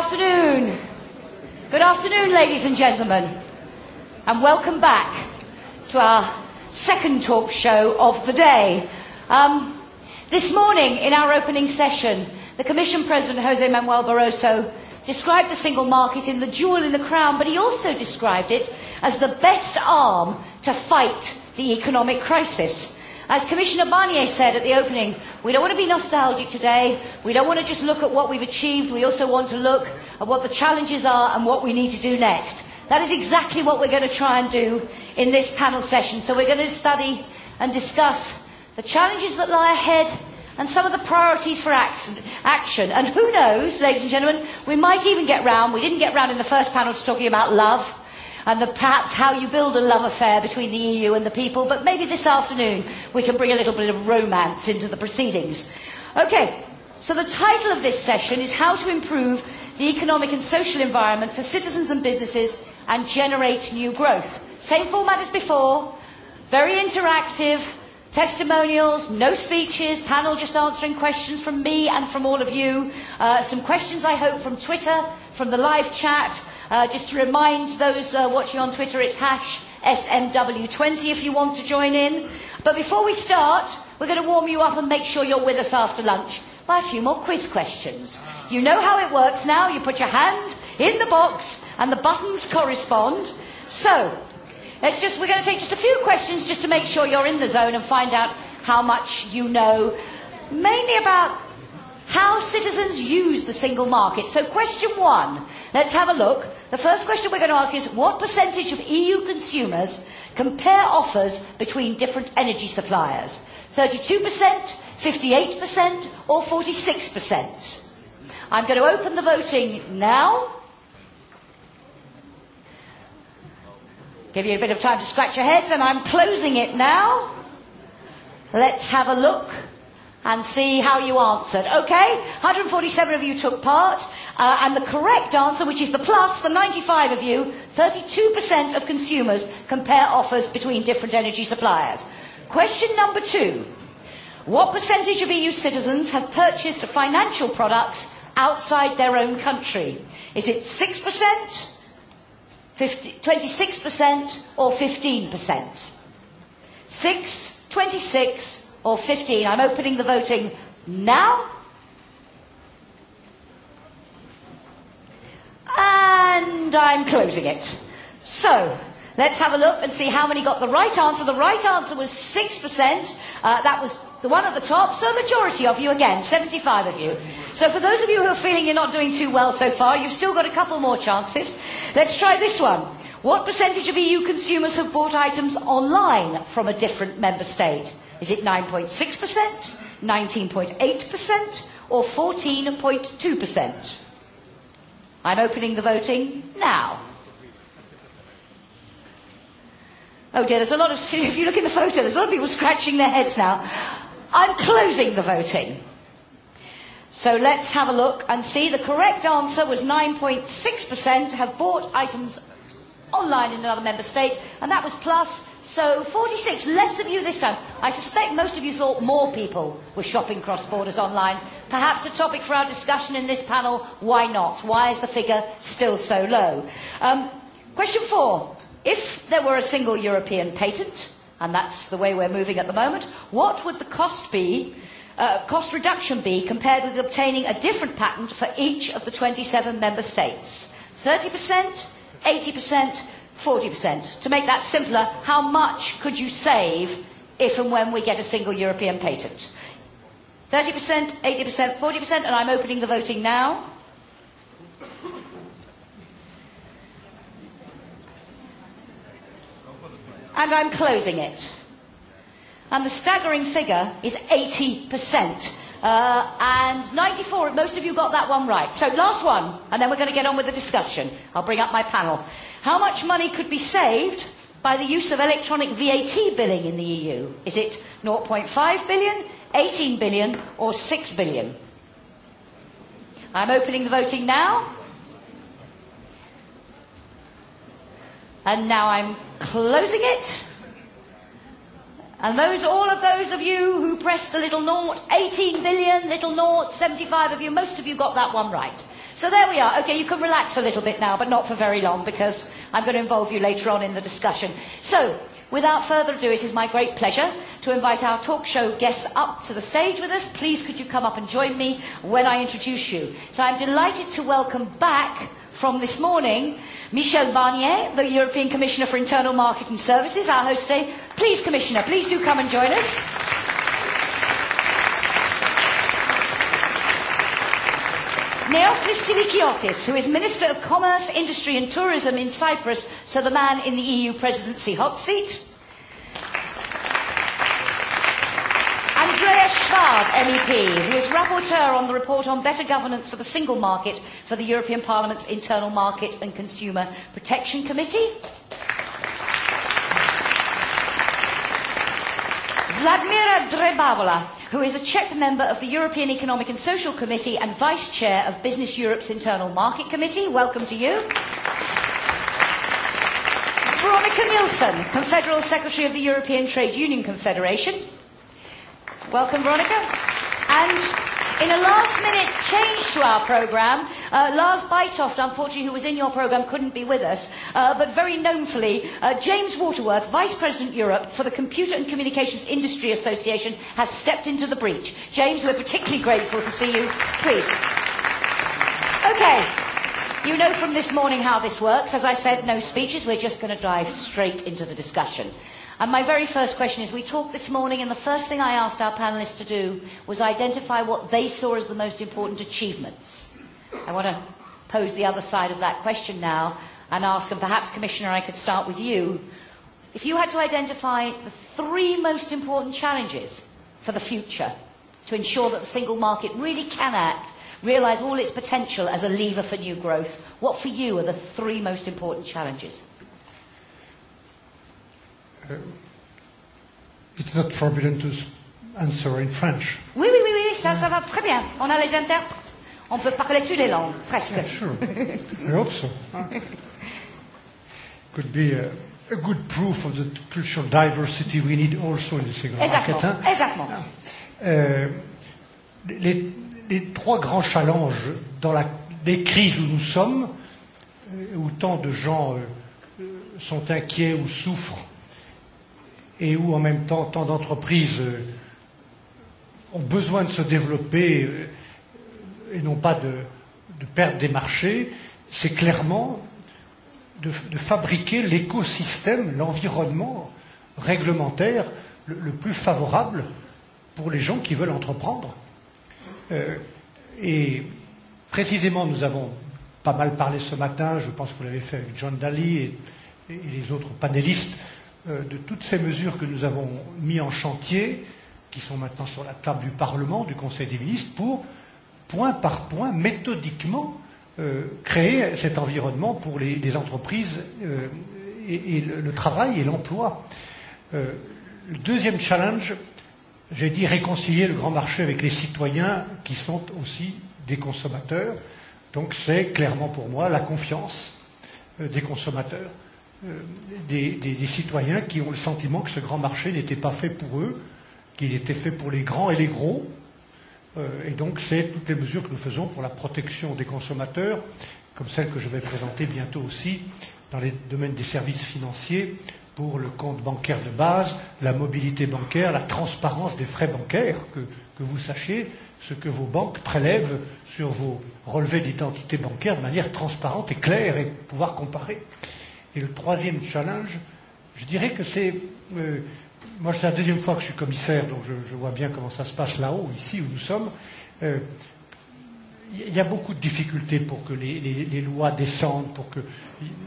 afternoon. Good afternoon, ladies and gentlemen, and welcome back to our second talk show of the day. Um, this morning, in our opening session, the Commission President Jose Manuel Barroso described the single market in the jewel in the crown, but he also described it as the best arm to fight the economic crisis. As Commissioner Barnier said at the opening, we don't want to be nostalgic today. We don't want to just look at what we've achieved. We also want to look at what the challenges are and what we need to do next. That is exactly what we're going to try and do in this panel session. So we're going to study and discuss the challenges that lie ahead and some of the priorities for action. And who knows, ladies and gentlemen, we might even get round, we didn't get round in the first panel to talking about love, and the, perhaps how you build a love affair between the EU and the people, but maybe this afternoon we can bring a little bit of romance into the proceedings. Okay, so the title of this session is How to Improve the Economic and Social Environment for Citizens and Businesses and Generate New Growth. Same format as before, very interactive, testimonials, no speeches, panel just answering questions from me and from all of you, uh, some questions I hope from Twitter, from the live chat, Uh, just to remind those uh, watching on Twitter, it's hash SMW20 if you want to join in. But before we start, we're going to warm you up and make sure you're with us after lunch by a few more quiz questions. You know how it works now. You put your hand in the box and the buttons correspond. So, let's just, we're going to take just a few questions just to make sure you're in the zone and find out how much you know, mainly about how citizens use the single market. So question one, let's have a look. The first question we're going to ask is what percentage of EU consumers compare offers between different energy suppliers? 32%, 58% or 46%? I'm going to open the voting now. Give you a bit of time to scratch your heads and I'm closing it now. Let's have a look and see how you answered. Okay? 147 of you took part, uh, and the correct answer, which is the plus, the 95 of you, 32% of consumers compare offers between different energy suppliers. Question number two. What percentage of EU citizens have purchased financial products outside their own country? Is it 6%, 50, 26%, or 15%? 6, 26, or 15. I'm opening the voting now. And I'm closing it. So, let's have a look and see how many got the right answer. The right answer was 6%. Uh, that was the one at the top. So, a majority of you again, 75 of you. So, for those of you who are feeling you're not doing too well so far, you've still got a couple more chances. Let's try this one. What percentage of EU consumers have bought items online from a different member state? Is it 9.6%, 19.8%, or 14.2%? I'm opening the voting now. Oh dear, there's a lot of, if you look in the photo, there's a lot of people scratching their heads now. I'm closing the voting. So let's have a look and see. The correct answer was 9.6% have bought items online in another member state, and that was plus So 46, less of you this time. I suspect most of you thought more people were shopping cross borders online. Perhaps a topic for our discussion in this panel, why not? Why is the figure still so low? Um, question four, if there were a single European patent, and that's the way we're moving at the moment, what would the cost be uh, cost reduction be compared with obtaining a different patent for each of the 27 member states? 30%, 80%, 40%. To make that simpler, how much could you save if and when we get a single European patent? 30%, 80%, 40%, and I'm opening the voting now. And I'm closing it. And the staggering figure is 80%. Uh, and 94, most of you got that one right. So last one, and then we're going to get on with the discussion. I'll bring up my panel. How much money could be saved by the use of electronic VAT billing in the EU? Is it 0.5 billion, 18 billion or 6 billion? I'm opening the voting now. And now I'm closing it. And those, all of those of you who pressed the little naught, 18 billion, little naught, 75 of you, most of you got that one right. So there we are. Okay, you can relax a little bit now, but not for very long because I'm going to involve you later on in the discussion. So, without further ado, it is my great pleasure to invite our talk show guests up to the stage with us. Please could you come up and join me when I introduce you. So I'm delighted to welcome back from this morning Michel Barnier, the European Commissioner for Internal Market and Services, our host today. Please, Commissioner, please do come and join us. Neoklis Silikiotis, who is Minister of Commerce, Industry and Tourism in Cyprus, so the man in the EU presidency hot seat. Andrea Schwab, MEP, who is rapporteur on the report on better governance for the single market for the European Parliament's Internal Market and Consumer Protection Committee. Vladimira Drebavola, who is a Czech member of the European Economic and Social Committee and Vice Chair of Business Europe's Internal Market Committee. Welcome to you. Veronica Nielsen, Confederal Secretary of the European Trade Union Confederation. Welcome, Veronica. And in a last minute change to our programme, uh, Lars Bytoft, unfortunately, who was in your programme, couldn't be with us, uh, but very knownfully, uh, James Waterworth, Vice President Europe for the Computer and Communications Industry Association, has stepped into the breach. James, we're particularly grateful to see you. Please. Okay. You know from this morning how this works. As I said, no speeches. We're just going to dive straight into the discussion. And my very first question is, we talked this morning and the first thing I asked our panelists to do was identify what they saw as the most important achievements. I want to pose the other side of that question now and ask, and perhaps Commissioner, I could start with you. If you had to identify the three most important challenges for the future to ensure that the single market really can act realise all its potential as a lever for new growth, what for you are the three most important challenges? Uh, it's not forbidden to answer in French. Oui, oui, oui, oui ça, ça va très bien. On a les interprètes. On peut parler toutes les langues, presque. Yeah, sure. I hope so. Okay. Could be a, a good proof of the cultural diversity we need also in the second Exactement. Exactement. Uh, les, les trois grands challenges dans la, des crises où nous sommes, euh, où tant de gens euh, euh, sont inquiets ou souffrent, et où en même temps tant d'entreprises ont besoin de se développer et non pas de, de perdre des marchés, c'est clairement de, de fabriquer l'écosystème, l'environnement réglementaire le, le plus favorable pour les gens qui veulent entreprendre. Euh, et précisément, nous avons pas mal parlé ce matin, je pense que vous l'avez fait avec John Daly et, et les autres panélistes, euh, de toutes ces mesures que nous avons mises en chantier, qui sont maintenant sur la table du Parlement, du Conseil des ministres, pour, point par point, méthodiquement, euh, créer cet environnement pour les, les entreprises euh, et, et le, le travail et l'emploi. Euh, le deuxième challenge, euh, j'ai dit réconcilier le grand marché avec les citoyens qui sont aussi des consommateurs. Donc c'est clairement pour moi la confiance euh, des consommateurs, euh, des, des, des citoyens qui ont le sentiment que ce grand marché n'était pas fait pour eux, qu'il était fait pour les grands et les gros. Euh, et donc c'est toutes les mesures que nous faisons pour la protection des consommateurs, comme celles que je vais présenter bientôt aussi dans les domaines des services financiers, pour le compte bancaire de base, la mobilité bancaire, la transparence des frais bancaires, que, que vous sachiez ce que vos banques prélèvent sur vos relevés d'identité bancaire de manière transparente et claire et pouvoir comparer. Et le troisième challenge, je dirais que c'est. Euh, moi, c'est la deuxième fois que je suis commissaire, donc je, je vois bien comment ça se passe là-haut, ici où nous sommes. Euh, il y a beaucoup de difficultés pour que les, les, les lois descendent, pour que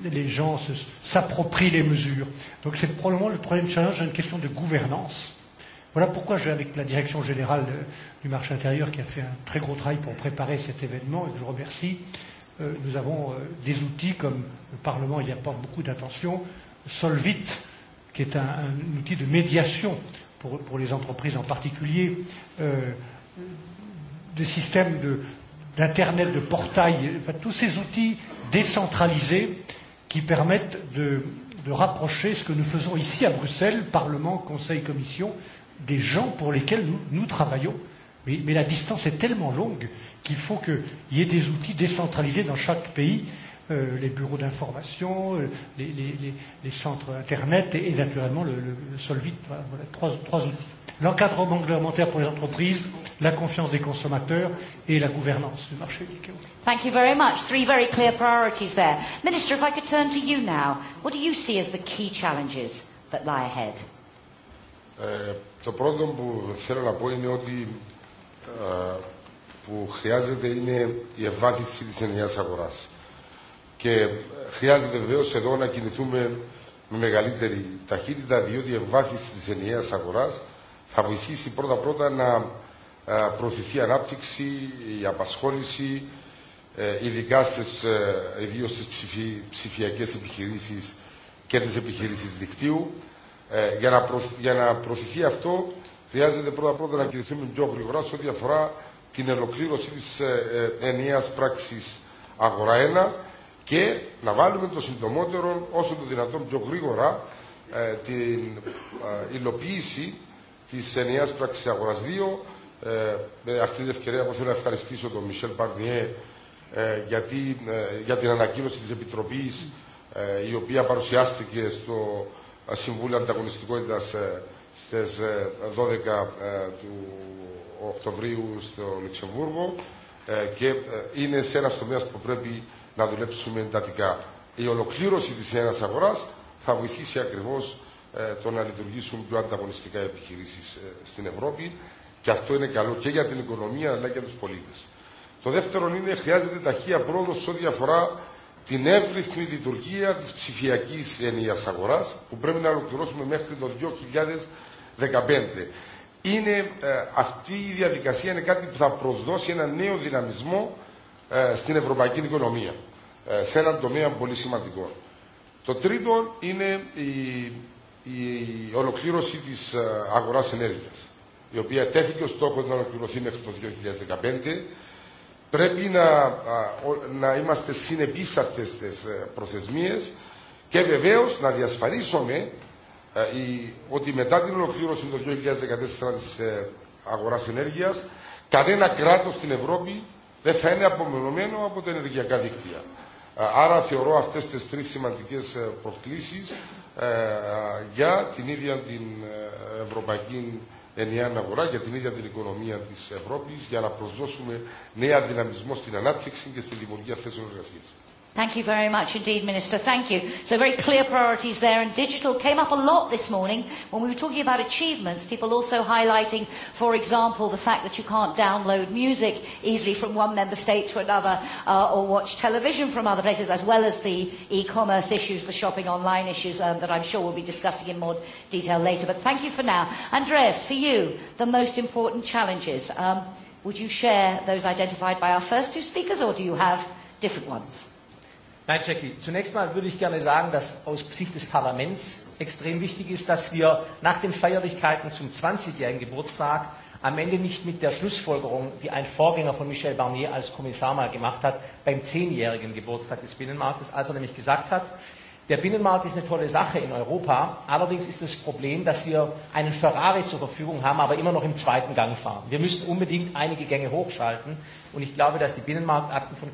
les gens s'approprient les mesures. Donc c'est probablement le troisième challenge, une question de gouvernance. Voilà pourquoi j'ai avec la direction générale du marché intérieur qui a fait un très gros travail pour préparer cet événement et que je remercie. Euh, nous avons euh, des outils comme le Parlement y apporte beaucoup d'attention, Solvit, qui est un, un outil de médiation pour, pour les entreprises en particulier, euh, des systèmes de, d'Internet, de portail, enfin, tous ces outils décentralisés qui permettent de, de rapprocher ce que nous faisons ici à Bruxelles, Parlement, Conseil, Commission, des gens pour lesquels nous, nous travaillons. Mais, mais la distance est tellement longue qu'il faut qu'il y ait des outils décentralisés dans chaque pays, euh, les bureaux d'information, euh, les, les, les, les centres Internet et, et naturellement le, le, le Solvit. Voilà, voilà trois, trois outils l'encadrement réglementaire pour les entreprises, la confiance des consommateurs et la gouvernance du marché du unique. Thank you very much. Three very clear priorities there. Minister, if I could turn to you now, what do you see as the key challenges that lie ahead? Ε, το πρώτο που θέλω να πω είναι ότι ε, που χρειάζεται είναι η ευάθυνση της ενιαίας αγοράς. Και χρειάζεται βεβαίως εδώ να κινηθούμε με μεγαλύτερη ταχύτητα, διότι η ευάθυνση της ενιαίας αγοράς θα βοηθήσει πρώτα πρώτα να προωθηθεί η ανάπτυξη, η απασχόληση, ειδικά στις, ιδίως στις ψηφι, ψηφιακές επιχειρήσεις και τις επιχειρήσεις δικτύου. για, να προ, για να προωθηθεί αυτό χρειάζεται πρώτα πρώτα να κινηθούμε πιο γρήγορα σε ό,τι αφορά την ολοκλήρωση της ενιαίας πράξης αγορά 1 και να βάλουμε το συντομότερο όσο το δυνατόν πιο γρήγορα την υλοποίηση τη ενιαία πράξης αγοράς 2. Ε, με αυτή την ευκαιρία εγώ θέλω να ευχαριστήσω τον Μισελ Μπαρνιέ ε, γιατί, ε, για την ανακοίνωση τη Επιτροπή ε, η οποία παρουσιάστηκε στο Συμβούλιο Ανταγωνιστικότητα ε, στι 12 ε, του Οκτωβρίου στο Λουξεμβούργο ε, και είναι σε ένα τομέα που πρέπει να δουλέψουμε εντατικά. Η ολοκλήρωση της ένας αγοράς θα βοηθήσει ακριβώς το να λειτουργήσουν πιο ανταγωνιστικά οι επιχειρήσει στην Ευρώπη και αυτό είναι καλό και για την οικονομία αλλά και για του πολίτε. Το δεύτερο είναι χρειάζεται ταχεία πρόοδο σε ό,τι αφορά την εύρυθμη λειτουργία τη ψηφιακή ενία αγορά που πρέπει να ολοκληρώσουμε μέχρι το 2015. Είναι, αυτή η διαδικασία είναι κάτι που θα προσδώσει ένα νέο δυναμισμό στην ευρωπαϊκή οικονομία σε έναν τομέα πολύ σημαντικό. Το τρίτο είναι η η ολοκλήρωση της αγοράς ενέργειας, η οποία τέθηκε ως στόχο να ολοκληρωθεί μέχρι το 2015. Πρέπει να, να είμαστε συνεπείς σε αυτές τις προθεσμίες και βεβαίως να διασφαλίσουμε ότι μετά την ολοκλήρωση το 2014 της αγοράς ενέργειας κανένα κράτος στην Ευρώπη δεν θα είναι απομονωμένο από τα ενεργειακά δίκτυα. Άρα θεωρώ αυτές τις τρεις σημαντικές προκλήσεις για την ίδια την ευρωπαϊκή ενιαία αγορά, για την ίδια την οικονομία της Ευρώπης, για να προσδώσουμε νέα δυναμισμό στην ανάπτυξη και στη δημιουργία θέσεων εργασία. Thank you very much indeed, Minister. Thank you. So very clear priorities there. And digital came up a lot this morning when we were talking about achievements. People also highlighting, for example, the fact that you can't download music easily from one member state to another uh, or watch television from other places, as well as the e-commerce issues, the shopping online issues um, that I'm sure we'll be discussing in more detail later. But thank you for now. Andreas, for you, the most important challenges. Um, would you share those identified by our first two speakers or do you have different ones? Nein, Jackie, zunächst mal würde ich gerne sagen, dass aus Sicht des Parlaments extrem wichtig ist, dass wir nach den Feierlichkeiten zum 20-jährigen Geburtstag am Ende nicht mit der Schlussfolgerung, die ein Vorgänger von Michel Barnier als Kommissar mal gemacht hat, beim 10-jährigen Geburtstag des Binnenmarktes, als er nämlich gesagt hat, der Binnenmarkt ist eine tolle Sache in Europa, allerdings ist das Problem, dass wir einen Ferrari zur Verfügung haben, aber immer noch im zweiten Gang fahren. Wir müssen unbedingt einige Gänge hochschalten und ich glaube, dass die Binnenmarktakten von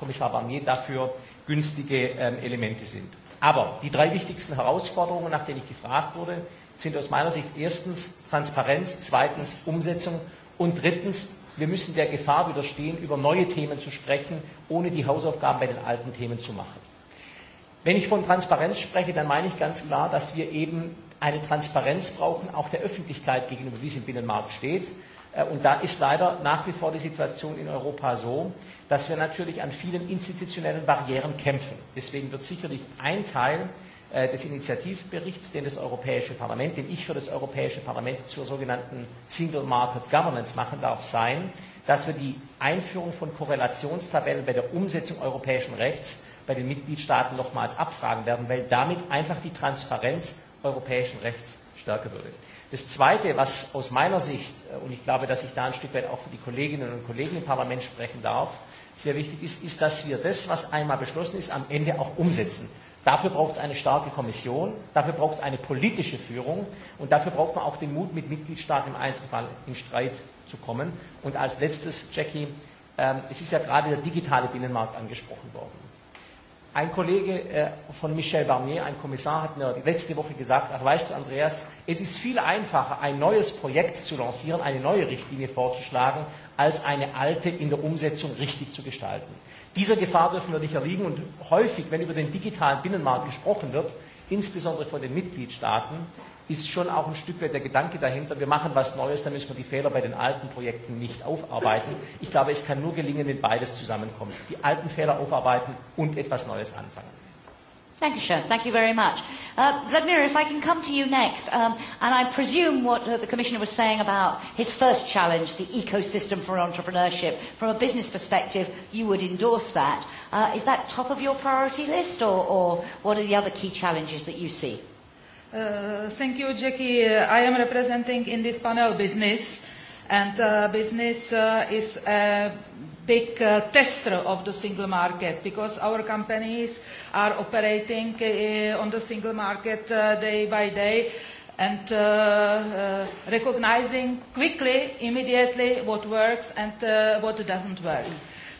Kommissar Barnier dafür günstige ähm, Elemente sind. Aber die drei wichtigsten Herausforderungen, nach denen ich gefragt wurde, sind aus meiner Sicht erstens Transparenz, zweitens Umsetzung und drittens, wir müssen der Gefahr widerstehen, über neue Themen zu sprechen, ohne die Hausaufgaben bei den alten Themen zu machen. Wenn ich von Transparenz spreche, dann meine ich ganz klar, dass wir eben eine Transparenz brauchen, auch der Öffentlichkeit gegenüber, wie es im Binnenmarkt steht. Äh, und da ist leider nach wie vor die Situation in Europa so, dass wir natürlich an vielen institutionellen Barrieren kämpfen. Deswegen wird sicherlich ein Teil äh, des Initiativberichts, den das Europäische Parlament, den ich für das Europäische Parlament zur sogenannten Single Market Governance machen darf, sein, dass wir die Einführung von Korrelationstabellen bei der Umsetzung europäischen Rechts bei den Mitgliedstaaten nochmals abfragen werden, weil damit einfach die Transparenz europäischen Rechts stärker würde. Das Zweite, was aus meiner Sicht, äh, und ich glaube, dass ich da ein Stück weit auch für die Kolleginnen und Kollegen im Parlament sprechen darf, sehr wichtig ist, ist, dass wir das, was einmal beschlossen ist, am Ende auch umsetzen. Dafür braucht es eine starke Kommission, dafür braucht es eine politische Führung und dafür braucht man auch den Mut, mit Mitgliedstaaten im Einzelfall in Streit zu kommen. Und als letztes, Jackie, ähm, es ist ja gerade der digitale Binnenmarkt angesprochen worden. Ein Kollege äh, von Michel Barnier, ein Kommissar, hat mir letzte Woche gesagt, ach weißt du, Andreas, es ist viel einfacher, ein neues Projekt zu lancieren, eine neue Richtlinie vorzuschlagen, als eine alte in der Umsetzung richtig zu gestalten. Dieser Gefahr dürfen wir nicht erliegen und häufig, wenn über den digitalen Binnenmarkt gesprochen wird, insbesondere von den Mitgliedstaaten, ist schon auch ein Stück weit der Gedanke dahinter, wir machen was Neues, dann müssen wir die Fehler bei den alten Projekten nicht aufarbeiten. Ich glaube, es kann nur gelingen, wenn beides zusammenkommt. Die alten Fehler aufarbeiten und etwas Neues anfangen. Thank you, Sean. Thank you very much. Uh, Vladimir, if I can come to you next, um, and I presume what uh, the Commissioner was saying about his first challenge, the ecosystem for entrepreneurship, from a business perspective, you would endorse that. Uh, is that top of your priority list, or, or what are the other key challenges that you see? Uh, thank you, Jackie. Uh, I am representing in this panel business, and uh, business uh, is a big uh, tester of the single market because our companies are operating uh, on the single market uh, day by day and uh, uh, recognizing quickly, immediately what works and uh, what doesn't work.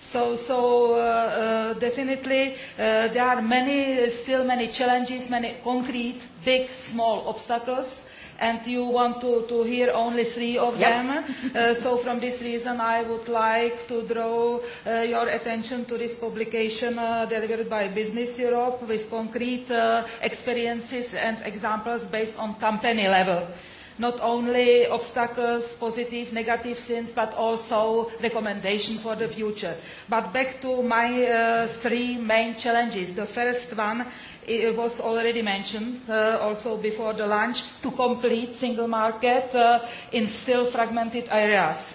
So, so uh, uh, definitely uh, there are many, still many challenges, many concrete big, small obstacles and you want to, to hear only three of yep. them. Uh, so from this reason, I would like to draw uh, your attention to this publication uh, delivered by Business Europe with concrete uh, experiences and examples based on company level. Uh, not only obstacles, positive, negative things, but also recommendation for the future. But back to my uh, three main challenges. The first one it was already mentioned uh, also before the lunch, to complete single market uh, in still fragmented areas.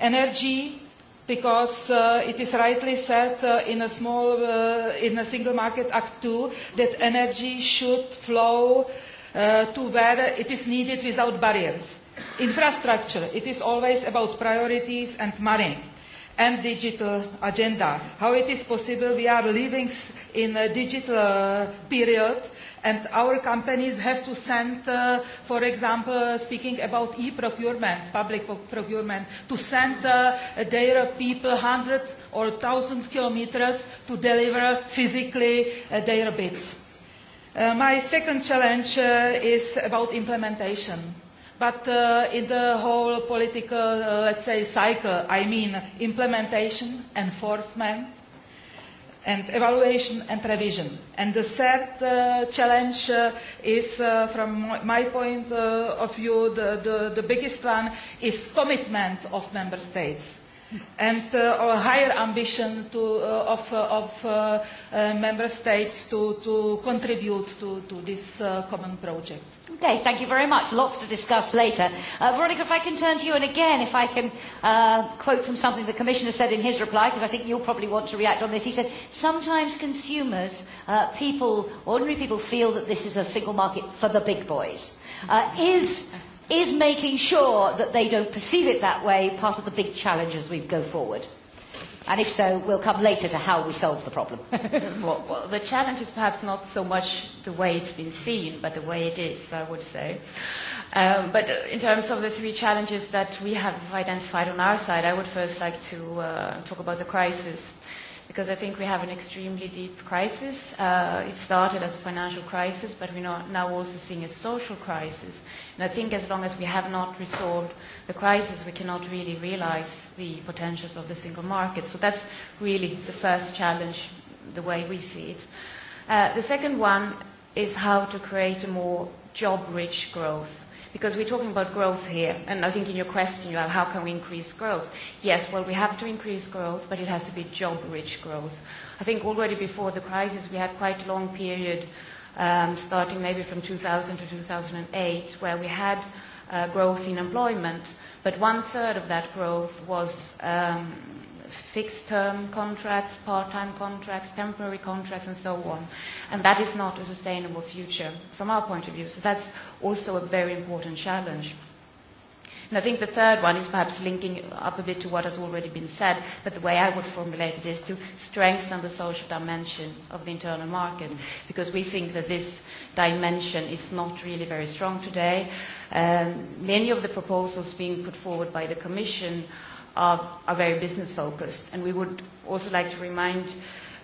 Energy, because uh, it is rightly said uh, in a small, uh, in a single market act 2, that energy should flow uh, to where it is needed without barriers. Infrastructure, it is always about priorities and money and digital agenda. How it is possible we are living in a digital uh, period and our companies have to send, uh, for example, speaking about e-procurement, public procurement, to send uh, their people 100 or 1,000 kilometers to deliver physically uh, their bids. Uh, my second challenge uh, is about implementation. But uh, in the whole political, uh, let's say, cycle, I mean implementation, enforcement, and evaluation and revision. And the third uh, challenge uh, is, uh, from my point uh, of view, the, the, the biggest one is commitment of member states and uh, or higher ambition to, uh, of, uh, of uh, uh, member states to, to contribute to, to this uh, common project. Okay, thank you very much. Lots to discuss later. Uh, Veronica, if I can turn to you, and again, if I can uh, quote from something the Commissioner said in his reply, because I think you'll probably want to react on this. He said, sometimes consumers, uh, people, ordinary people, feel that this is a single market for the big boys. Uh, is Is making sure that they don't perceive it that way part of the big challenge as we go forward? And if so, we'll come later to how we solve the problem. well, well, the challenge is perhaps not so much the way it's been seen, but the way it is, I would say. Um, but uh, in terms of the three challenges that we have identified on our side, I would first like to uh, talk about the crisis because I think we have an extremely deep crisis. Uh, it started as a financial crisis, but we're not now also seeing a social crisis. And I think as long as we have not resolved the crisis, we cannot really realize the potentials of the single market. So that's really the first challenge, the way we see it. Uh, the second one is how to create a more job-rich growth because we're talking about growth here. And I think in your question, you have how can we increase growth? Yes, well, we have to increase growth, but it has to be job-rich growth. I think already before the crisis, we had quite a long period, um, starting maybe from 2000 to 2008, where we had uh, growth in employment, but one third of that growth was um, fixed term contracts, part time contracts, temporary contracts, and so on. And that is not a sustainable future from our point of view. So that's also a very important challenge. And I think the third one is perhaps linking up a bit to what has already been said, but the way I would formulate it is to strengthen the social dimension of the internal market, because we think that this dimension is not really very strong today. Um, many of the proposals being put forward by the Commission of, are very business focused. And we would also like to remind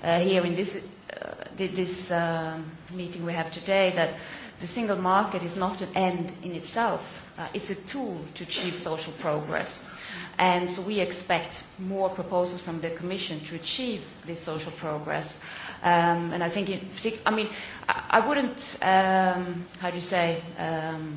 uh, here in this, uh, this uh, meeting we have today that the single market is not an end in itself. Uh, it's a tool to achieve social progress. And so we expect more proposals from the Commission to achieve this social progress. Um, and I think, in particular I mean, I, I wouldn't, um, how do you say, um,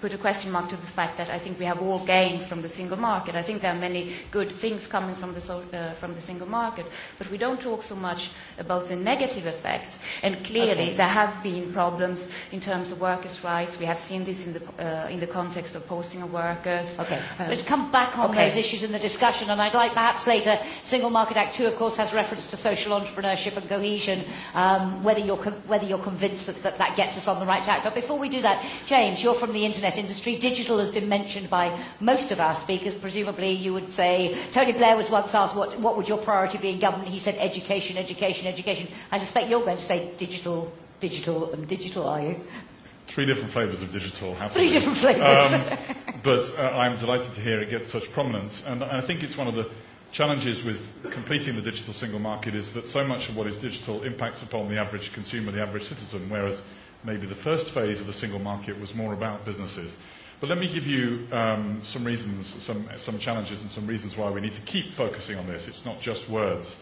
put a question mark to the fact that I think we have all gained from the single market. I think there are many good things coming from the, so, uh, from the single market, but we don't talk so much about the negative effects. And clearly, okay. there have been problems in terms of workers' rights. We have seen this in the, uh, in the context of posting of workers. Okay, um, let's come back on okay. those issues in the discussion, and I'd like perhaps later, Single Market Act 2, of course, has reference to social entrepreneurship and cohesion, um, whether, you're whether you're convinced that, that that gets us on the right track. But before we do that, James, you're from the internet industry. Digital has been mentioned by most of our speakers. Presumably, you would say Tony Blair was once asked, "What, what would your priority be in government?" He said, "Education, education, education." I suspect you're going to say digital, digital, and digital. Are you? Three different flavours of digital. Happily. Three different flavours. Um, but uh, I'm delighted to hear it gets such prominence, and I think it's one of the challenges with completing the digital single market is that so much of what is digital impacts upon the average consumer, the average citizen, whereas maybe the first phase of the single market was more about businesses. But let me give you um, some reasons, some, some challenges, and some reasons why we need to keep focusing on this. It's not just words.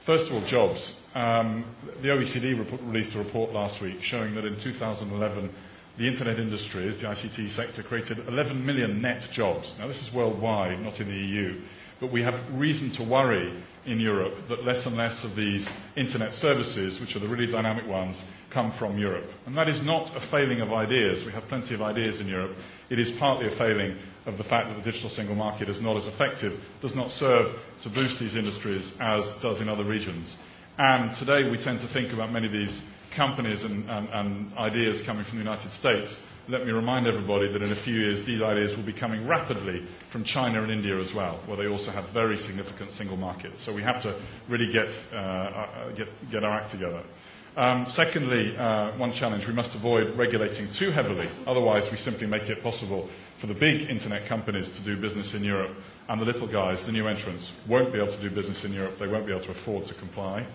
First of all, jobs. Um, the OECD rep- released a report last week showing that in 2011, the internet industries, the ICT sector, created 11 million net jobs. Now, this is worldwide, not in the EU, but we have reason to worry in Europe that less and less of these internet services, which are the really dynamic ones, come from Europe. And that is not a failing of ideas. We have plenty of ideas in Europe. It is partly a failing of the fact that the digital single market is not as effective, does not serve to boost these industries as does in other regions. And today we tend to think about many of these companies and, and, and ideas coming from the United States. Let me remind everybody that in a few years these ideas will be coming rapidly from China and India as well, where they also have very significant single markets. So we have to really get, uh, uh get, get our act together. Um, secondly, uh, one challenge, we must avoid regulating too heavily. Otherwise, we simply make it possible for the big internet companies to do business in Europe, and the little guys, the new entrants, won't be able to do business in Europe. They won't be able to afford to comply.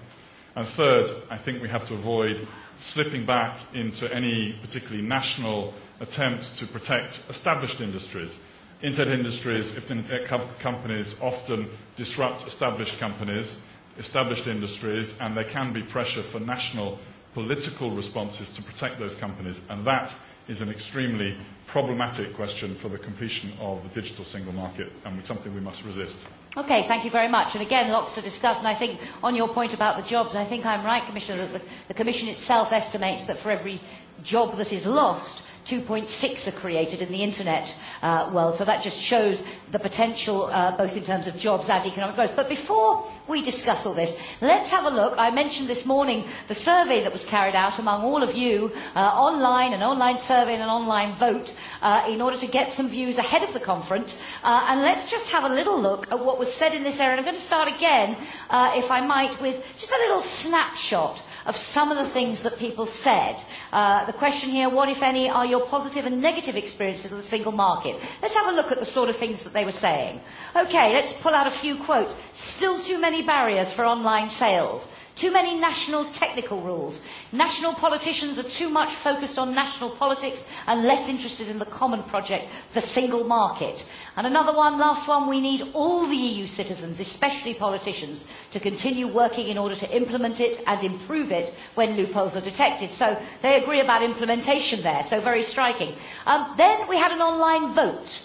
And third, I think we have to avoid slipping back into any particularly national attempts to protect established industries. Internet industries, if the internet companies often disrupt established companies, established industries, and there can be pressure for national political responses to protect those companies, and that is an extremely problematic question for the completion of the digital single market, and it's something we must resist. Okay, thank you very much. And again, lots to discuss. And I think on your point about the jobs, I think I'm right, Commissioner, that the, the Commission itself estimates that for every job that is lost, 2.6 are created in the internet uh, world. So that just shows the potential uh, both in terms of jobs and economic growth. But before we discuss all this, let's have a look. I mentioned this morning the survey that was carried out among all of you uh, online, an online survey and an online vote uh, in order to get some views ahead of the conference. Uh, and let's just have a little look at what was said in this area. And I'm going to start again, uh, if I might, with just a little snapshot of some of the things that people said. Uh, the question here, what, if any, are your positive and negative experiences of the single market? Let's have a look at the sort of things that they were saying. Okay, let's pull out a few quotes. Still too many barriers for online sales. Too many national technical rules. National politicians are too much focused on national politics and less interested in the common project, the single market. And another one, last one, we need all the EU citizens, especially politicians, to continue working in order to implement it and improve it when loopholes are detected. So they agree about implementation there, so very striking. Um, then we had an online vote.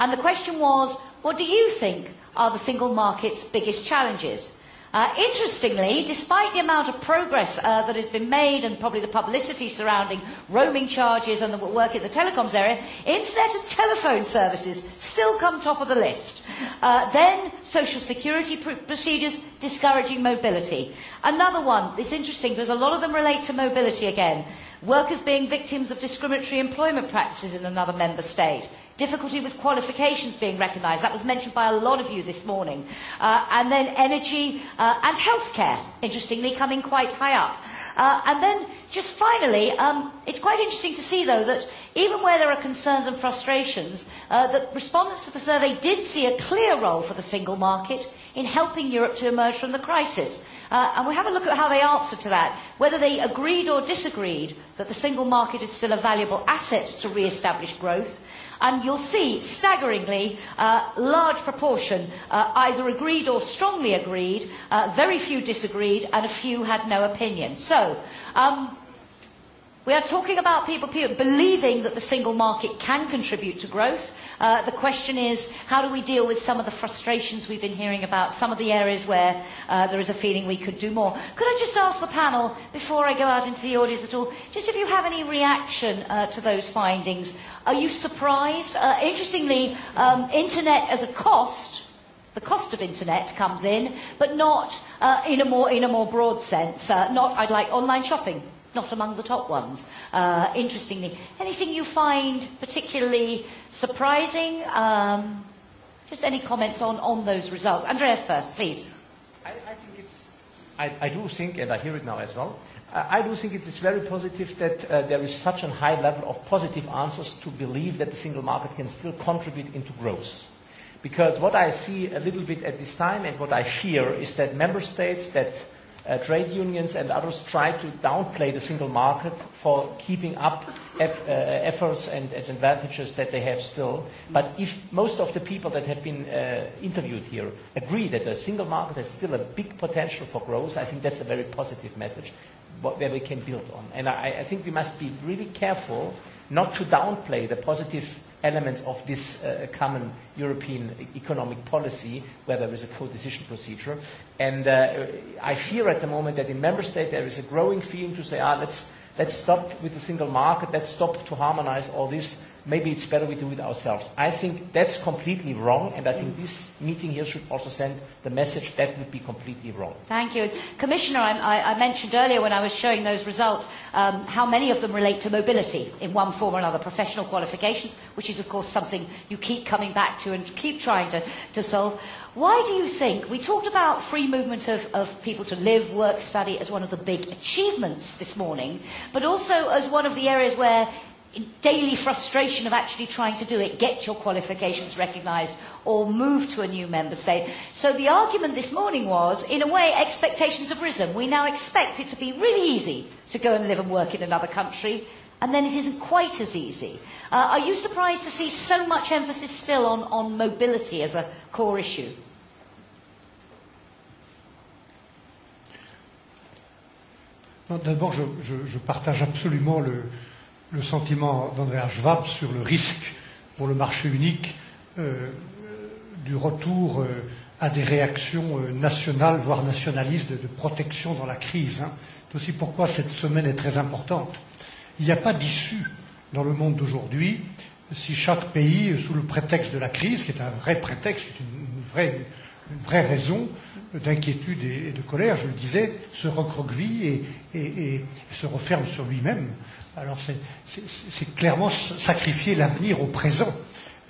And the question was, what do you think are the single market's biggest challenges? Uh, interestingly, despite the amount of progress uh, that has been made and probably the publicity surrounding roaming charges and the work in the telecoms area, internet and telephone services still come top of the list. Uh, then social security pr- procedures, discouraging mobility. Another one that's interesting because a lot of them relate to mobility again. Workers being victims of discriminatory employment practices in another member state. Difficulty with qualifications being recognised. That was mentioned by a lot of you this morning. Uh, and then energy uh, and healthcare, interestingly, coming quite high up. Uh, and then just finally, um, it's quite interesting to see, though, that even where there are concerns and frustrations, uh, that respondents to the survey did see a clear role for the single market in helping Europe to emerge from the crisis. Uh, and we have a look at how they answered to that, whether they agreed or disagreed that the single market is still a valuable asset to re-establish growth. And you'll see, staggeringly, a uh, large proportion uh, either agreed or strongly agreed, uh, very few disagreed, and a few had no opinion. So, um, We are talking about people, people believing that the single market can contribute to growth. Uh, the question is, how do we deal with some of the frustrations we've been hearing about, some of the areas where uh, there is a feeling we could do more? Could I just ask the panel, before I go out into the audience at all, just if you have any reaction uh, to those findings? Are you surprised? Uh, interestingly, um, internet as a cost the cost of internet comes in, but not uh, in, a more, in a more broad sense. Uh, not, I'd like online shopping, not among the top ones, uh, interestingly. Anything you find particularly surprising? Um, just any comments on, on those results? Andreas first, please. I, I think it's, I, I do think, and I hear it now as well, I do think it is very positive that uh, there is such a high level of positive answers to believe that the single market can still contribute into growth. Because what I see a little bit at this time and what I fear is that member states that uh, trade unions and others try to downplay the single market for keeping up eff, uh, efforts and, and advantages that they have still. But if most of the people that have been uh, interviewed here agree that the single market has still a big potential for growth, I think that's a very positive message where we can build on. And I, I think we must be really careful not to downplay the positive elements of this uh, common European economic policy, where there is a co-decision procedure. And uh, I fear at the moment that in member states there is a growing feeling to say, ah, let's, let's stop with the single market, let's stop to harmonize all this, maybe it's better we do it ourselves. I think that's completely wrong, and I think this meeting here should also send the message that would be completely wrong. Thank you. Commissioner, I, I mentioned earlier when I was showing those results um, how many of them relate to mobility in one form or another, professional qualifications, which is, of course, something you keep coming back to and keep trying to, to solve. Why do you think we talked about free movement of, of people to live, work, study as one of the big achievements this morning, but also as one of the areas where daily frustration of actually trying to do it, get your qualifications recognised, or move to a new member state. So the argument this morning was, in a way, expectations have risen. We now expect it to be really easy to go and live and work in another country, and then it isn't quite as easy. Uh, are you surprised to see so much emphasis still on, on mobility as a core issue? D'abord, je, je, je partage absolument le, euh, le sentiment d'Andrea Schwab sur le risque pour le marché unique euh, du retour euh, à des réactions euh, nationales, voire nationalistes, de, de protection dans la crise. Hein. C'est aussi pourquoi cette semaine est très importante. Il n'y a pas d'issue dans le monde d'aujourd'hui si chaque pays, euh, sous le prétexte de la crise, qui est un vrai prétexte, une vraie, une vraie raison d'inquiétude et de colère, je le disais, se recroqueville et, et, et se referme sur lui-même. Alors c'est clairement sacrifier l'avenir au présent.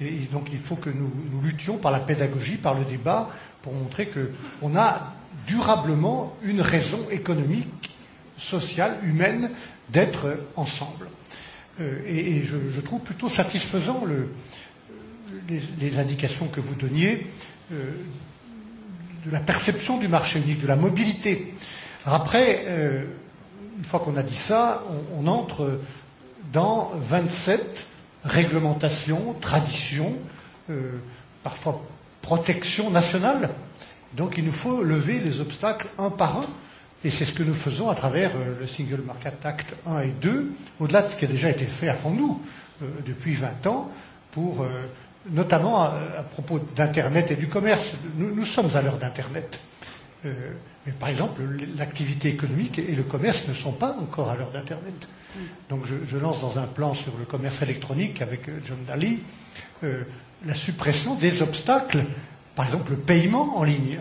Et, et donc il faut que nous, nous luttions par la pédagogie, par le débat, pour montrer qu'on a durablement une raison économique, sociale, humaine d'être ensemble. Euh, et et je, je trouve plutôt satisfaisant le, les, les indications que vous donniez euh, de la perception du marché unique, de la mobilité. Alors après, euh, une fois qu'on a dit ça, on, on entre dans 27 réglementations, traditions, euh, parfois protections nationales. Donc il nous faut lever les obstacles un par un. Et c'est ce que nous faisons à travers euh, le Single Market Act 1 et 2, au-delà de ce qui a déjà été fait avant nous euh, depuis 20 ans, pour, euh, notamment à, à propos d'Internet et du commerce. Nous, nous sommes à l'heure d'Internet. Euh, Euh, mais par exemple, l'activité économique et le commerce ne sont pas encore à l'heure d'Internet. Mm. Donc je, je lance dans un plan sur le commerce électronique avec euh, John Daly euh, la suppression des obstacles, par exemple le paiement en ligne,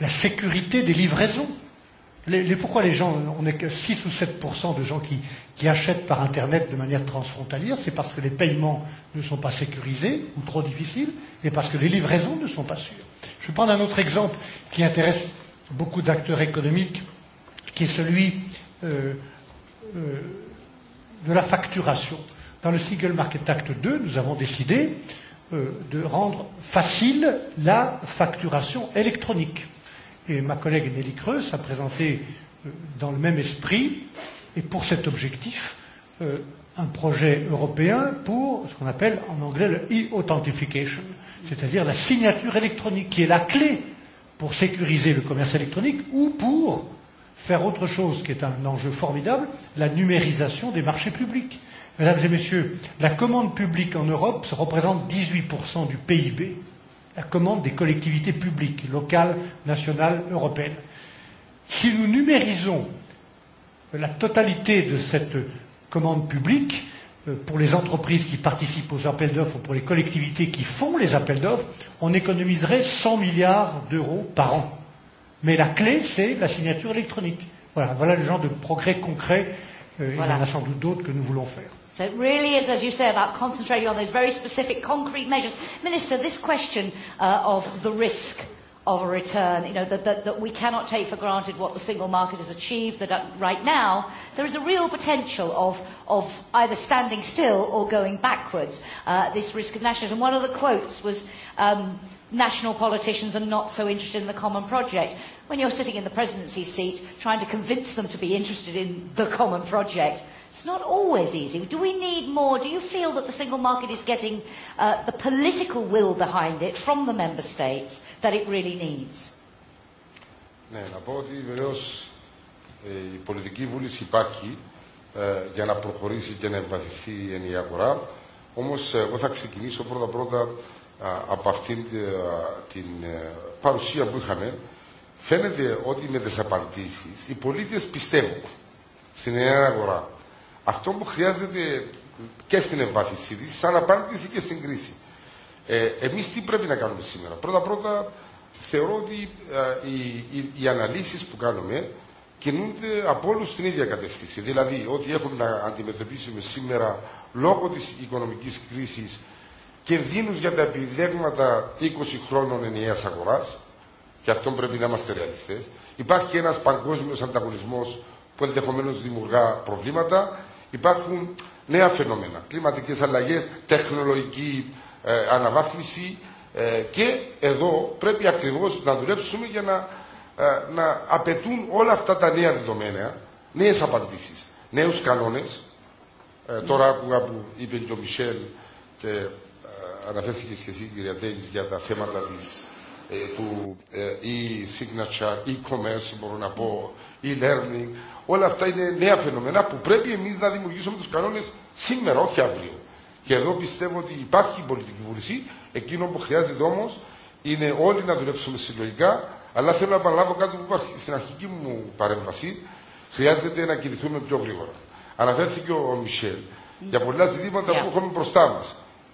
la sécurité des livraisons. Les, les, pourquoi les gens, on n'est que 6 ou 7 de gens qui, qui achètent par Internet de manière transfrontalière C'est parce que les paiements ne sont pas sécurisés ou trop difficiles et parce que les livraisons ne sont pas sûres. Je vais prendre un autre exemple qui intéresse beaucoup d'acteurs économiques, qui est celui euh, euh, de la facturation. Dans le Single Market Act 2, nous avons décidé euh, de rendre facile la facturation électronique. Et ma collègue Nelly Creus a présenté euh, dans le même esprit et pour cet objectif euh, un projet européen pour ce qu'on appelle en anglais le e-authentification, c'est-à-dire la signature électronique qui est la clé pour sécuriser le commerce électronique ou pour faire autre chose qui est un enjeu formidable, la numérisation des marchés publics. Mesdames et messieurs, la commande publique en Europe se représente 18% du PIB, la commande des collectivités publiques, locales, nationales, européennes. Si nous numérisons la totalité de cette commande publique, Euh, pour les entreprises qui participent aux appels d'offres ou pour les collectivités qui font les appels d'offres, on économiserait 100 milliards d'euros par an. Mais la clé, c'est la signature électronique. Voilà, voilà le genre de progrès concret. Euh, voilà. Il y en a sans doute d'autres que nous voulons faire. So it really is, as you say, about concentrating on those very specific concrete measures. Minister, this question uh, of the risk of a return, you know, that, that, that we cannot take for granted what the single market has achieved, that right now there is a real potential of, of either standing still or going backwards, uh, this risk of nationalism. One of the quotes was, um, national politicians are not so interested in the common project. When you're sitting in the presidency seat trying to convince them to be interested in the common project, It's not always easy. Do we need more? Do you feel that the single market is getting uh, the political will behind it from the member states that it really needs? Ναι, να πω ότι βεβαίως ε, η πολιτική βούληση υπάρχει ε, για να προχωρήσει και να εμβαθυνθεί η ενιαία αγορά. Όμως εγώ θα ξεκινήσω πρώτα-πρώτα από αυτήν ε, την ε, παρουσία που είχαμε. Φαίνεται ότι με τις απαντήσεις οι πολίτες πιστεύουν στην ενιαία αγορά αυτό που χρειάζεται και στην εμβάθυνσή τη, σαν απάντηση και στην κρίση. Ε, Εμεί τι πρέπει να κάνουμε σήμερα. Πρώτα-πρώτα, θεωρώ ότι α, οι, οι, οι αναλύσει που κάνουμε κινούνται από όλου στην ίδια κατεύθυνση. Δηλαδή, ότι έχουμε να αντιμετωπίσουμε σήμερα λόγω τη οικονομική κρίση κινδύνου για τα επιδέγματα 20 χρόνων ενιαία αγορά, και αυτό πρέπει να είμαστε ρεαλιστέ. Υπάρχει ένα παγκόσμιο ανταγωνισμό που ενδεχομένω δημιουργά προβλήματα υπάρχουν νέα φαινόμενα. Κλιματικές αλλαγές, τεχνολογική ε, αναβάθμιση ε, και εδώ πρέπει ακριβώς να δουλέψουμε για να, ε, να απαιτούν όλα αυτά τα νέα δεδομένα, νέες απαντήσεις, νέους κανόνες. Ε, τώρα άκουγα που είπε και ο Μισελ και ε, αναφέρθηκε και εσύ κυρία Τέλης για τα θέματα της του e-signature, e-commerce μπορώ να πω, e-learning Όλα αυτά είναι νέα φαινομένα που πρέπει εμεί να δημιουργήσουμε του κανόνε σήμερα, όχι αύριο. Και εδώ πιστεύω ότι υπάρχει πολιτική βούληση. Εκείνο που χρειάζεται όμω είναι όλοι να δουλέψουμε συλλογικά. Αλλά θέλω να επαναλάβω κάτι που είπα στην αρχική μου παρέμβαση. Χρειάζεται να κινηθούμε πιο γρήγορα. Αναφέρθηκε ο Μισελ για πολλά ζητήματα yeah. που έχουμε μπροστά μα.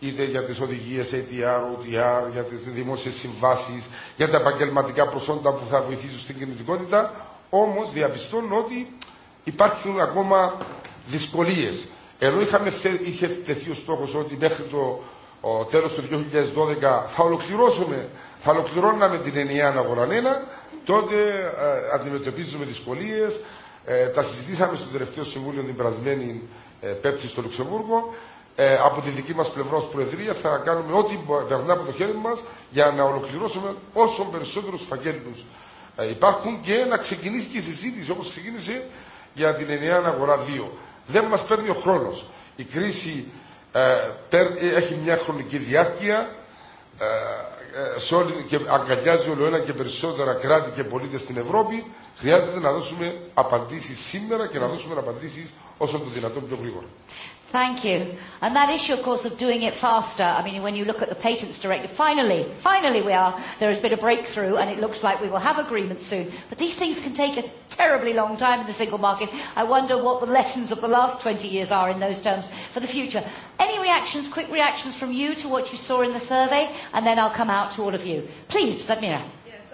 Είτε για τι οδηγίε ATR, OTR, για τι δημόσιε συμβάσει, για τα επαγγελματικά προσόντα που θα βοηθήσουν στην κινητικότητα. Όμως διαπιστώνω ότι υπάρχουν ακόμα δυσκολίες. Ενώ είχαμε, είχε τεθεί ο στόχος ότι μέχρι το ο, τέλος του 2012 θα ολοκληρώσουμε, θα ολοκληρώναμε την ενιαία ένα, τότε ε, αντιμετωπίζουμε δυσκολίες. Ε, τα συζητήσαμε στο τελευταίο συμβούλιο την περασμένη ε, Πέμπτη στο Λουξεμβούργο. Ε, από τη δική μας πλευρά ως Προεδρία θα κάνουμε ό,τι περνά από το χέρι μας για να ολοκληρώσουμε όσο περισσότερους φακέλους υπάρχουν και να ξεκινήσει και η συζήτηση όπως ξεκίνησε για την ενιαία αγορά 2. Δεν μας παίρνει ο χρόνος. Η κρίση ε, έχει μια χρονική διάρκεια ε, όλη, και αγκαλιάζει όλο ένα και περισσότερα κράτη και πολίτες στην Ευρώπη. Χρειάζεται να δώσουμε απαντήσεις σήμερα και να δώσουμε απαντήσεις όσο το δυνατόν πιο γρήγορα. Thank you. And that issue, of course, of doing it faster, I mean, when you look at the Patents Directive, finally, finally we are, there has been a breakthrough and it looks like we will have agreement soon. But these things can take a terribly long time in the single market. I wonder what the lessons of the last 20 years are in those terms for the future. Any reactions, quick reactions from you to what you saw in the survey? And then I'll come out to all of you. Please, Vladimir.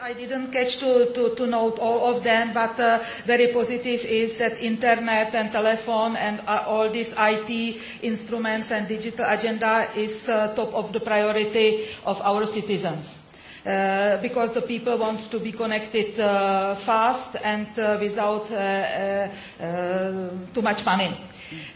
I didn't catch to, to, to note all of them, but uh, very positive is that internet and telephone and uh, all these IT instruments and digital agenda is uh, top of the priority of our citizens. Uh, because the people want to be connected uh, fast and uh, without uh, uh, uh, too much money.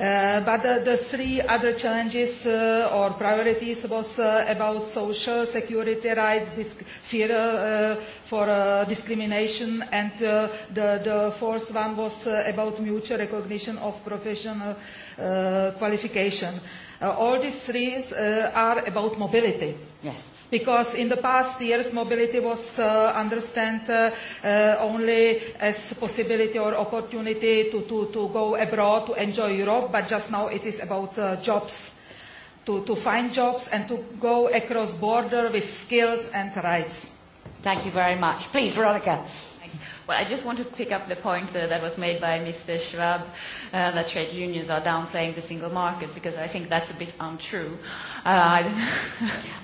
Uh, but the, the three other challenges uh, or priorities was uh, about social security rights, disc fear uh, for uh, discrimination, and uh, the, the fourth one was uh, about mutual recognition of professional uh, qualification. Uh, all these three uh, are about mobility. Yes because in the past years mobility was uh, understood uh, uh, only as possibility or opportunity to, to, to go abroad to enjoy Europe, but just now it is about uh, jobs, to, to find jobs and to go across border with skills and rights. Thank you very much. Please, Veronica. But I just want to pick up the point uh, that was made by Mr. Schwab uh, that trade unions are downplaying the single market because I think that's a bit untrue. Uh,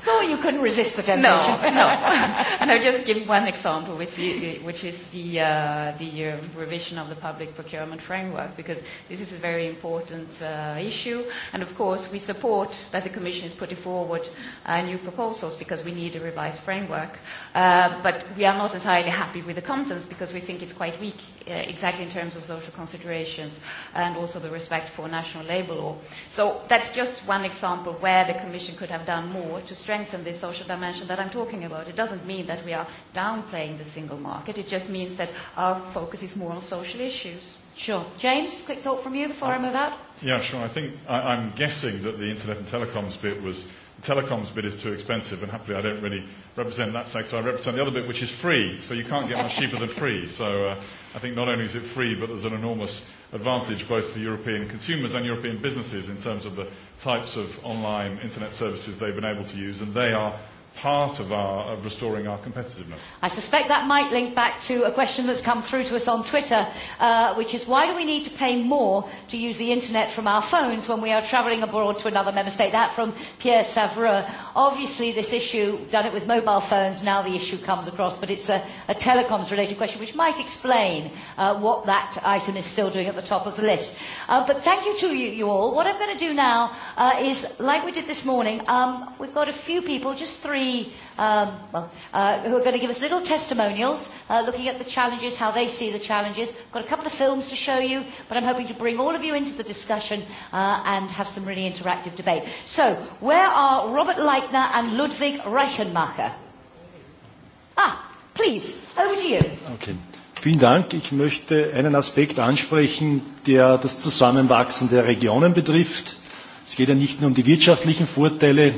so you couldn't resist the temptation. No, no. and I'll just give one example, which, which is the, uh, the uh, revision of the public procurement framework because this is a very important uh, issue. And of course, we support that the Commission is putting forward uh, new proposals because we need a revised framework. Uh, but we are not entirely happy with the contents because we we think it's quite weak, uh, exactly in terms of social considerations and also the respect for national labour law. So that's just one example where the Commission could have done more to strengthen this social dimension that I'm talking about. It doesn't mean that we are downplaying the single market. It just means that our focus is more on social issues. Sure. James, quick thought from you before um, I move out? Yeah, sure. I think I, I'm guessing that the internet and telecoms bit was The telecoms bit is too expensive, and happily I don't really represent that sector. I represent the other bit, which is free. So you can't get much cheaper than free. So uh, I think not only is it free, but there's an enormous advantage both for European consumers and European businesses in terms of the types of online internet services they've been able to use, and they are part of, our, of restoring our competitiveness. I suspect that might link back to a question that's come through to us on Twitter, uh, which is why do we need to pay more to use the internet from our phones when we are travelling abroad to another member state? That from Pierre Savreux. Obviously, this issue, done it with mobile phones, now the issue comes across, but it's a, a telecoms-related question, which might explain uh, what that item is still doing at the top of the list. Uh, but thank you to you, you all. What I'm going to do now uh, is, like we did this morning, um, we've got a few people, just three, three um, well, uh, who are going to give us little testimonials, uh, looking at the challenges, how they see the challenges. I've Got a couple of films to show you, but I'm hoping to bring all of you into the discussion uh, and have some really interactive debate. So, where are Robert Leitner and Ludwig Reichenmacher? Ah, please, over to you. Okay. Vielen Dank. Ich möchte einen Aspekt ansprechen, der das Zusammenwachsen der Regionen betrifft. Es geht ja nicht nur um die wirtschaftlichen Vorteile,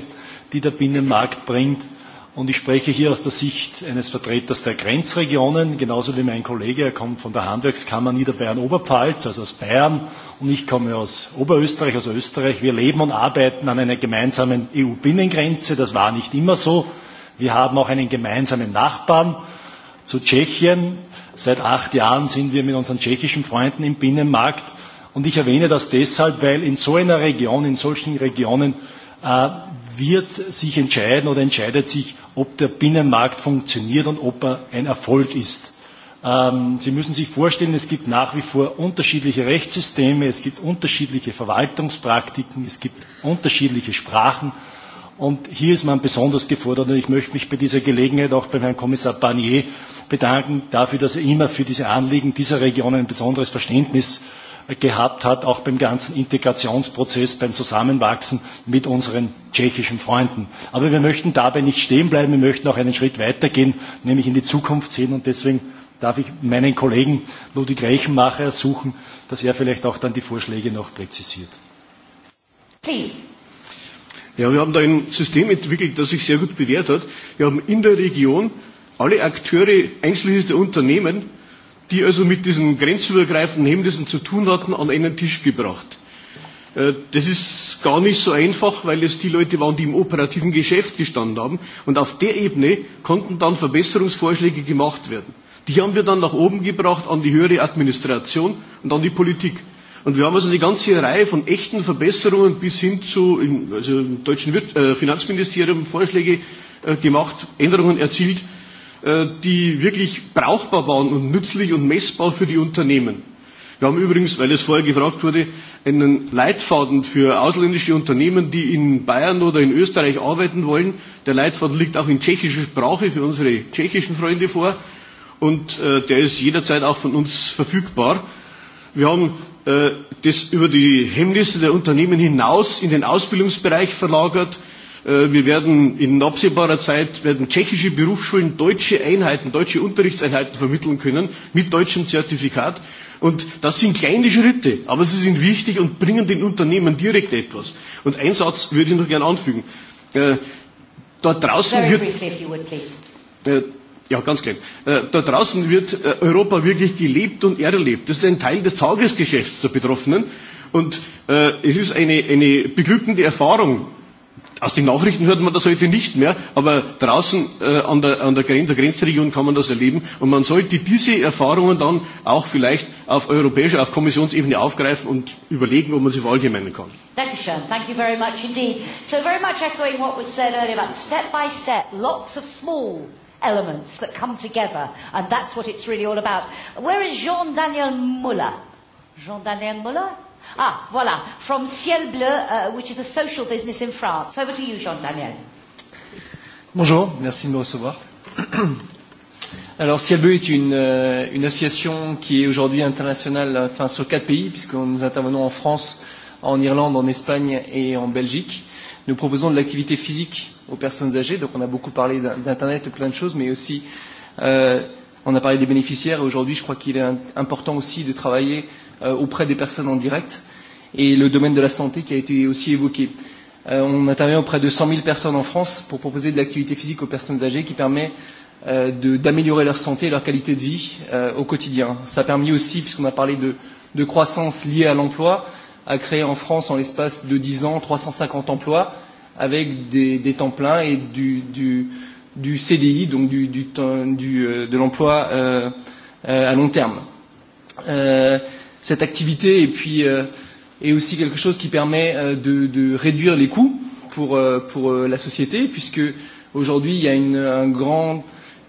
die der Binnenmarkt bringt. Und ich spreche hier aus der Sicht eines Vertreters der Grenzregionen, genauso wie mein Kollege, er kommt von der Handwerkskammer Niederbayern-Oberpfalz, also aus Bayern, und ich komme aus Oberösterreich, aus Österreich. Wir leben und arbeiten an einer gemeinsamen EU-Binnengrenze, das war nicht immer so. Wir haben auch einen gemeinsamen Nachbarn zu Tschechien. Seit acht Jahren sind wir mit unseren tschechischen Freunden im Binnenmarkt. Und ich erwähne das deshalb, weil in so einer Region, in solchen Regionen, äh, wird sich entscheiden oder entscheidet sich, ob der Binnenmarkt funktioniert und ob er ein Erfolg ist. Ähm, Sie müssen sich vorstellen, es gibt nach wie vor unterschiedliche Rechtssysteme, es gibt unterschiedliche Verwaltungspraktiken, es gibt unterschiedliche Sprachen. Und hier ist man besonders gefordert. Und ich möchte mich bei dieser Gelegenheit auch beim Herrn Kommissar Barnier bedanken dafür, dass er immer für diese Anliegen dieser Region ein besonderes Verständnis äh, gehabt hat, auch beim ganzen Integrationsprozess, beim Zusammenwachsen mit unseren tschechischen Freunden. Aber wir möchten dabei nicht stehen bleiben, wir möchten auch einen Schritt weitergehen, nämlich in die Zukunft sehen und deswegen darf ich meinen Kollegen Ludwig Reichenmacher ersuchen, dass er vielleicht auch dann die Vorschläge noch präzisiert. Please. Ja, wir haben da ein System entwickelt, das sich sehr gut bewährt hat. Wir haben in der Region alle Akteure, einschließlich der Unternehmen, die also mit diesen grenzübergreifenden Hemmnissen zu tun hatten, an einen Tisch gebracht. Äh, das ist gar nicht so einfach, weil es die Leute waren, die im operativen Geschäft gestanden haben. Und auf der Ebene konnten dann Verbesserungsvorschläge gemacht werden. Die haben wir dann nach oben gebracht an die höhere Administration und an die Politik. Und wir haben also eine ganze Reihe von echten Verbesserungen bis hin zu also im deutschen äh, Finanzministerium Vorschläge äh, gemacht, Änderungen erzielt, Äh, die wirklich brauchbar waren und nützlich und messbar für die Unternehmen. Wir haben übrigens, weil es vorher gefragt wurde, einen Leitfaden für ausländische Unternehmen, die in Bayern oder in Österreich arbeiten wollen. Der Leitfaden liegt auch in tschechischer Sprache für unsere tschechischen Freunde vor und äh, der ist jederzeit auch von uns verfügbar. Wir haben äh, das über die Hemmnisse der Unternehmen hinaus in den Ausbildungsbereich verlagert. Äh, wir werden in absehbarer Zeit werden tschechische Berufsschulen deutsche Einheiten, deutsche Unterrichtseinheiten vermitteln können mit deutschem Zertifikat. Und das sind kleine Schritte, aber sie sind wichtig und bringen den Unternehmen direkt etwas. Und einen Satz würde ich noch gerne anfügen. Äh, dort da draußen Very Äh, ja, ganz klein. Äh, da draußen wird äh, Europa wirklich gelebt und erlebt. Das ist ein Teil des Tagesgeschäfts der Betroffenen. Und äh, es ist eine, eine beglückende Erfahrung, Aus den Nachrichten hört man das heute nicht mehr, aber draußen äh, an, der, an der, Gren der Grenzregion kann man das erleben. Und man sollte diese Erfahrungen dann auch vielleicht auf europäischer, auf Kommissionsebene aufgreifen und überlegen, ob man sie verallgemeinern kann. Thank you very much indeed. So very much echoing what was said earlier about step by step, lots of small elements that come together, and that's what it's really all about. Where is Jean-Daniel Muller? Jean-Daniel Muller? Ah, voilà, from Ciel Bleu, uh, which is a social business in France. Over to you, Jean-Daniel. Bonjour, merci de me recevoir. Alors Ciel Bleu est une, euh, une association qui est aujourd'hui internationale euh, enfin, sur quatre pays, puisque nous intervenons en France, en Irlande, en Espagne et en Belgique. Nous proposons de l'activité physique aux personnes âgées, donc on a beaucoup parlé d'Internet, plein de choses, mais aussi euh, on a parlé des bénéficiaires, et aujourd'hui je crois qu'il est important aussi de travailler euh, euh, auprès des personnes en direct et le domaine de la santé qui a été aussi évoqué. Euh, on intervient auprès de 100 000 personnes en France pour proposer de l'activité physique aux personnes âgées qui permet euh, d'améliorer leur santé et leur qualité de vie euh, au quotidien. Ça a permis aussi, puisqu'on a parlé de, de croissance liée à l'emploi, à créer en France en l'espace de 10 ans 350 emplois avec des, des temps pleins et du, du, du CDI, donc du, du, du, euh, de l'emploi euh, euh, à long terme. Euh, cette activité et puis euh, est aussi quelque chose qui permet euh, de, de réduire les coûts pour, euh, pour euh, la société, puisque aujourd'hui il y a une, un grand,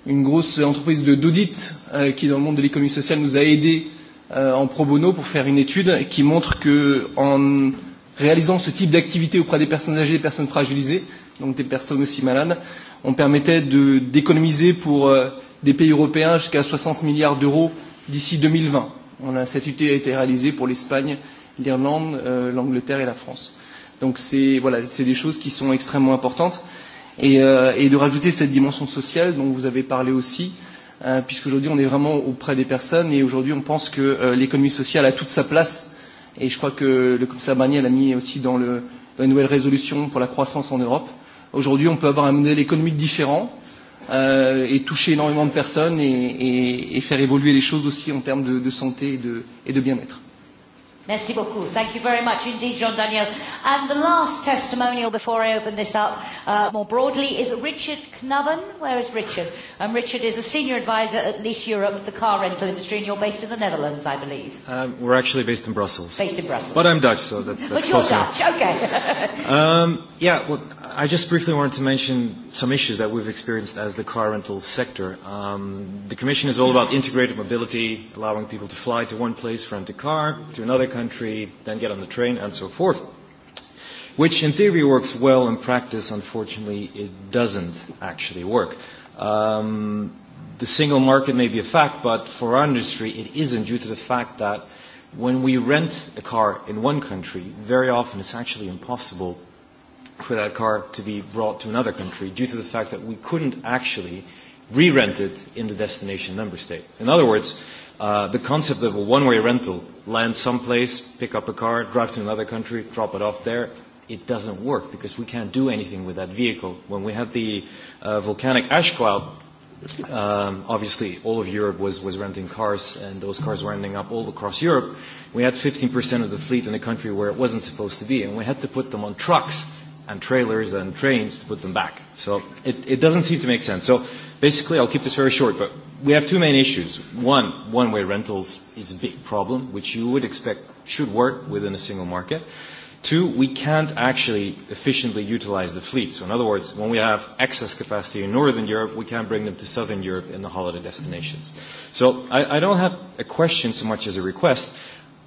une grosse entreprise d'audit euh, qui, dans le monde de l'économie sociale, nous a aidés euh, en pro bono pour faire une étude qui montre que en réalisant ce type d'activité auprès des personnes âgées, des personnes fragilisées, donc des personnes aussi malades, on permettait d'économiser pour euh, des pays européens jusqu'à 60 milliards d'euros d'ici 2020. On a, cette étude a été réalisée pour l'Espagne, l'Irlande, euh, l'Angleterre et la France. Donc c'est voilà, c'est des choses qui sont extrêmement importantes et, euh, et de rajouter cette dimension sociale dont vous avez parlé aussi, euh, puisque aujourd'hui on est vraiment auprès des personnes et aujourd'hui on pense que euh, l'économie sociale a toute sa place et je crois que le commissaire Barnier l'a mis aussi dans, le, dans les nouvelle résolution pour la croissance en Europe. Aujourd'hui on peut avoir un modèle économique différent euh, et toucher énormément de personnes et, et, et faire évoluer les choses aussi en termes de, de santé et de, de bien-être. Merci beaucoup. Thank you very much indeed, Jean-Daniel. And the last testimonial before I open this up uh, more broadly is Richard Knoven. Where is Richard? Um, Richard is a senior advisor at Lease Europe, the car rental industry, and you're based in the Netherlands, I believe. Um, we're actually based in Brussels. Based in Brussels. But I'm Dutch, so that's, possible. But you're Dutch, okay. um, yeah, well, I just briefly wanted to mention some issues that we've experienced as the car rental sector. Um, the Commission is all about integrated mobility, allowing people to fly to one place, rent a car, to another country, then get on the train, and so forth. Which in theory works well, in practice, unfortunately, it doesn't actually work. Um, the single market may be a fact, but for our industry, it isn't due to the fact that when we rent a car in one country, very often it's actually impossible for that car to be brought to another country due to the fact that we couldn't actually re-rent it in the destination member state. In other words, uh, the concept of a one-way rental land someplace, pick up a car, drive to another country, drop it off there. It doesn't work because we can't do anything with that vehicle. When we had the uh, volcanic ash cloud, um, obviously all of Europe was, was renting cars, and those cars were ending up all across Europe. We had 15% of the fleet in a country where it wasn't supposed to be, and we had to put them on trucks and trailers and trains to put them back. So it, it doesn't seem to make sense. So basically, I'll keep this very short, but we have two main issues. One, one-way rentals is a big problem, which you would expect should work within a single market. Two, we can't actually efficiently utilize the fleet. So in other words, when we have excess capacity in Northern Europe, we can't bring them to Southern Europe in the holiday destinations. So I, I don't have a question so much as a request.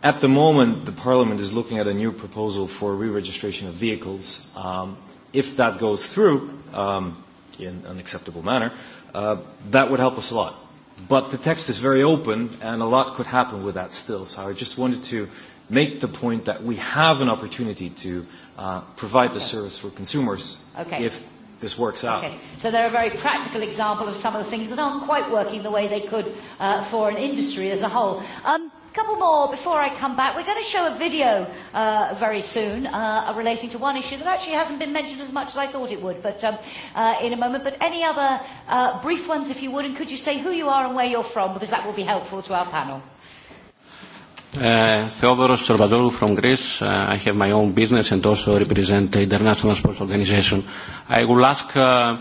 At the moment, the Parliament is looking at a new proposal for re-registration of vehicles. Um, if that goes through um, in an acceptable manner, uh, that would help us a lot But the text is very open, and a lot could happen with that still. So I just wanted to make the point that we have an opportunity to uh, provide okay. the service for consumers okay. if this works out. Okay. So they're a very practical example of some of the things that aren't quite working the way they could uh, for an industry as a whole. Um, couple more before I come back. We're going to show a video uh, very soon uh, relating to one issue that actually hasn't been mentioned as much as I thought it would, but um, uh, in a moment. But any other uh, brief ones, if you would, and could you say who you are and where you're from, because that will be helpful to our panel. Uh, Theodoros Tsorbadoulou from Greece. Uh, I have my own business and also represent the International Sports Organization. I will ask uh,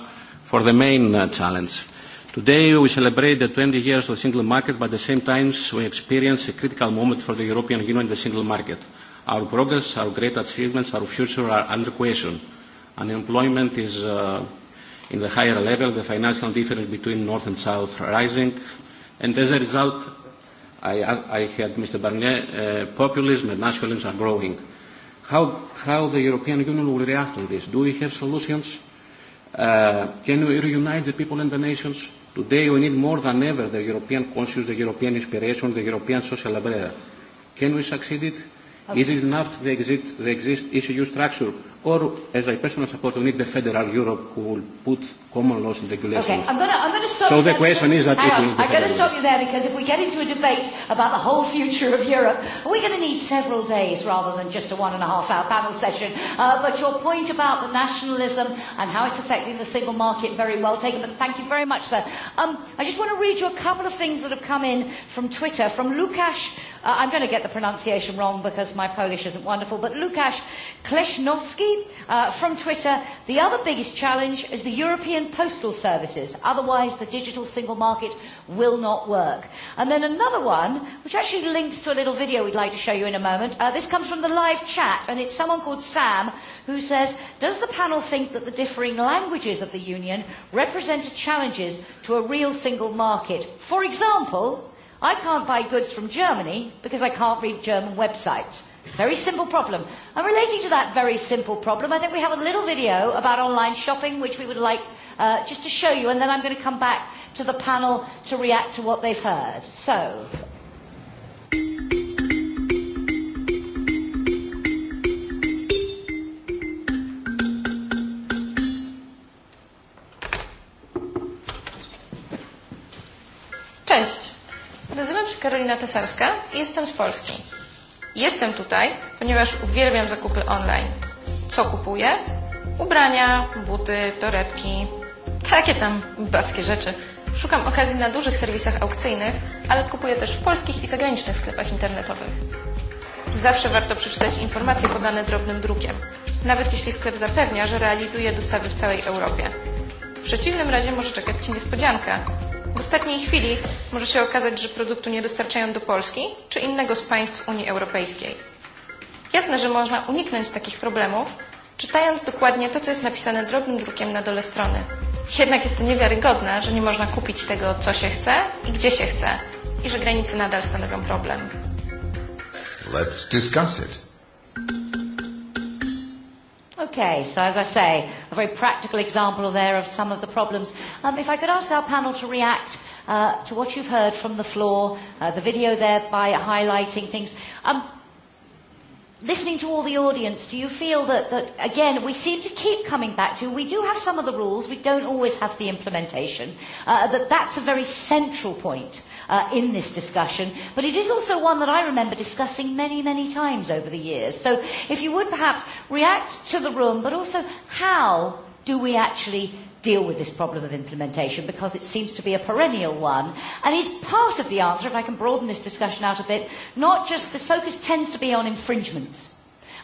for the main uh, challenge Today we celebrate the 20 years of the single market, but at the same time we experience a critical moment for the European Union and the single market. Our progress, our great achievements, our future are under question. Unemployment is uh, in the higher level, the financial difference between North and South rising, and as a result, I, I heard Mr. Barnier, uh, populism and nationalism are growing. How, how the European Union will react to this? Do we have solutions? Uh, can we reunite the people and the nations? Today we need more than ever the European conscience, the European inspiration, the European social umbrella. Can we succeed it? Okay. Is it enough to exist, the exist issue structure or as I personally support, we need the federal Europe who will put common laws and regulations. Okay, I'm going to I'm gonna stop So you the question is that hang on, I'm going to stop you there because if we get into a debate about the whole future of Europe, we're going to need several days rather than just a one and a half hour panel session. Uh, but your point about the nationalism and how it's affecting the single market, very well taken. But thank you very much, sir. Um, I just want to read you a couple of things that have come in from Twitter. From Lukasz, uh, I'm going to get the pronunciation wrong because my Polish isn't wonderful, but Lukasz Klesnowski uh, from Twitter, the other biggest challenge is the European Postal Services. Otherwise, the digital single market will not work. And then another one, which actually links to a little video we'd like to show you in a moment. Uh, this comes from the live chat, and it's someone called Sam who says, does the panel think that the differing languages of the Union represent challenges to a real single market? For example, I can't buy goods from Germany because I can't read German websites. Very simple problem. And relating to that very simple problem, I think we have a little video about online shopping, which we would like uh, just to show you, and then I'm going to come back to the panel to react to what they've heard. So. Cześć. Nazywam się Karolina Tesarska i jestem z Polski. Jestem tutaj, ponieważ uwielbiam zakupy online. Co kupuję? Ubrania, buty, torebki, takie tam babskie rzeczy. Szukam okazji na dużych serwisach aukcyjnych, ale kupuję też w polskich i zagranicznych sklepach internetowych. Zawsze warto przeczytać informacje podane drobnym drukiem, nawet jeśli sklep zapewnia, że realizuje dostawy w całej Europie. W przeciwnym razie może czekać Ci niespodzianka, W ostatniej chwili może się okazać, że produktu nie dostarczają do Polski czy innego z państw Unii Europejskiej. Jasne, że można uniknąć takich problemów, czytając dokładnie to, co jest napisane drobnym drukiem na dole strony. Jednak jest to niewiarygodne, że nie można kupić tego, co się chce i gdzie się chce, i że granice nadal stanowią problem. Let's discuss it. Okay, so as I say, a very practical example there of some of the problems. Um, if I could ask our panel to react uh, to what you've heard from the floor, uh, the video there by highlighting things. Um, listening to all the audience, do you feel that, that, again, we seem to keep coming back to, we do have some of the rules, we don't always have the implementation, uh, that that's a very central point uh, in this discussion, but it is also one that I remember discussing many, many times over the years. So if you would perhaps react to the room, but also how do we actually deal with this problem of implementation because it seems to be a perennial one and is part of the answer, if I can broaden this discussion out a bit, not just the focus tends to be on infringements.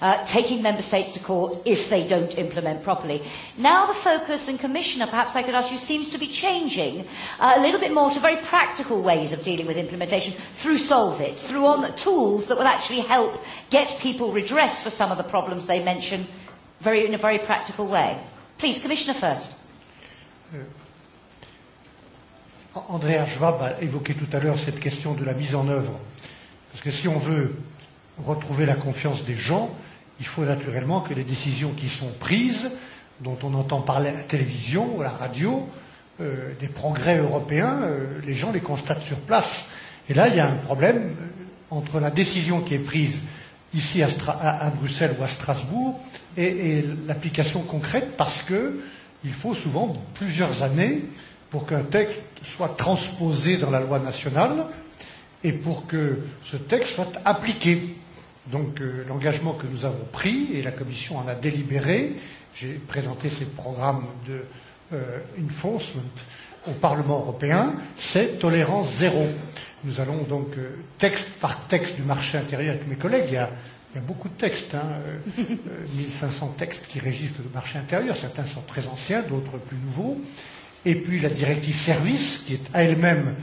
Uh, taking member states to court if they don't implement properly. Now the focus, and Commissioner, perhaps I could ask you, seems to be changing uh, a little bit more to very practical ways of dealing with implementation through It, through on the tools that will actually help get people redress for some of the problems they mention very, in a very practical way. Please, Commissioner first. Euh, Andrea Schwab a évoqué tout à l'heure cette question de la mise en œuvre. Parce que si on veut retrouver la confiance des gens, il faut naturellement que les décisions qui sont prises, dont on entend parler à la télévision, ou à la radio, euh, des progrès européens, euh, les gens les constatent sur place. Et là, il y a un problème euh, entre la décision qui est prise ici à, Stra à Bruxelles ou à Strasbourg et, et l'application concrète parce que euh, il faut souvent plusieurs années pour qu'un texte soit transposé dans la loi nationale et pour que ce texte soit appliqué. Donc euh, l'engagement que nous avons pris, et la Commission en a délibéré, j'ai présenté ces programmes de euh, enforcement au Parlement européen, c'est tolérance zéro. Nous allons donc euh, texte par texte du marché intérieur avec mes collègues. Il y a Il y a beaucoup de textes, hein, 1500 euh, textes qui régissent le marché intérieur. Certains sont très anciens, d'autres plus nouveaux. Et puis la directive service, qui est à elle-même,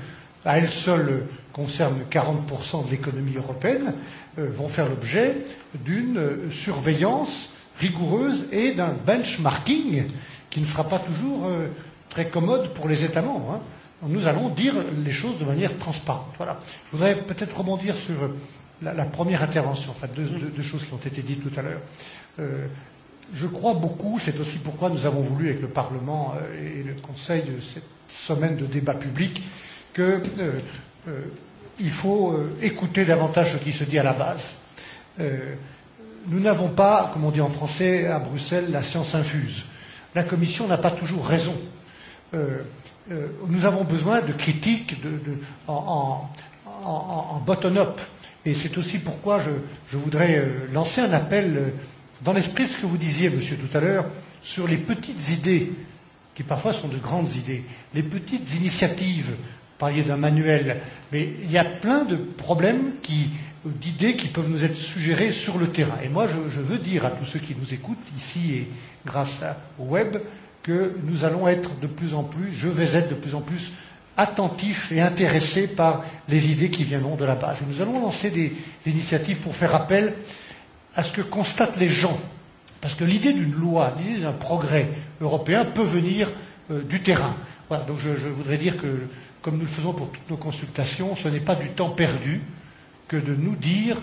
à elle seule, concerne 40% de l'économie européenne, euh, vont faire l'objet d'une euh, surveillance rigoureuse et d'un benchmarking qui ne sera pas toujours euh, très commode pour les États membres. Hein. Nous allons dire les choses de manière transparente. Voilà. Je voudrais peut-être rebondir sur euh, la, la première intervention, enfin deux, deux, deux choses qui ont été dites tout à l'heure. Euh, je crois beaucoup, c'est aussi pourquoi nous avons voulu avec le Parlement euh, et le Conseil de euh, cette semaine de débat public, qu'il euh, euh, faut euh, écouter davantage ce qui se dit à la base. Euh, nous n'avons pas, comme on dit en français à Bruxelles, la science infuse. La Commission n'a pas toujours raison. Euh, euh, nous avons besoin de critiques de, de, en, en, en, en bottom-up. Euh, Et c'est aussi pourquoi je, je voudrais euh, lancer un appel euh, dans l'esprit de ce que vous disiez, monsieur, tout à l'heure, sur les petites idées, qui parfois sont de grandes idées, les petites initiatives. Vous parliez d'un manuel, mais il y a plein de problèmes qui, euh, d'idées qui peuvent nous être suggérées sur le terrain. Et moi, je, je veux dire à tous ceux qui nous écoutent ici et grâce à, au web que nous allons être de plus en plus, je vais être de plus en plus attentifs et intéressés par les idées qui viendront de la base. Et nous allons lancer des, des initiatives pour faire appel à ce que constatent les gens. Parce que l'idée d'une loi, l'idée d'un progrès européen peut venir euh, du terrain. Voilà, donc je, je voudrais dire que, comme nous le faisons pour toutes nos consultations, ce n'est pas du temps perdu que de nous dire,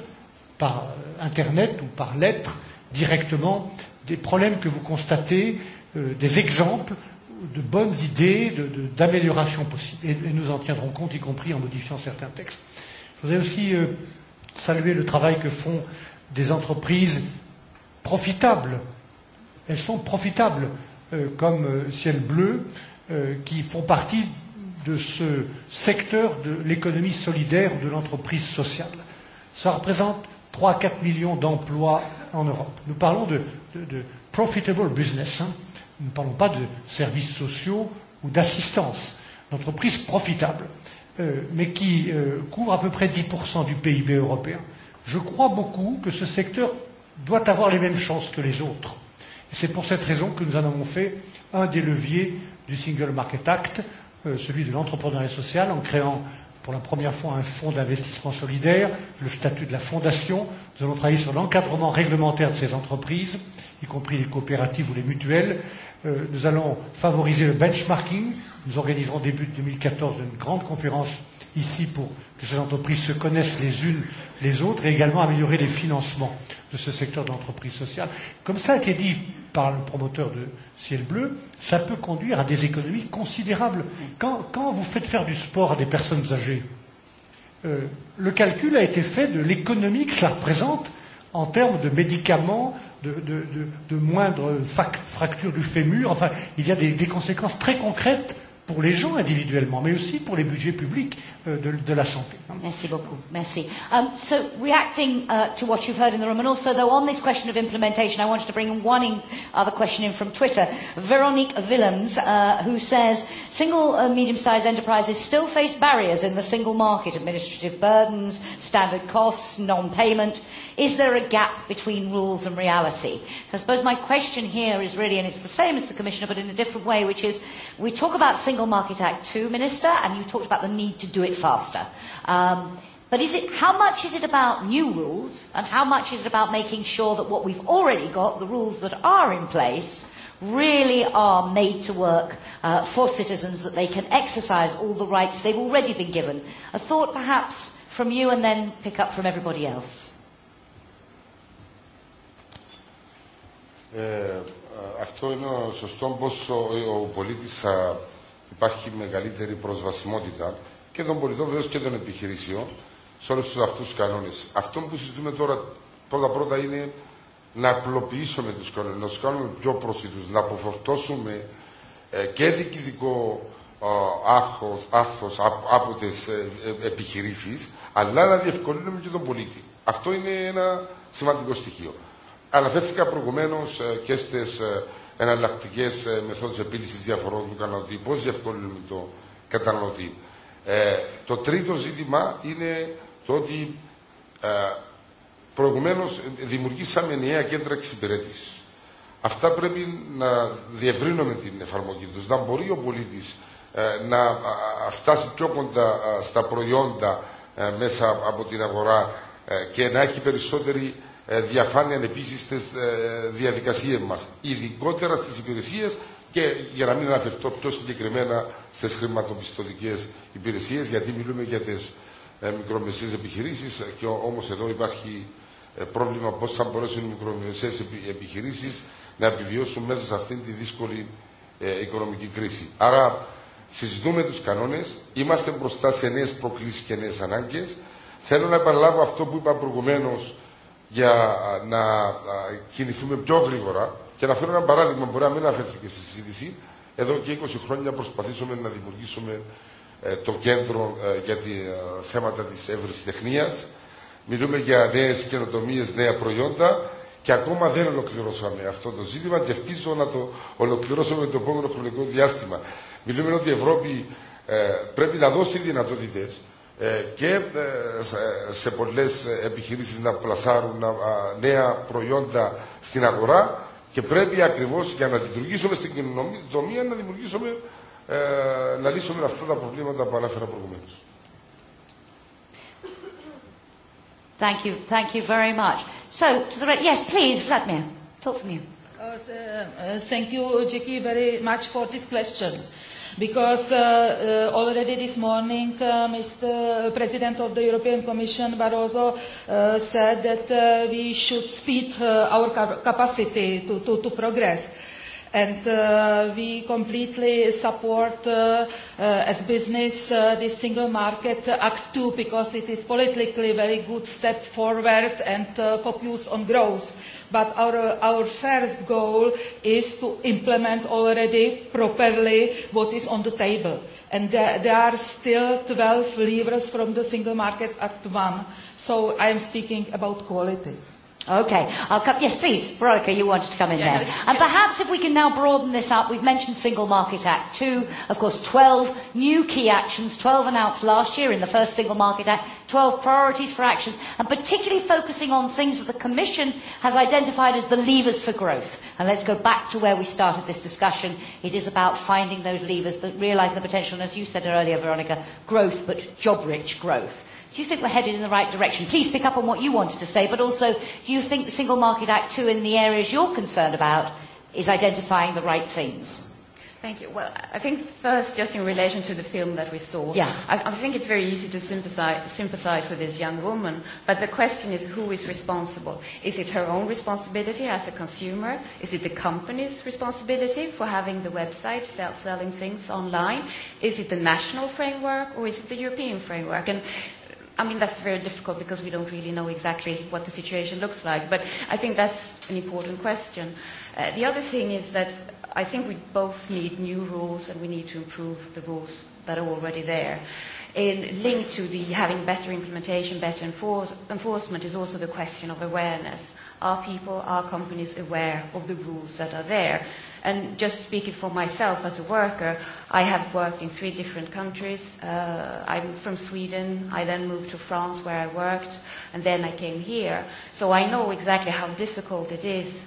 par euh, Internet ou par lettre, directement, des problèmes que vous constatez, euh, des exemples de bonnes idées d'amélioration possible. Et, et nous en tiendrons compte, y compris en modifiant certains textes. Je voudrais aussi euh, saluer le travail que font des entreprises profitables. Elles sont profitables, euh, comme euh, Ciel Bleu, euh, qui font partie de ce secteur de l'économie solidaire de l'entreprise sociale. Ça représente 3 à 4 millions d'emplois en Europe. Nous parlons de, de, de profitable business. Hein. Nous ne parlons pas de services sociaux ou d'assistance, d'entreprises profitables, euh, mais qui euh, couvrent à peu près 10% du PIB européen. Je crois beaucoup que ce secteur doit avoir les mêmes chances que les autres. c'est pour cette raison que nous en avons fait un des leviers du Single Market Act, euh, celui de l'entrepreneuriat social, en créant pour la première fois un fonds d'investissement solidaire, le statut de la fondation. Nous allons travailler sur l'encadrement réglementaire de ces entreprises, y compris les coopératives ou les mutuelles. Euh, nous allons favoriser le benchmarking. Nous organiserons début 2014 une grande conférence ici pour que ces entreprises se connaissent les unes les autres et également améliorer les financements de ce secteur d'entreprise sociale. Comme ça a été dit, par le promoteur de Ciel Bleu, ça peut conduire à des économies considérables. Quand, quand vous faites faire du sport à des personnes âgées, euh, le calcul a été fait de l'économie que cela représente en termes de médicaments, de, de, de, de moindres fractures du fémur. Enfin, il y a des, des conséquences très concrètes pour les gens individuellement, mais aussi pour les budgets publics euh, de, de la santé. Merci beaucoup. Merci. Um, so, reacting uh, to what you've heard in the room, and also though on this question of implementation, I wanted to bring one in, other question in from Twitter. Veronique Willems, uh, who says, single and uh, medium-sized enterprises still face barriers in the single market, administrative burdens, standard costs, non-payment. Is there a gap between rules and reality? So I suppose my question here is really, and it's the same as the Commissioner, but in a different way, which is we talk about Single Market Act 2, Minister, and you talked about the need to do it faster. Um, But is it, how much is it about new rules and how much is it about making sure that what we've already got, the rules that are in place, really are made to work uh, for citizens, that they can exercise all the rights they've already been given? A thought perhaps from you and then pick up from everybody else. Ε, αυτό είναι ο σωστό πως ο, ο πολίτης θα υπάρχει μεγαλύτερη προσβασιμότητα και των πολιτών βέβαια και των επιχειρήσεων σε όλους τους αυτούς τους κανόνες. Αυτό που συζητούμε τώρα πρώτα-πρώτα είναι να απλοποιήσουμε τους κανόνες, να τους κάνουμε πιο προσιτούς, να αποφορτώσουμε ε, και διοικητικό άχος, άχος από τις επιχειρήσεις, αλλά να διευκολύνουμε και τον πολίτη. Αυτό είναι ένα σημαντικό στοιχείο. Αναφέρθηκα προηγουμένω και στι εναλλακτικέ μεθόδου επίλυση διαφορών του καταναλωτή. Πώ διευκολύνουμε το καταναλωτή. Ε, το τρίτο ζήτημα είναι το ότι ε, προηγουμένω δημιουργήσαμε νέα κέντρα εξυπηρέτηση. Αυτά πρέπει να διευρύνουμε την εφαρμογή του, να μπορεί ο πολίτη ε, να φτάσει πιο κοντά στα προϊόντα ε, μέσα από την αγορά ε, και να έχει περισσότερη διαφάνεια επίση στι διαδικασίε μα, ειδικότερα στι υπηρεσίε και για να μην αναφερθώ πιο συγκεκριμένα στι χρηματοπιστωτικέ υπηρεσίε, γιατί μιλούμε για τι μικρομεσαίε επιχειρήσει και όμω εδώ υπάρχει πρόβλημα πώ θα μπορέσουν οι μικρομεσαίε επιχειρήσει να επιβιώσουν μέσα σε αυτήν τη δύσκολη οικονομική κρίση. Άρα, συζητούμε του κανόνε, είμαστε μπροστά σε νέε προκλήσει και νέε ανάγκε. Θέλω να επαναλάβω αυτό που είπα προηγουμένω για να κινηθούμε πιο γρήγορα. Και να φέρω ένα παράδειγμα, μπορεί να μην αφαιρθεί στη συζήτηση. Εδώ και 20 χρόνια προσπαθήσαμε να δημιουργήσουμε το κέντρο για τη θέματα της εύρης τεχνίας. Μιλούμε για νέες καινοτομίες, νέα προϊόντα και ακόμα δεν ολοκληρώσαμε αυτό το ζήτημα και ελπίζω να το ολοκληρώσουμε το επόμενο χρονικό διάστημα. Μιλούμε ότι η Ευρώπη πρέπει να δώσει δυνατότητες και σε πολλές επιχειρήσεις να πλασάρουν νέα προϊόντα στην αγορά και πρέπει ακριβώς για να λειτουργήσουμε στην κοινωνία να δημιουργήσουμε, να λύσουμε αυτά τα προβλήματα που ανάφερα προηγουμένως. Thank you. Thank you very much. So, to the yes, please, Vladimir, talk from you. Uh, thank you, Jackie, very much for this question. Uh, because uh, uh, already this morning uh, Mr. President of the European Commission Barroso uh, said that uh, we should speed uh, our cap capacity to, to, to progress. Uh, And uh, we completely support, uh, uh, as business, uh, this Single Market Act 2 because it is politically very good step forward and uh, focus on growth. But our, our first goal is to implement already properly what is on the table. And there, there are still 12 levers from the Single Market Act 1. So I am speaking about quality. Okay, I'll come. Yes, please, Veronica, you wanted to come in yeah, there. Yeah. And perhaps if we can now broaden this up, we've mentioned Single Market Act 2, of course, 12 new key actions, 12 announced last year in the first Single Market Act, 12 priorities for actions, and particularly focusing on things that the Commission has identified as the levers for growth. And let's go back to where we started this discussion. It is about finding those levers that realise the potential, and as you said earlier, Veronica, growth, but job-rich growth. Do you think we're headed in the right direction? Please pick up on what you wanted to say, but also do you think the Single Market Act 2 in the areas you're concerned about is identifying the right things? Thank you. Well, I think first, just in relation to the film that we saw, yeah. I, I think it's very easy to sympathize, sympathize with this young woman, but the question is who is responsible? Is it her own responsibility as a consumer? Is it the company's responsibility for having the website sell, selling things online? Is it the national framework or is it the European framework? And I mean, that's very difficult because we don't really know exactly what the situation looks like, but I think that's an important question. Uh, the other thing is that I think we both need new rules and we need to improve the rules that are already there. In, linked to the having better implementation, better enforce, enforcement is also the question of awareness. Are people, are companies aware of the rules that are there? And just speaking for myself as a worker, I have worked in three different countries. Uh, I'm from Sweden. I then moved to France where I worked, and then I came here. So I know exactly how difficult it is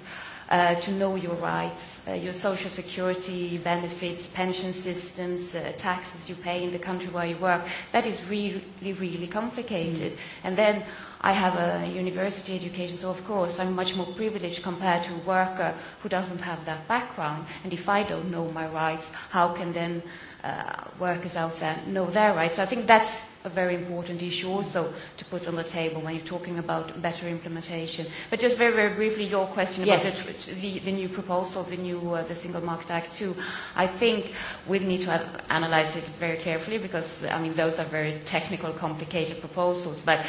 uh, to know your rights, uh, your social security benefits, pension systems, uh, taxes you pay in the country where you work. That is really, really complicated. Mm. And then I have a university education, so of course I'm much more privileged compared to a worker who doesn't have that background. And if I don't know my rights, how can then uh, workers out there know their rights. So I think that's a very important issue also to put on the table when you're talking about better implementation. But just very, very briefly, your question yes. about the, the, the new proposal, the new uh, the Single Market Act 2, I think we need to analyze it very carefully because, I mean, those are very technical, complicated proposals. But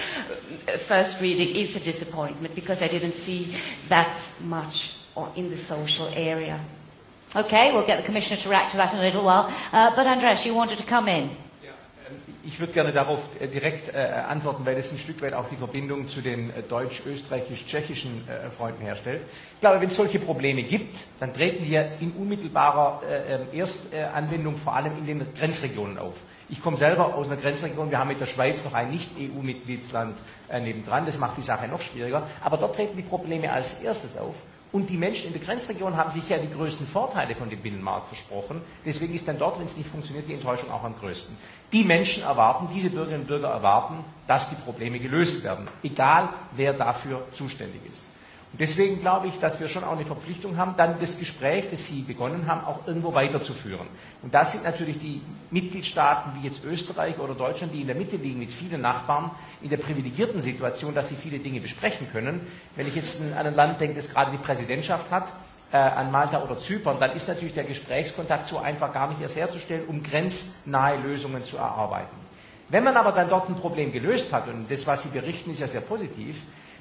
uh, first reading is a disappointment because I didn't see that much uh, in the social area. Okay, we'll get the Commissioner to react to that in a little while. Uh, but Andreas, you wanted to come in. Ähm, ich würde gerne darauf äh, direkt äh, antworten, weil das ein Stück weit auch die Verbindung zu den äh, deutsch-österreichisch-tschechischen äh, Freunden herstellt. Ich glaube, wenn es solche Probleme gibt, dann treten die ja in unmittelbarer äh, ähm, Erstanwendung vor allem in den Grenzregionen auf. Ich komme selber aus einer Grenzregion, wir haben mit der Schweiz noch ein Nicht-EU-Mitgliedsland äh, nebendran, das macht die Sache noch schwieriger, aber dort treten die Probleme als erstes auf. Und die Menschen in der Grenzregion haben sich ja die größten Vorteile von dem Binnenmarkt versprochen. Deswegen ist dann dort, wenn es nicht funktioniert, die Enttäuschung auch am größten. Die Menschen erwarten, diese Bürgerinnen und Bürger erwarten, dass die Probleme gelöst werden, egal wer dafür zuständig ist. Und Deswegen glaube ich, dass wir schon auch eine Verpflichtung haben, dann das Gespräch, das Sie begonnen haben, auch irgendwo weiterzuführen. Und das sind natürlich die Mitgliedstaaten wie jetzt Österreich oder Deutschland, die in der Mitte liegen mit vielen Nachbarn, in der privilegierten Situation, dass sie viele Dinge besprechen können. Wenn ich jetzt an ein Land denke, das gerade die Präsidentschaft hat, äh, an Malta oder Zypern, dann ist natürlich der Gesprächskontakt so einfach gar nicht erst herzustellen, um grenznahe Lösungen zu erarbeiten. Wenn man aber dann dort ein Problem gelöst hat, und das, was Sie berichten, ist ja sehr positiv,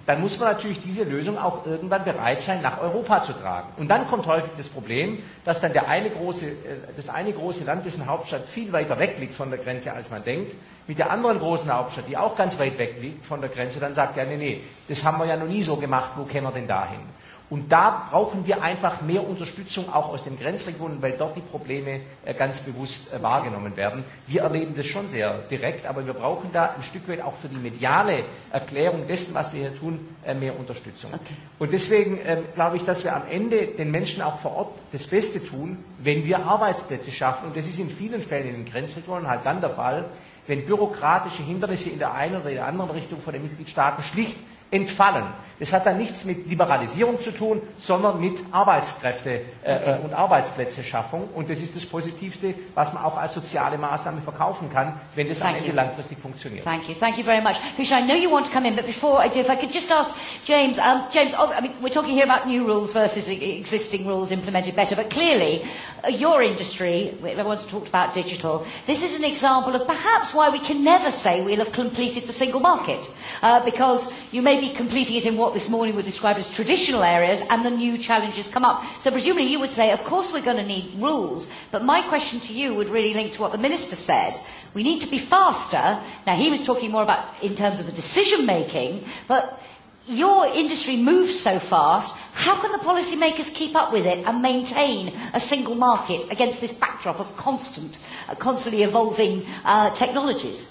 dann muss man natürlich diese Lösung auch irgendwann bereit sein, nach Europa zu tragen. Und dann kommt häufig das Problem, dass dann der eine große, äh, das eine große Land, dessen Hauptstadt viel weiter weg liegt von der Grenze, als man denkt, mit der anderen großen Hauptstadt, die auch ganz weit weg liegt von der Grenze, dann sagt ja, nee, nee, das haben wir ja noch nie so gemacht, wo kämen wir denn dahin? Und da brauchen wir einfach mehr Unterstützung auch aus den Grenzregionen, weil dort die Probleme äh, ganz bewusst äh, wahrgenommen werden. Wir erleben das schon sehr direkt, aber wir brauchen da ein Stück weit auch für die mediale Erklärung dessen, was wir hier tun, äh, mehr Unterstützung. Okay. Und deswegen ähm, glaube ich, dass wir am Ende den Menschen auch vor Ort das Beste tun, wenn wir Arbeitsplätze schaffen. Und das ist in vielen Fällen in den Grenzregionen halt dann der Fall, wenn bürokratische Hindernisse in der einen oder in der anderen Richtung von den Mitgliedstaaten schlicht entfallen. Das hat dann nichts mit Liberalisierung zu tun, sondern mit Arbeitskräfte äh, äh, und Arbeitsplätzeschaffung. Und das ist das Positivste, was man auch als soziale Maßnahme verkaufen kann, wenn das Thank am Ende you. langfristig funktioniert. Thank you. Thank you very much. Krishna, I know you want to come in, but before I do, if I could just ask James, um, James, oh, I mean, we're talking here about new rules versus existing rules implemented better, but clearly uh, your industry, everyone's talked about digital, this is an example of perhaps why we can never say we'll have completed the single market. Uh, because you may maybe completing it in what this morning were described as traditional areas and the new challenges come up. So presumably you would say, of course we're going to need rules, but my question to you would really link to what the Minister said. We need to be faster. Now he was talking more about in terms of the decision making, but your industry moves so fast, how can the policymakers keep up with it and maintain a single market against this backdrop of constant, constantly evolving uh, technologies?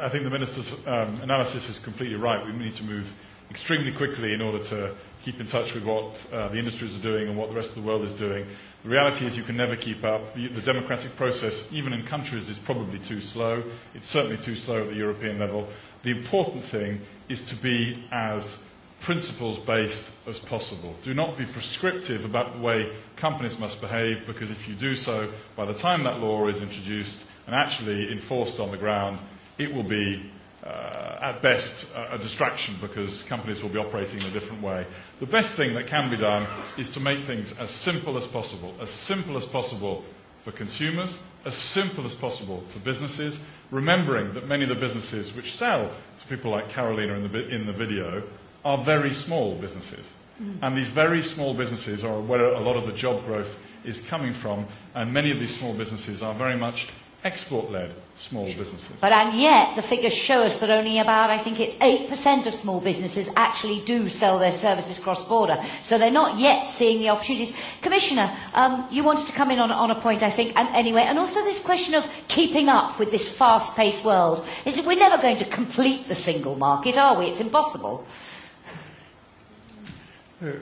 I think the Minister's um, analysis is completely right. We need to move extremely quickly in order to keep in touch with what uh, the industries are doing and what the rest of the world is doing. The reality is you can never keep up. The, the democratic process, even in countries, is probably too slow. It's certainly too slow at the European level. The important thing is to be as principles based as possible. Do not be prescriptive about the way companies must behave because if you do so, by the time that law is introduced and actually enforced on the ground, it will be uh, at best a, a distraction because companies will be operating in a different way. The best thing that can be done is to make things as simple as possible, as simple as possible for consumers, as simple as possible for businesses, remembering that many of the businesses which sell to people like Carolina in the, in the video are very small businesses. Mm. And these very small businesses are where a lot of the job growth is coming from, and many of these small businesses are very much export led small businesses. But and yet the figures show us that only about I think it's 8% of small businesses actually do sell their services cross border. So they're not yet seeing the opportunities. Commissioner, um, you wanted to come in on, on a point I think and anyway and also this question of keeping up with this fast paced world. Is that we're never going to complete the single market, are we? It's impossible. Euh,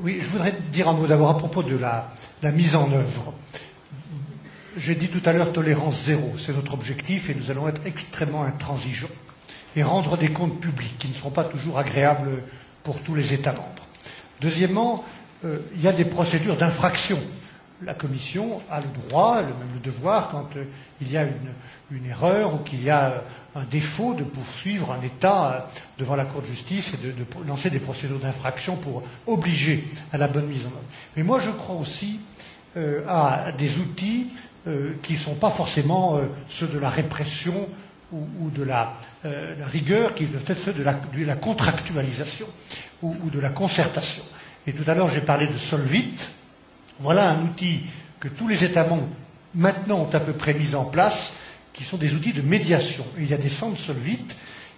oui, je voudrais dire un mot d'abord à propos de la, la mise en œuvre. J'ai dit tout à l'heure tolérance zéro, c'est notre objectif et nous allons être extrêmement intransigeants et rendre des comptes publics qui ne seront pas toujours agréables pour tous les États membres. Deuxièmement, euh, il y a des procédures d'infraction. La Commission a le droit, le même le devoir, quand euh, il y a une, une erreur ou qu'il y a euh, un défaut de poursuivre un État euh, devant la Cour de justice et de, de lancer des procédures d'infraction pour obliger à la bonne mise en œuvre. Mais moi, je crois aussi euh, à des outils Euh, qui ne sont pas forcément euh, ceux de la répression ou, ou de la, euh, la rigueur, qui doivent être ceux de la, de la contractualisation ou, ou de la concertation. Et tout à l'heure, j'ai parlé de Solvit. Voilà un outil que tous les États membres maintenant ont à peu près mis en place, qui sont des outils de médiation. Et il y a des centres Solvit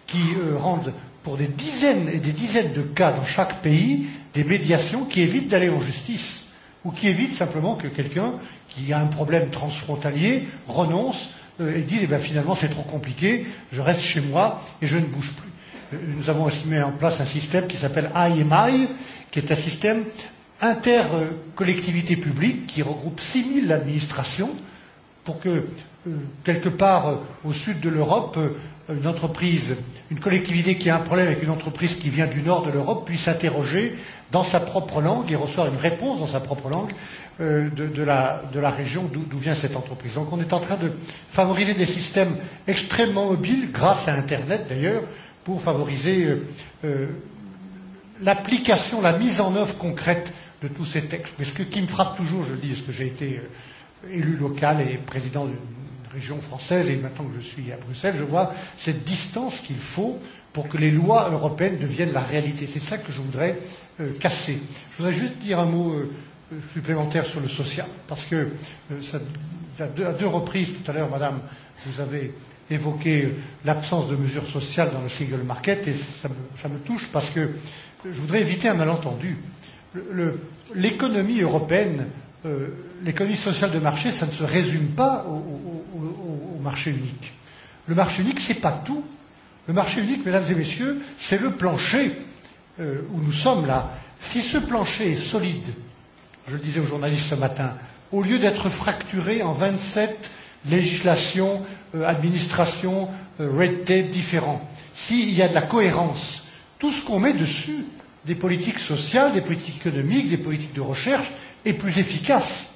qui euh, rendent pour des dizaines et des dizaines de cas dans chaque pays des médiations qui évitent d'aller en justice ou qui évite simplement que quelqu'un qui a un problème transfrontalier renonce euh, et dise eh bien, finalement c'est trop compliqué, je reste chez moi et je ne bouge plus. Euh, nous avons aussi mis en place un système qui s'appelle IMI, qui est un système intercollectivité publique qui regroupe 6000 administrations pour que euh, quelque part euh, au sud de l'Europe, une entreprise, une collectivité qui a un problème avec une entreprise qui vient du nord de l'Europe puisse interroger dans sa propre langue et recevoir une réponse dans sa propre langue euh, de, de, la, de la région d'où vient cette entreprise. Donc on est en train de favoriser des systèmes extrêmement mobiles, grâce à Internet d'ailleurs, pour favoriser euh, euh, l'application, la mise en œuvre concrète de tous ces textes. Mais ce que, qui me frappe toujours, je le dis, parce que j'ai été euh, élu local et président d'une région française, et maintenant que je suis à Bruxelles, je vois cette distance qu'il faut pour que les lois européennes deviennent la réalité. C'est ça que je voudrais euh, casser. Je voudrais juste dire un mot euh, euh supplémentaire sur le social, parce que euh, ça, à, deux, à deux reprises tout à l'heure, Madame, vous avez évoqué euh, l'absence de mesures sociales dans le single market, et ça me, ça me touche parce que euh, je voudrais éviter un malentendu. L'économie européenne euh, l'économie sociale de marché, ça ne se résume pas au, au, au, au marché unique. Le marché unique, ce n'est pas tout. Le marché unique, mesdames et messieurs, c'est le plancher euh, où nous sommes là. Si ce plancher est solide, je le disais aux journalistes ce matin, au lieu d'être fracturé en 27 législations, euh, administrations, euh, red tape différents, s'il y a de la cohérence, tout ce qu'on met dessus, des politiques sociales, des politiques économiques, des politiques de recherche, est plus efficace.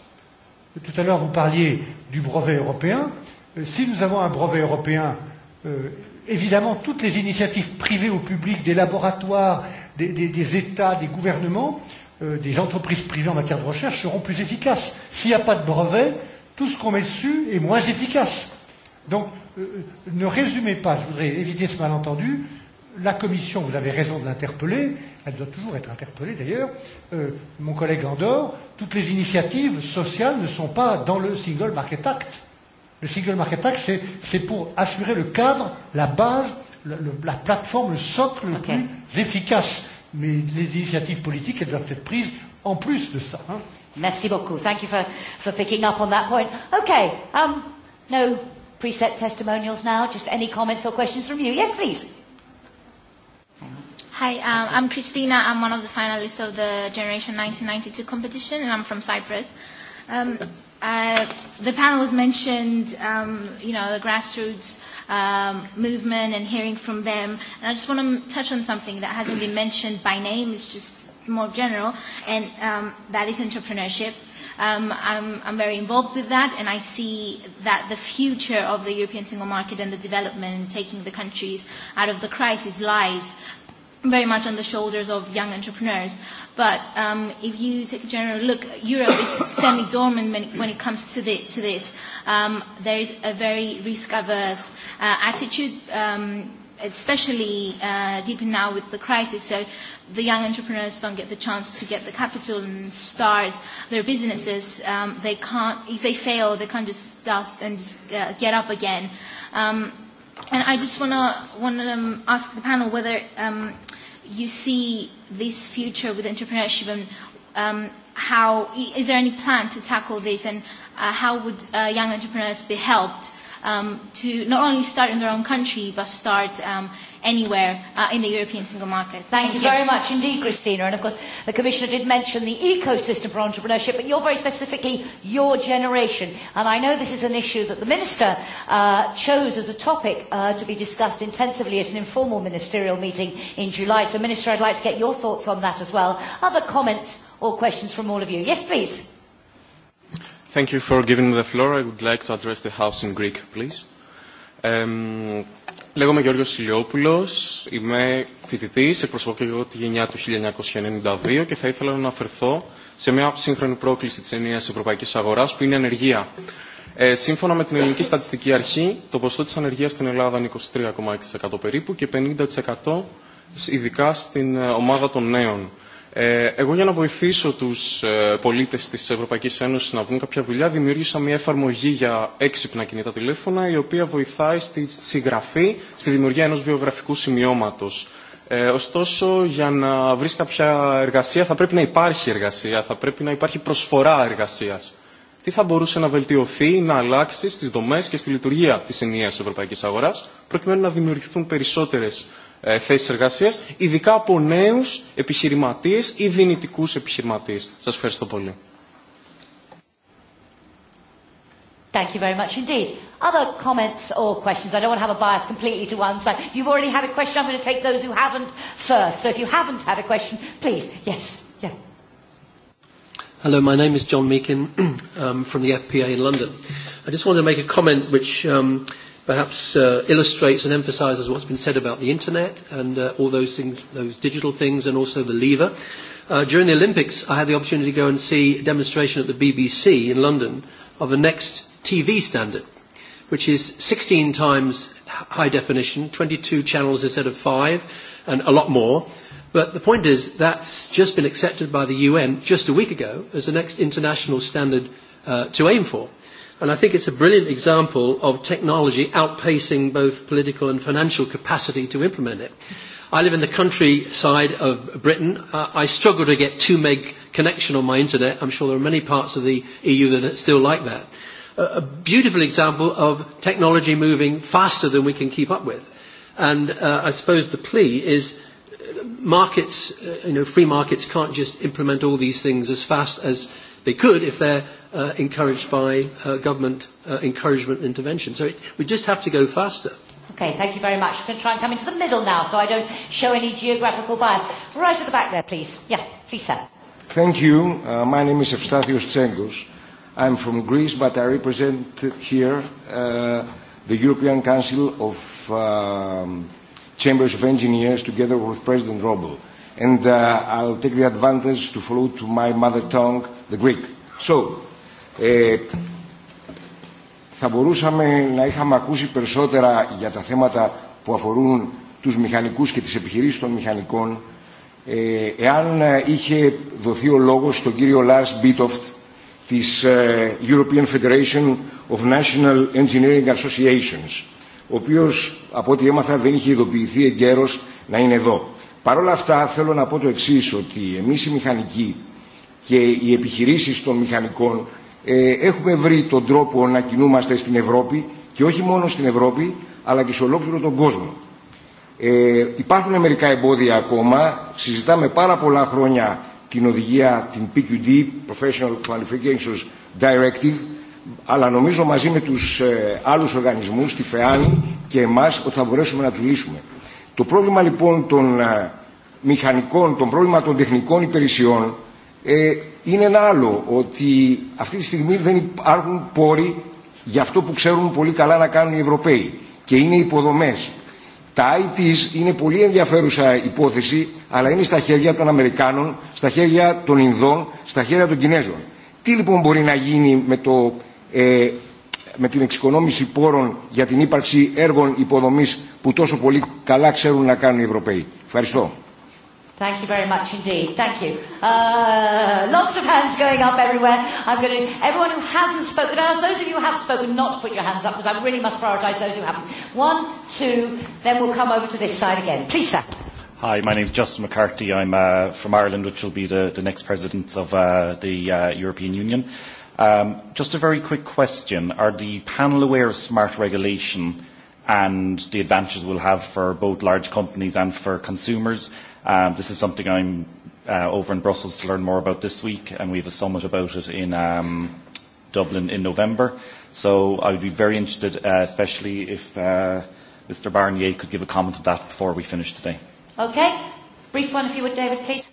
Euh, tout à l'heure, vous parliez du brevet européen. Euh, si nous avons un brevet européen, euh, évidemment, toutes les initiatives privées ou publiques, des laboratoires, des, des, des États, des gouvernements, euh, des entreprises privées en matière de recherche seront plus efficaces. S'il n'y a pas de brevet, tout ce qu'on met dessus est moins efficace. Donc, euh, ne résumez pas, je voudrais éviter ce malentendu, la Commission, vous avez raison de l'interpeller, elle doit toujours être interpellée d'ailleurs, euh, mon collègue Andor, toutes les initiatives sociales ne sont pas dans le Single Market Act. Le Single Market Act, c'est pour assurer le cadre, la base, le, le, la plateforme, le socle le okay. plus efficace. Mais les initiatives politiques, elles doivent être prises en plus de ça. Hein. Merci beaucoup. Thank you for, for picking up on that point. Okay. Um, no preset testimonials now, just any comments or questions from you. Yes, please. Hi, um, I'm Christina. I'm one of the finalists of the Generation 1992 competition, and I'm from Cyprus. Um, uh, the panel has mentioned, um, you know, the grassroots um, movement and hearing from them. And I just want to touch on something that hasn't been mentioned by name. It's just more general, and um, that is entrepreneurship. Um, I'm, I'm very involved with that, and I see that the future of the European single market and the development and taking the countries out of the crisis lies very much on the shoulders of young entrepreneurs. But um, if you take a general look, Europe is semi-dormant when it comes to, the, to this. Um, there is a very risk-averse uh, attitude, um, especially uh, deep now with the crisis. So the young entrepreneurs don't get the chance to get the capital and start their businesses. Um, they can't, if they fail, they can't just dust and just, uh, get up again. Um, And I just want to um, ask the panel whether um, you see this future with entrepreneurship and um, how is there any plan to tackle this and uh, how would uh, young entrepreneurs be helped um, to not only start in their own country, but start um, anywhere uh, in the European single market. Thank, Thank you, you very much indeed, Christina. And of course, the Commissioner did mention the ecosystem for entrepreneurship, but you're very specifically your generation. And I know this is an issue that the Minister uh, chose as a topic uh, to be discussed intensively at an informal ministerial meeting in July. So, Minister, I'd like to get your thoughts on that as well. Other comments or questions from all of you? Yes, please. Thank you for giving me the floor. I would like to address the House in Greek, please. Um, Λέγομαι Γιώργος Σιλιόπουλος, είμαι φοιτητής, εκπροσωπώ και εγώ τη γενιά του 1992 και θα ήθελα να αναφερθώ σε μια σύγχρονη πρόκληση της ενίας ευρωπαϊκής αγοράς που είναι η ανεργία. Ε, σύμφωνα με την Ελληνική Στατιστική Αρχή, το ποσοστό της ανεργίας στην Ελλάδα είναι 23,6% περίπου και 50% ειδικά στην ομάδα των νέων εγώ για να βοηθήσω τους ε, πολίτες της Ευρωπαϊκής Ένωσης να βρουν κάποια δουλειά δημιούργησα μια εφαρμογή για έξυπνα κινητά τηλέφωνα η οποία βοηθάει στη συγγραφή, στη δημιουργία ενός βιογραφικού σημειώματος. Ε, ωστόσο, για να βρεις κάποια εργασία θα πρέπει να υπάρχει εργασία, θα πρέπει να υπάρχει προσφορά εργασίας. Τι θα μπορούσε να βελτιωθεί, να αλλάξει στις δομές και στη λειτουργία της ενιαίας ευρωπαϊκής αγοράς, προκειμένου να δημιουργηθούν περισσότερες ε, θέσεις εργασίας, ειδικά από νέους επιχειρηματίες ή δυνητικούς επιχειρηματίες. Σας ευχαριστώ πολύ. Thank you very much indeed. Other comments or questions? I don't want to have a bias completely to one side. You've already had a question. I'm going to take those who haven't first. So if you haven't had a question, please. Yes. Yeah. Hello, my name is John Meakin um, from the FPA in London. I just wanted to make a comment which um, perhaps uh, illustrates and emphasizes what's been said about the internet and uh, all those things, those digital things, and also the lever. Uh, during the Olympics, I had the opportunity to go and see a demonstration at the BBC in London of the next TV standard, which is 16 times high definition, 22 channels instead of five, and a lot more. But the point is, that's just been accepted by the UN just a week ago as the next international standard uh, to aim for. And I think it's a brilliant example of technology outpacing both political and financial capacity to implement it. I live in the countryside of Britain. Uh, I struggle to get 2 meg connection on my internet. I'm sure there are many parts of the EU that are still like that. Uh, a beautiful example of technology moving faster than we can keep up with. And uh, I suppose the plea is uh, markets, uh, you know, free markets can't just implement all these things as fast as They could if they're uh, encouraged by uh, government uh, encouragement intervention. So it, we just have to go faster. Okay, thank you very much. I'm going to try and come into the middle now so I don't show any geographical bias. Right at the back there, please. Yeah, please, sir. Thank you. Uh, my name is Evstathios Tsengos. I'm from Greece, but I represent here uh, the European Council of um, Chambers of Engineers together with President Robel and uh, I'll take the advantage to follow to my mother tongue, the Greek. So, ε, θα μπορούσαμε να είχαμε ακούσει περισσότερα για τα θέματα που αφορούν τους μηχανικούς και τις επιχειρήσεις των μηχανικών ε, εάν είχε δοθεί ο λόγος στον κύριο Lars Bitoft της ε, European Federation of National Engineering Associations ο οποίος από ό,τι έμαθα δεν είχε ειδοποιηθεί εγκαίρως να είναι εδώ. Παρ' όλα αυτά θέλω να πω το εξή ότι εμείς οι μηχανικοί και οι επιχειρήσεις των μηχανικών ε, έχουμε βρει τον τρόπο να κινούμαστε στην Ευρώπη και όχι μόνο στην Ευρώπη αλλά και σε ολόκληρο τον κόσμο. Ε, υπάρχουν μερικά εμπόδια ακόμα, συζητάμε πάρα πολλά χρόνια την οδηγία, την PQD, Professional Qualifications Directive, αλλά νομίζω μαζί με τους ε, άλλους οργανισμούς, τη ΦΕΑΝΗ και εμάς, ότι θα μπορέσουμε να τους λύσουμε. Το πρόβλημα λοιπόν των μηχανικών, το πρόβλημα των τεχνικών υπηρεσιών ε, είναι ένα άλλο, ότι αυτή τη στιγμή δεν υπάρχουν πόροι για αυτό που ξέρουν πολύ καλά να κάνουν οι Ευρωπαίοι και είναι υποδομές. Τα ITs είναι πολύ ενδιαφέρουσα υπόθεση, αλλά είναι στα χέρια των Αμερικάνων, στα χέρια των Ινδών, στα χέρια των Κινέζων. Τι λοιπόν μπορεί να γίνει με, το, ε, με την εξοικονόμηση πόρων για την ύπαρξη έργων υποδομής που τόσο πολύ καλά ξέρουν να κάνουν οι Ευρωπαίοι. Ευχαριστώ. Thank you very much indeed. Thank you. Uh, lots of hands going up everywhere. I'm going to, everyone who hasn't spoken, ask those of you who have spoken not to put your hands up because I really must prioritise those who haven't. One, two, then we'll come over to this side again. Please, sir. Hi, my name is Justin McCarthy. I'm uh, from Ireland, which will be the, the next president of uh, the uh, European Union. Um, just a very quick question. Are the panel aware of smart regulation and the advantages we'll have for both large companies and for consumers. Um, this is something I'm uh, over in Brussels to learn more about this week, and we have a summit about it in um, Dublin in November. So I would be very interested, uh, especially if uh, Mr. Barnier could give a comment on that before we finish today. Okay. Brief one, if you would, David, please.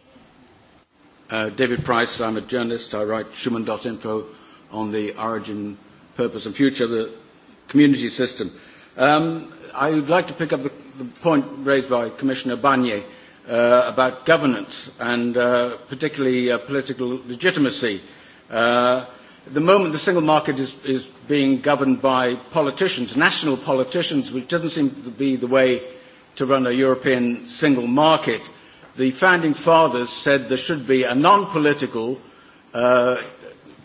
Uh, David Price, I'm a journalist. I write Schumann.info on the origin, purpose and future of the community system. Um, I would like to pick up the, the point raised by Commissioner Barnier uh, about governance and uh, particularly uh, political legitimacy. Uh, at the moment, the single market is, is being governed by politicians, national politicians, which doesn't seem to be the way to run a European single market. The founding fathers said there should be a non-political uh,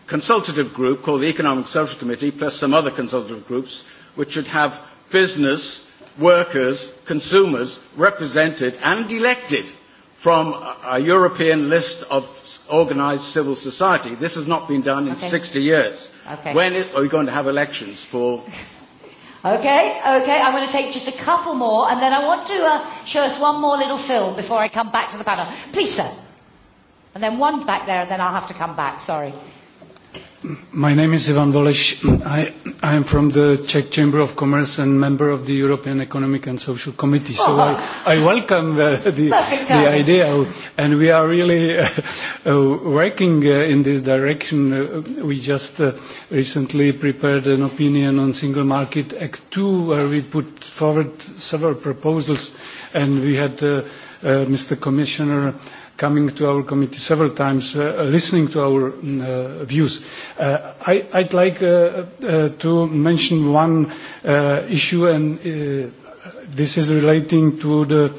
consultative group called the Economic and Social Committee, plus some other consultative groups, which should have business, workers, consumers represented and elected from a European list of organised civil society. This has not been done in okay. 60 years. Okay. When are we going to have elections for? okay, okay. I'm going to take just a couple more, and then I want to uh, show us one more little film before I come back to the panel, please, sir. And then one back there, and then I'll have to come back. Sorry. My name is Ivan Voles. I, I am from the Czech Chamber of Commerce and member of the European Economic and Social Committee. So I, I welcome uh, the, the idea. And we are really uh, uh, working uh, in this direction. Uh, we just uh, recently prepared an opinion on Single Market Act 2 where we put forward several proposals and we had uh, uh, Mr. Commissioner coming to our committee several times, uh, uh listening to our mm, uh, views. Uh, I, I'd like uh, uh, to mention one issue, and this is relating to the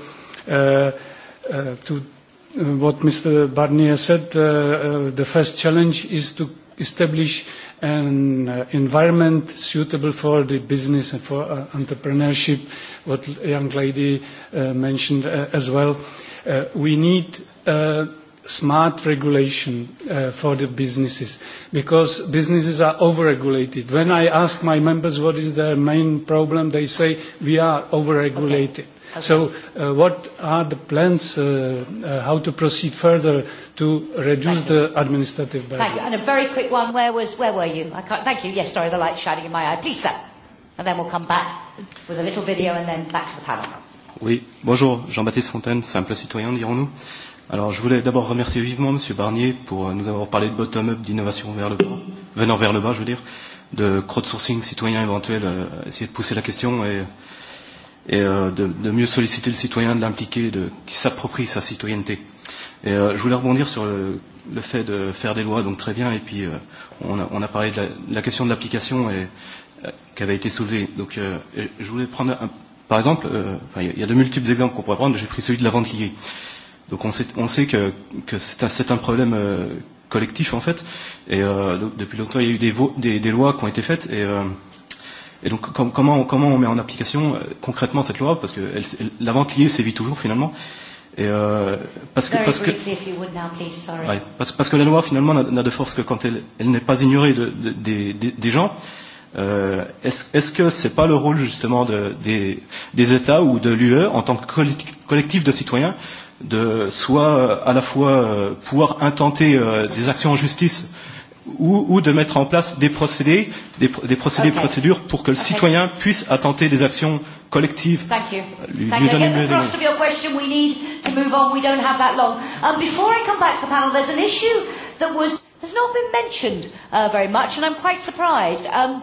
to what Mr. Barnier said. the first challenge is to establish an uh, environment suitable for the business and for uh, entrepreneurship, what young lady uh, mentioned as well. we need smart regulation uh, for the businesses because businesses are overregulated. When I ask my members what is their main problem, they say we are overregulated. Okay. Okay. So uh, what are the plans, uh, uh, how to proceed further to reduce the administrative burden? Thank you. And a very quick one, where, was, where were you? I can't, thank you. Yes, sorry, the light's shining in my eye. Please, sir. And then we'll come back with a little video and then back to the panel. Oui, bonjour, Jean-Baptiste Fontaine, simple citoyen, dirons-nous. Alors, je voulais d'abord remercier vivement M. Barnier pour euh, nous avoir parlé de bottom-up, d'innovation vers le bas, venant vers le bas, je veux dire, de crowdsourcing citoyen éventuel, euh, essayer de pousser la question et, et euh, de, de mieux solliciter le citoyen, de l'impliquer, de qui s'approprie sa citoyenneté. Et euh, je voulais rebondir sur le, le fait de faire des lois, donc très bien, et puis euh, on, a, on a parlé de la, de la question de l'application et euh, qui avait été soulevé. Donc, euh, je voulais prendre un, par exemple, euh, il enfin, y a de multiples exemples qu'on pourrait prendre. J'ai pris celui de la vente liée. Euh, Donc on sait, on sait que, que c'est un, un problème euh, collectif en fait. Et euh, donc, depuis longtemps, il y a eu des, des, des lois qui ont été faites. Et, euh, et donc com comment, comment on met en application euh, concrètement cette loi Parce que elle, elle, la vente liée sévit toujours finalement. Et euh, parce, que, parce, que, now, ouais, parce, parce que la loi finalement n'a de force que quand elle, elle n'est pas ignorée de, de, de, de, des gens. Euh, Est-ce est -ce que ce n'est pas le rôle justement de, des, des États ou de l'UE en tant que collectif de citoyens de soit à la fois euh, pouvoir intenter euh, des actions en justice ou, ou de mettre en place des procédés, des, des procédés, okay. procédures pour que le okay. citoyen puisse attenter des actions collectives. Thank you. Lui, Thank lui you. I the thrust of your question. We need to move on. We don't have that long. Um, before I come back to the panel, there's an issue that was has not been mentioned uh, very much, and I'm quite surprised. Um,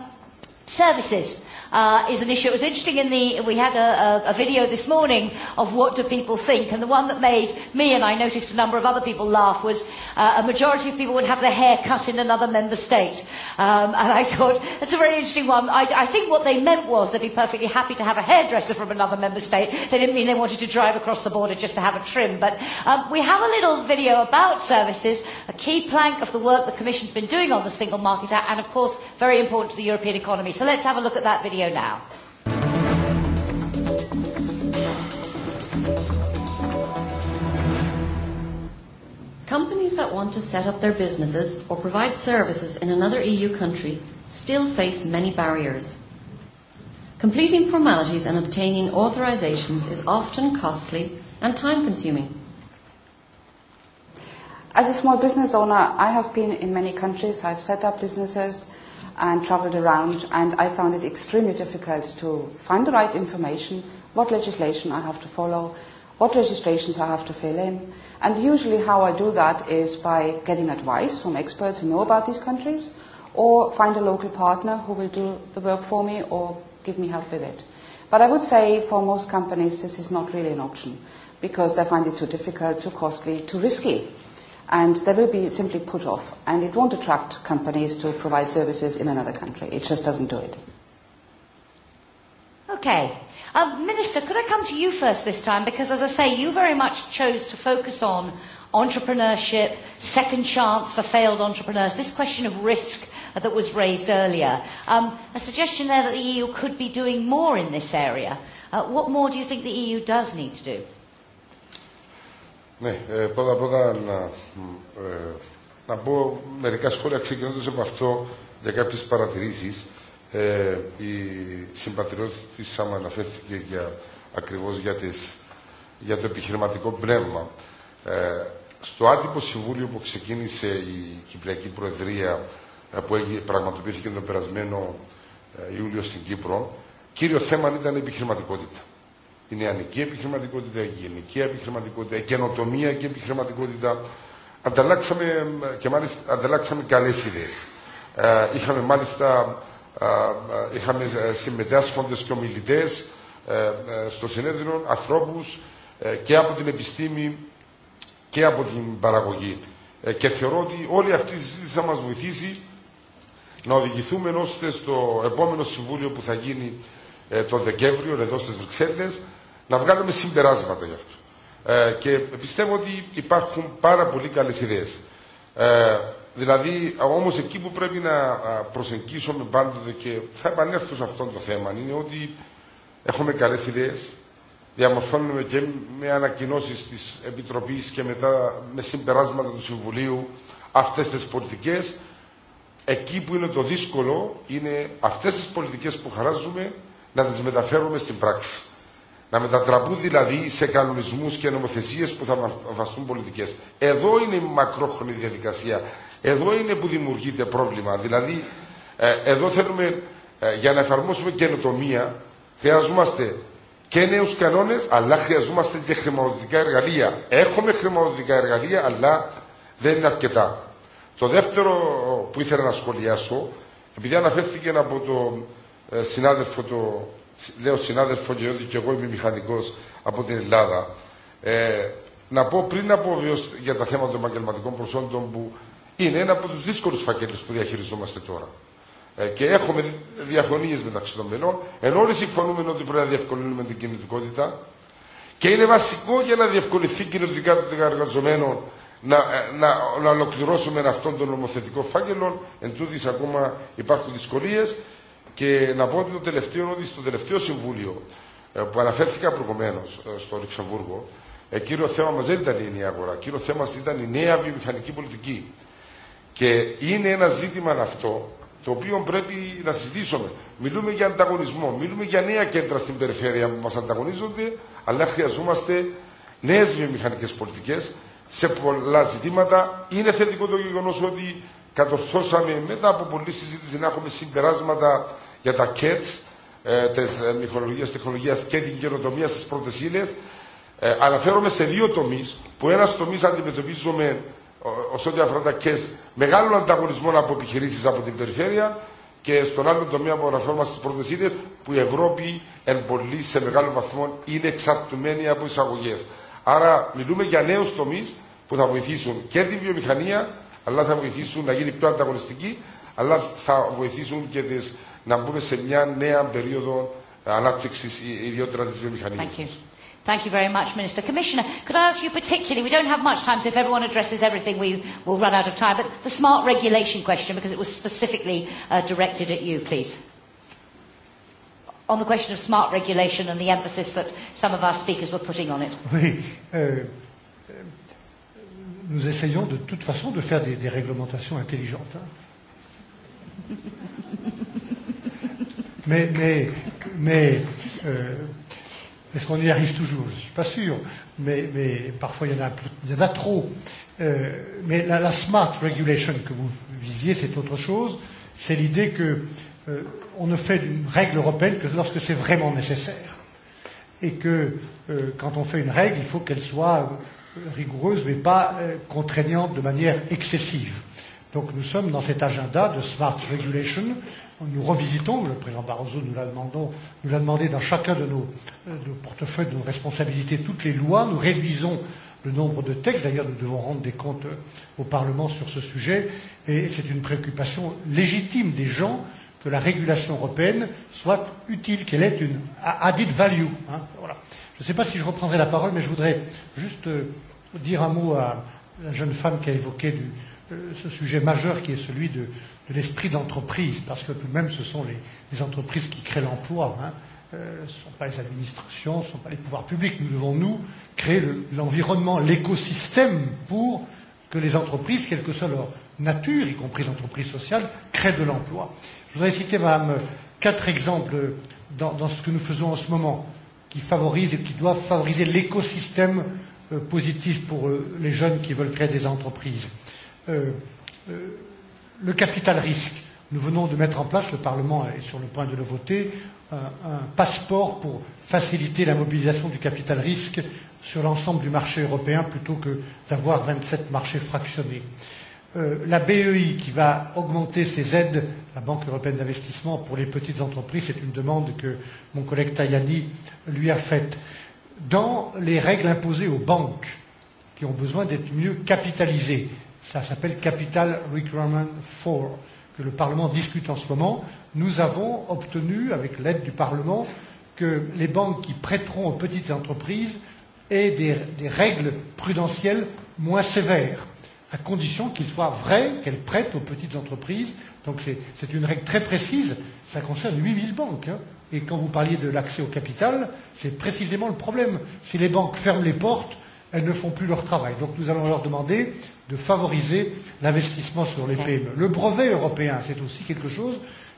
services uh, is an issue. It was interesting in the, we had a, a, a video this morning of what do people think, and the one that made me and I noticed a number of other people laugh was uh, a majority of people would have their hair cut in another member state. Um, and I thought, that's a very interesting one. I, I think what they meant was they'd be perfectly happy to have a hairdresser from another member state. They didn't mean they wanted to drive across the border just to have a trim. But um, we have a little video about services, a key plank of the work the Commission's been doing on the Single Market Act, and of course, very important to the European economy. So let's have a look at that video video now. Companies that want to set up their businesses or provide services in another EU country still face many barriers. Completing formalities and obtaining authorizations is often costly and time consuming. As a small business owner, I have been in many countries. I've set up businesses and travelled around, and I found it extremely difficult to find the right information, what legislation I have to follow, what registrations I have to fill in. And usually how I do that is by getting advice from experts who know about these countries, or find a local partner who will do the work for me or give me help with it. But I would say for most companies this is not really an option because they find it too difficult, too costly, too risky and they will be simply put off. And it won't attract companies to provide services in another country. It just doesn't do it. Okay. Uh, Minister, could I come to you first this time? Because, as I say, you very much chose to focus on entrepreneurship, second chance for failed entrepreneurs, this question of risk that was raised earlier. Um, a suggestion there that the EU could be doing more in this area. Uh, what more do you think the EU does need to do? Ναι, πρώτα πρώτα να, να πω μερικά σχόλια ξεκινώντας από αυτό για κάποιες παρατηρήσεις. Ε, η συμπατριώτησα μου αναφέρθηκε για, ακριβώς για, τις, για το επιχειρηματικό πνεύμα. Ε, στο άτυπο συμβούλιο που ξεκίνησε η Κυπριακή Προεδρία που έγι, πραγματοποιήθηκε τον περασμένο Ιούλιο στην Κύπρο, κύριο θέμα ήταν η επιχειρηματικότητα η νεανική επιχειρηματικότητα, η γενική επιχειρηματικότητα, η καινοτομία και η επιχειρηματικότητα. Ανταλλάξαμε, και μάλιστα, ανταλλάξαμε καλέ ιδέε. Είχαμε μάλιστα είχαμε συμμετάσχοντες και ομιλητέ στο συνέδριο ανθρώπου και από την επιστήμη και από την παραγωγή. Και θεωρώ ότι όλη αυτή η συζήτηση θα μας βοηθήσει να οδηγηθούμε ώστε στο επόμενο συμβούλιο που θα γίνει το Δεκέμβριο εδώ στις Βρυξέλλες να βγάλουμε συμπεράσματα γι' αυτό. Ε, και πιστεύω ότι υπάρχουν πάρα πολύ καλέ ιδέε. Ε, δηλαδή, όμω εκεί που πρέπει να προσεγγίσουμε πάντοτε και θα επανέλθω σε αυτό το θέμα, είναι ότι έχουμε καλέ ιδέε. διαμορφώνουμε και με ανακοινώσει τη Επιτροπή και μετά με συμπεράσματα του Συμβουλίου αυτέ τι πολιτικέ. Εκεί που είναι το δύσκολο είναι αυτές τις πολιτικές που χαράζουμε να τις μεταφέρουμε στην πράξη. Να μετατραπούν δηλαδή σε κανονισμού και νομοθεσίε που θα βαστούν πολιτικέ. Εδώ είναι η μακρόχρονη διαδικασία. Εδώ είναι που δημιουργείται πρόβλημα. Δηλαδή, ε, εδώ θέλουμε ε, για να εφαρμόσουμε καινοτομία χρειαζόμαστε και νέου κανόνε, αλλά χρειαζόμαστε και χρηματοδοτικά εργαλεία. Έχουμε χρηματοδοτικά εργαλεία, αλλά δεν είναι αρκετά. Το δεύτερο που ήθελα να σχολιάσω, επειδή αναφέρθηκε από τον συνάδελφο το λέω συνάδελφο και ότι και εγώ είμαι μηχανικό από την Ελλάδα. Ε, να πω πριν από για τα θέματα των επαγγελματικών προσόντων που είναι ένα από του δύσκολου φακέλου που διαχειριζόμαστε τώρα. Ε, και έχουμε διαφωνίε μεταξύ των μελών, ενώ όλοι συμφωνούμε ότι πρέπει να διευκολύνουμε την κινητικότητα και είναι βασικό για να διευκολυθεί η των εργαζομένων να, να, να ολοκληρώσουμε αυτόν τον νομοθετικό φάκελο. Εν τούτης ακόμα υπάρχουν δυσκολίες Και να πω ότι το τελευταίο, ότι στο τελευταίο συμβούλιο που αναφέρθηκα προηγουμένω στο Λουξεμβούργο, κύριο θέμα μα δεν ήταν η νέα αγορά. Κύριο θέμα ήταν η νέα βιομηχανική πολιτική. Και είναι ένα ζήτημα αυτό το οποίο πρέπει να συζητήσουμε. Μιλούμε για ανταγωνισμό, μιλούμε για νέα κέντρα στην περιφέρεια που μα ανταγωνίζονται, αλλά χρειαζόμαστε νέε βιομηχανικέ πολιτικέ σε πολλά ζητήματα. Είναι θετικό το γεγονό ότι κατορθώσαμε μετά από πολλή συζήτηση να έχουμε συμπεράσματα για τα ΚΕΤ, ε, τη μηχανολογία, τεχνολογία και την καινοτομία στι πρώτε ύλε. Ε, αναφέρομαι σε δύο τομεί, που ένα τομεί αντιμετωπίζουμε ω ό,τι αφορά τα ΚΕΣ μεγάλο ανταγωνισμό από επιχειρήσει από την περιφέρεια και στον άλλο τομέα που αναφέρομαι στι πρώτε ύλε, που η Ευρώπη εν πολύ σε μεγάλο βαθμό είναι εξαρτημένη από εισαγωγέ. Άρα, μιλούμε για νέου τομεί που θα βοηθήσουν και την βιομηχανία αλλά θα βοηθήσουν να γίνει πιο ανταγωνιστική, αλλά θα βοηθήσουν και τις, να μπούμε σε μια νέα περίοδο ανάπτυξη ιδιότερα τη βιομηχανία. Thank you very much, Minister. Commissioner, could I ask you particularly, we don't have much time, so if everyone addresses everything, we will run out of time, but the smart regulation question, because it was specifically uh, directed at you, please. On the question of smart regulation and the emphasis that some of our speakers were putting on it. Oui. nous essayons de toute façon de faire des, des réglementations intelligentes. Hein. Mais, mais, mais euh, est-ce qu'on y arrive toujours Je ne suis pas sûr. Mais, mais parfois, il y en a, il y en a trop. Euh, mais la, la smart regulation que vous visiez, c'est autre chose. C'est l'idée que euh, on ne fait une règle européenne que lorsque c'est vraiment nécessaire. Et que euh, quand on fait une règle, il faut qu'elle soit rigoureuse, mais pas euh, contraignante de manière excessive. Donc nous sommes dans cet agenda de smart regulation. Nous revisitons, le président Barroso nous l'a demandé, demandé dans chacun de nos, euh, nos portefeuilles, de nos responsabilités, toutes les lois. Nous réduisons le nombre de textes. D'ailleurs, nous devons rendre des comptes euh, au Parlement sur ce sujet. Et c'est une préoccupation légitime des gens que la régulation européenne soit utile, qu'elle ait une added value. Hein, voilà. Euh, Je ne sais pas si je reprendrai la parole, mais je voudrais juste euh, dire un mot à la jeune femme qui a évoqué du, euh, ce sujet majeur qui est celui de, de l'esprit d'entreprise, parce que tout de même, ce sont les, les entreprises qui créent l'emploi. Hein. Euh, ce ne sont pas les administrations, ce ne sont pas les pouvoirs publics. Nous devons, nous, créer l'environnement, le, l'écosystème pour que les entreprises, quelle que soit leur nature, y compris l'entreprise sociale, créent de l'emploi. Je voudrais citer, madame, quatre exemples dans, dans ce que nous faisons en ce moment qui favorisent et qui doivent favoriser l'écosystème euh, positif pour euh, les jeunes qui veulent créer des entreprises. Euh, euh, le capital risque. Nous venons de mettre en place, le Parlement est sur le point de le voter, un, un passeport pour faciliter la mobilisation du capital risque sur l'ensemble du marché européen plutôt que d'avoir 27 marchés fractionnés. Euh, Euh, la BEI qui va augmenter ses aides, la Banque européenne d'investissement pour les petites entreprises, c'est une demande que mon collègue Tajani lui a faite. Dans les règles imposées aux banques qui ont besoin d'être mieux capitalisées, ça s'appelle Capital Requirement 4, que le Parlement discute en ce moment, nous avons obtenu, avec l'aide du Parlement, que les banques qui prêteront aux petites entreprises aient des, des règles prudentielles moins sévères à condition qu'il soit vrai qu'elle prête aux petites entreprises. Donc c'est une règle très précise, ça concerne 8000 banques. Hein. Et quand vous parliez de l'accès au capital, c'est précisément le problème. Si les banques ferment les portes, elles ne font plus leur travail. Donc nous allons leur demander de favoriser l'investissement sur les PME. Le brevet européen, c'est aussi quelque chose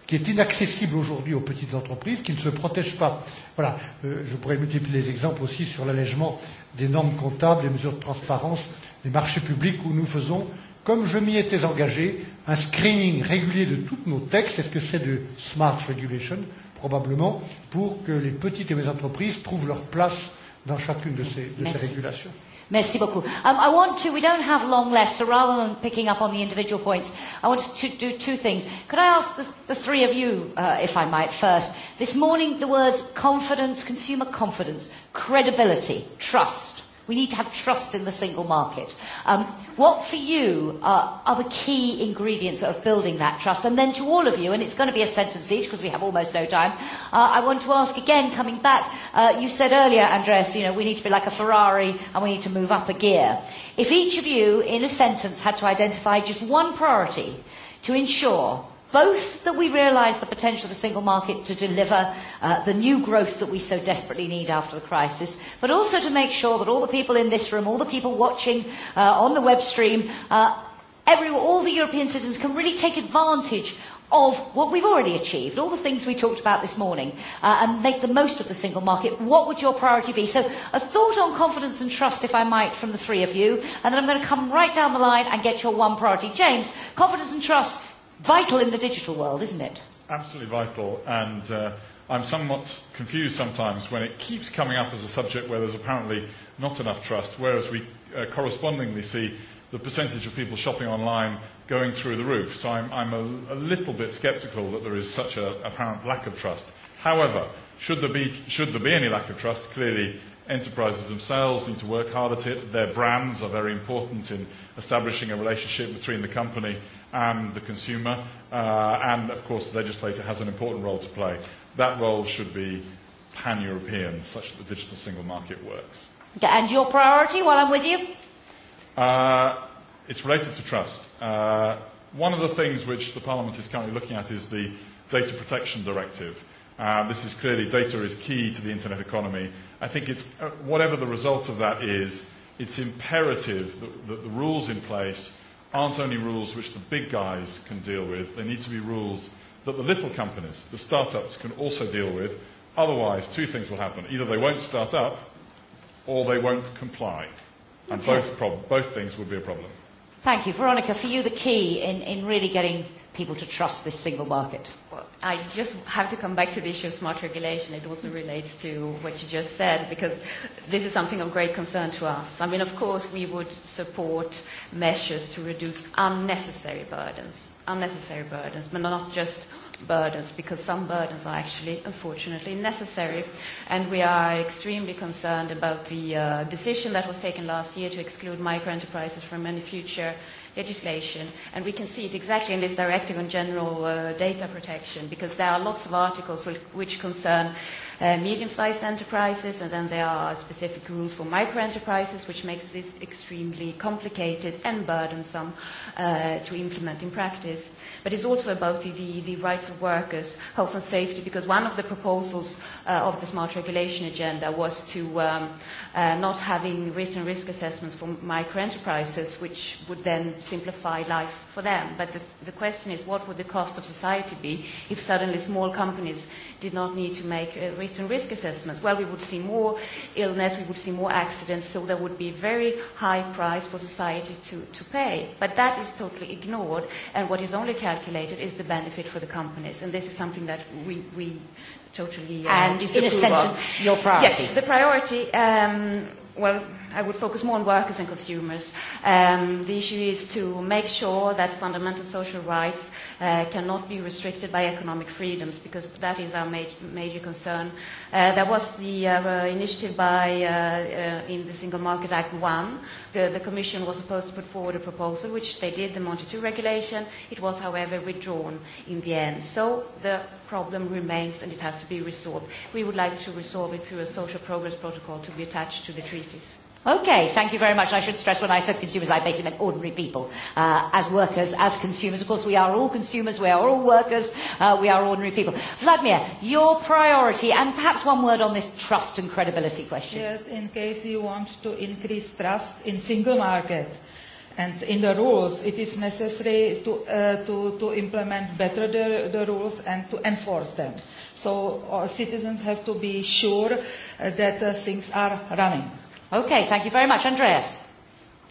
qui est inaccessible aujourd'hui aux petites entreprises, qui ne se protègent pas. Voilà, euh, je pourrais multiplier les exemples aussi sur l'allègement des normes comptables, des mesures de transparence, des marchés publics où nous faisons, comme je m'y étais engagé, un screening régulier de tous nos textes. Est-ce que c'est de smart regulation Probablement, pour que les petites et moyennes entreprises trouvent leur place dans chacune de ces, de ces régulations. Merci beaucoup. Um, I want to, we don't have long left, so rather than picking up on the individual points, I want to do two things. Could I ask the, the three of you, uh, if I might, first? This morning, the words confidence, consumer confidence, credibility, trust, We need to have trust in the single market. Um, what for you are, are the key ingredients of building that trust? And then to all of you, and it's going to be a sentence each because we have almost no time, uh, I want to ask again, coming back, uh, you said earlier, Andreas, you know, we need to be like a Ferrari and we need to move up a gear. If each of you, in a sentence, had to identify just one priority to ensure both that we realise the potential of the single market to deliver uh, the new growth that we so desperately need after the crisis, but also to make sure that all the people in this room, all the people watching uh, on the web stream, uh, every, all the European citizens can really take advantage of what we've already achieved, all the things we talked about this morning, uh, and make the most of the single market, what would your priority be? So a thought on confidence and trust, if I might, from the three of you, and then I'm going to come right down the line and get your one priority. James, confidence and trust, vital in the digital world, isn't it? Absolutely vital. And uh, I'm somewhat confused sometimes when it keeps coming up as a subject where there's apparently not enough trust, whereas we uh, correspondingly see the percentage of people shopping online going through the roof. So I'm, I'm a, a little bit sceptical that there is such an apparent lack of trust. However, should there, be, should there be any lack of trust, clearly enterprises themselves need to work hard at it. Their brands are very important in establishing a relationship between the company and the consumer, uh, and of course the legislator has an important role to play. That role should be pan-European, such that the digital single market works. And your priority while I'm with you? Uh, it's related to trust. Uh, one of the things which the Parliament is currently looking at is the Data Protection Directive. Uh, this is clearly data is key to the internet economy. I think it's uh, whatever the result of that is, it's imperative that, that the rules in place aren't only rules which the big guys can deal with, they need to be rules that the little companies, the startups, can also deal with. Otherwise, two things will happen. Either they won't start up or they won't comply. And okay. both, prob- both things would be a problem. Thank you. Veronica, for you, the key in, in really getting people to trust this single market. I just have to come back to the issue of smart regulation. It also relates to what you just said, because this is something of great concern to us. I mean, of course, we would support measures to reduce unnecessary burdens, unnecessary burdens, but not just burdens, because some burdens are actually, unfortunately, necessary. And we are extremely concerned about the uh, decision that was taken last year to exclude micro enterprises from any future legislation, and we can see it exactly in this directive on general uh, data protection, because there are lots of articles which, which concern Uh, medium-sized enterprises, and then there are specific rules for micro-enterprises, which makes this extremely complicated and burdensome uh, to implement in practice. But it's also about the, the, the rights of workers, health and safety, because one of the proposals uh, of the smart regulation agenda was to um, uh, not having written risk assessments for micro-enterprises, which would then simplify life for them. But the, the question is, what would the cost of society be if suddenly small companies did not need to make a written risk assessment. Well, we would see more illness, we would see more accidents, so there would be a very high price for society to, to pay. But that is totally ignored, and what is only calculated is the benefit for the companies, and this is something that we, we totally uh, and in a sentence, of. your priority. Yes, the priority, um, well I would focus more on workers and consumers. Um, the issue is to make sure that fundamental social rights uh, cannot be restricted by economic freedoms, because that is our ma major concern. Uh, there was the uh, initiative by, uh, uh, in the Single Market Act one. The, the Commission was supposed to put forward a proposal, which they did, the Monti II regulation. It was, however, withdrawn in the end. So the problem remains and it has to be resolved. We would like to resolve it through a social progress protocol to be attached to the treaties. Okay, thank you very much. I should stress when I said consumers, I basically meant ordinary people. Uh, as workers, as consumers, of course, we are all consumers, we are all workers, uh, we are ordinary people. Vladimir, your priority, and perhaps one word on this trust and credibility question. Yes, in case you want to increase trust in single market and in the rules, it is necessary to, uh, to, to implement better the, the rules and to enforce them. So uh, citizens have to be sure uh, that uh, things are running. Okay, thank you very much. Andreas.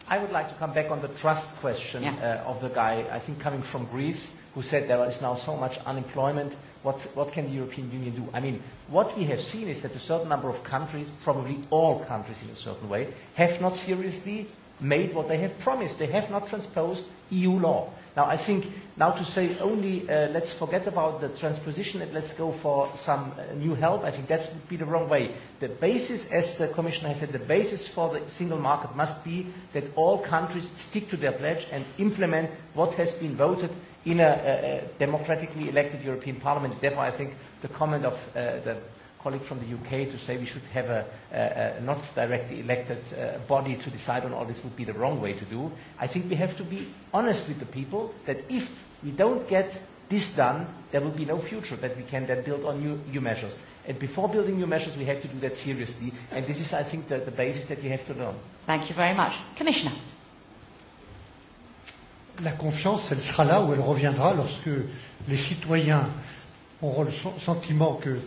I would like to come back on the trust question yeah. uh, of the guy, I think coming from Greece, who said there is now so much unemployment. What, what can the European Union do? I mean, what we have seen is that a certain number of countries, probably all countries in a certain way, have not seriously made what they have promised. They have not transposed EU law. Now, I think now to say only uh, let's forget about the transposition and let's go for some uh, new help, I think that would be the wrong way. The basis, as the Commissioner has said, the basis for the single market must be that all countries stick to their pledge and implement what has been voted in a, a, a democratically elected European Parliament. Therefore, I think the comment of uh, the colleague from the UK to say we should have a, a, a not directly elected uh, body to decide on all this would be the wrong way to do. I think we have to be honest with the people that if we don't get this done, there will be no future that we can then build on new, new measures. And before building new measures, we have to do that seriously. And this is, I think, the, the basis that we have to learn. Thank you very much. Commissioner. La confiance, elle sera là où elle reviendra lorsque les citoyens auront le sentiment que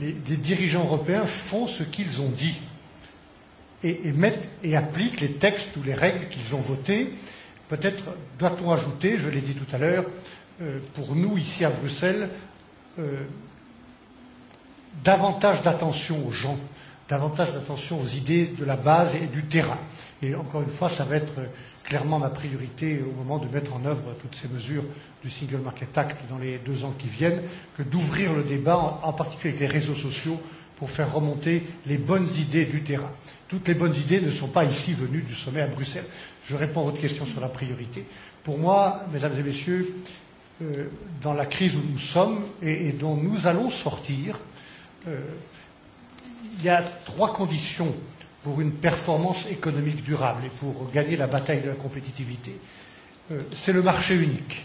les, les dirigeants européens font ce qu'ils ont dit et, et mettent et appliquent les textes ou les règles qu'ils ont votées. Peut-être doit-on ajouter, je l'ai dit tout à l'heure, euh, pour nous ici à Bruxelles, euh, davantage d'attention aux gens, davantage d'attention aux idées de la base et du terrain. Et encore une fois, ça va être euh, clairement ma priorité au moment de mettre en œuvre toutes ces mesures du Single Market Act dans les deux ans qui viennent, que d'ouvrir le débat, en particulier avec les réseaux sociaux, pour faire remonter les bonnes idées du terrain. Toutes les bonnes idées ne sont pas ici venues du sommet à Bruxelles. Je réponds à votre question sur la priorité. Pour moi, mesdames et messieurs, euh, dans la crise où nous sommes et, et dont nous allons sortir, euh, il y a trois conditions pour une performance économique durable et pour gagner la bataille de la compétitivité, euh, c'est le marché unique,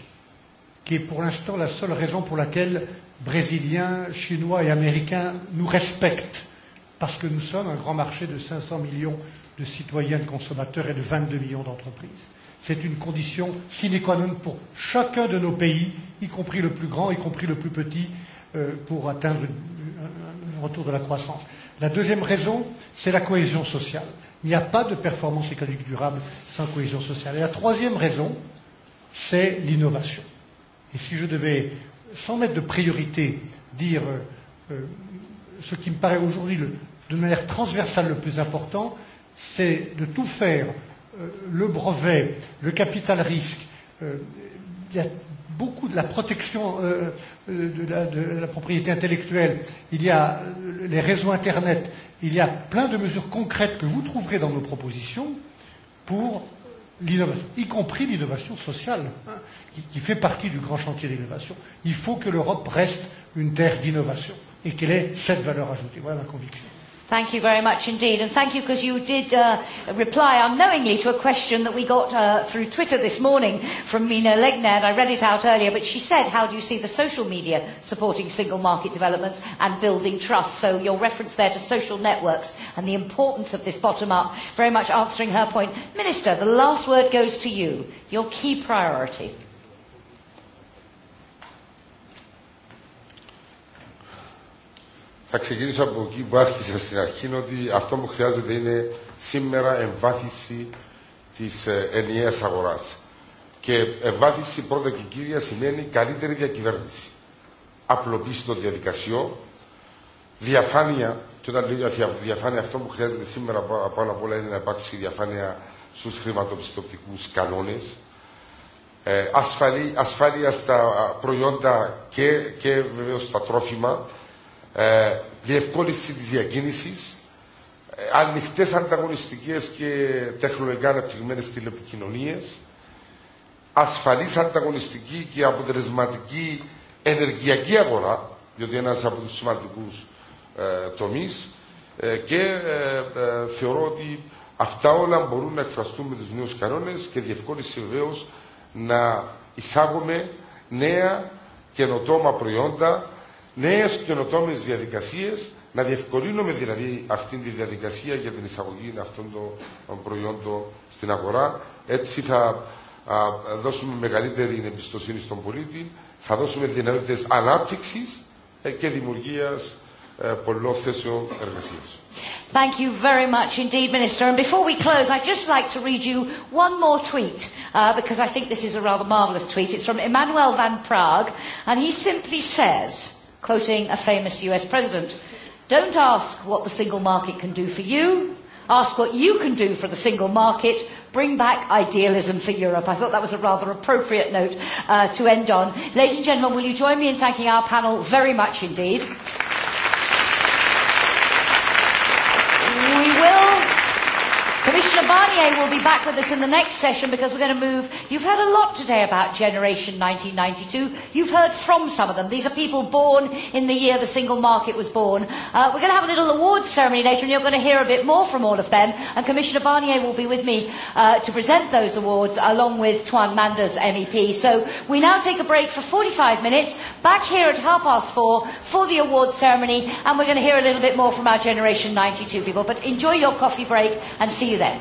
qui est pour l'instant la seule raison pour laquelle Brésiliens, Chinois et Américains nous respectent, parce que nous sommes un grand marché de 500 millions de citoyens, de consommateurs et de 22 millions d'entreprises. C'est une condition sine qua non pour chacun de nos pays, y compris le plus grand, y compris le plus petit, euh, pour atteindre un retour de la croissance. La deuxième raison, c'est la cohésion sociale. Il n'y a pas de performance économique durable sans cohésion sociale. Et la troisième raison, c'est l'innovation. Et si je devais, sans mettre de priorité, dire euh, euh ce qui me paraît aujourd'hui de manière transversale le plus important, c'est de tout faire, euh, le brevet, le capital risque, euh, il y a beaucoup de la protection euh, euh, de, la, de la propriété intellectuelle, il y a euh, les réseaux Internet, il y a plein de mesures concrètes que vous trouverez dans nos propositions pour l'innovation, y compris l'innovation sociale, hein, qui, qui fait partie du grand chantier d'innovation. Il faut que l'Europe reste une terre d'innovation et qu'elle ait cette valeur ajoutée. Voilà ma conviction. Thank you very much indeed. And thank you because you did uh, reply unknowingly um, to a question that we got uh, through Twitter this morning from Mina Legnad. I read it out earlier, but she said, how do you see the social media supporting single market developments and building trust? So your reference there to social networks and the importance of this bottom up, very much answering her point. Minister, the last word goes to you, your key priority. Θα ξεκινήσω από εκεί που άρχισα στην αρχή, ότι αυτό που χρειάζεται είναι σήμερα εμβάθυνση τη ενιαία αγορά. Και εμβάθυνση πρώτα και κύρια σημαίνει καλύτερη διακυβέρνηση. Απλοποίηση των διαδικασιών, διαφάνεια, και όταν λέω διαφάνεια, αυτό που χρειάζεται σήμερα πάνω απ' όλα είναι να υπάρξει διαφάνεια στου χρηματοπιστωτικού κανόνε, ασφάλεια στα προϊόντα και, και βεβαίω στα τρόφιμα διευκόλυνση της διακίνησης, ανοιχτές ανταγωνιστικές και τεχνολογικά αναπτυγμένες τηλεπικοινωνίες, ασφαλής ανταγωνιστική και αποτελεσματική ενεργειακή αγορά, διότι ένας από τους σημαντικούς ε, τομείς ε, και ε, ε, θεωρώ ότι αυτά όλα μπορούν να εκφραστούν με τους νέους κανόνες και διευκόλυνση βεβαίω να εισάγουμε νέα καινοτόμα προϊόντα νέε καινοτόμε διαδικασίε, να διευκολύνουμε δηλαδή αυτή τη διαδικασία για την εισαγωγή αυτών των προϊόντων στην αγορά. Έτσι θα α, δώσουμε μεγαλύτερη εμπιστοσύνη στον πολίτη, θα δώσουμε δυνατότητε ανάπτυξη και δημιουργία πολλών θέσεων εργασία. Thank you very much indeed, Minister. And before we close, I'd just like to read you one more tweet, uh, because I think this is a rather marvellous tweet. It's from Emmanuel van Praag, and he simply says, quoting a famous US president, don't ask what the single market can do for you, ask what you can do for the single market, bring back idealism for Europe. I thought that was a rather appropriate note uh, to end on. Ladies and gentlemen, will you join me in thanking our panel very much indeed? Manier will be back with us in the next session because we're going to move. You've heard a lot today about Generation 1992. You've heard from some of them. These are people born in the year the single market was born. Uh, we're going to have a little awards ceremony later and you're going to hear a bit more from all of them. And Commissioner Barnier will be with me uh, to present those awards along with Tuan Manders, MEP. So we now take a break for 45 minutes, back here at half past four for the awards ceremony. And we're going to hear a little bit more from our Generation 92 people. But enjoy your coffee break and see you then.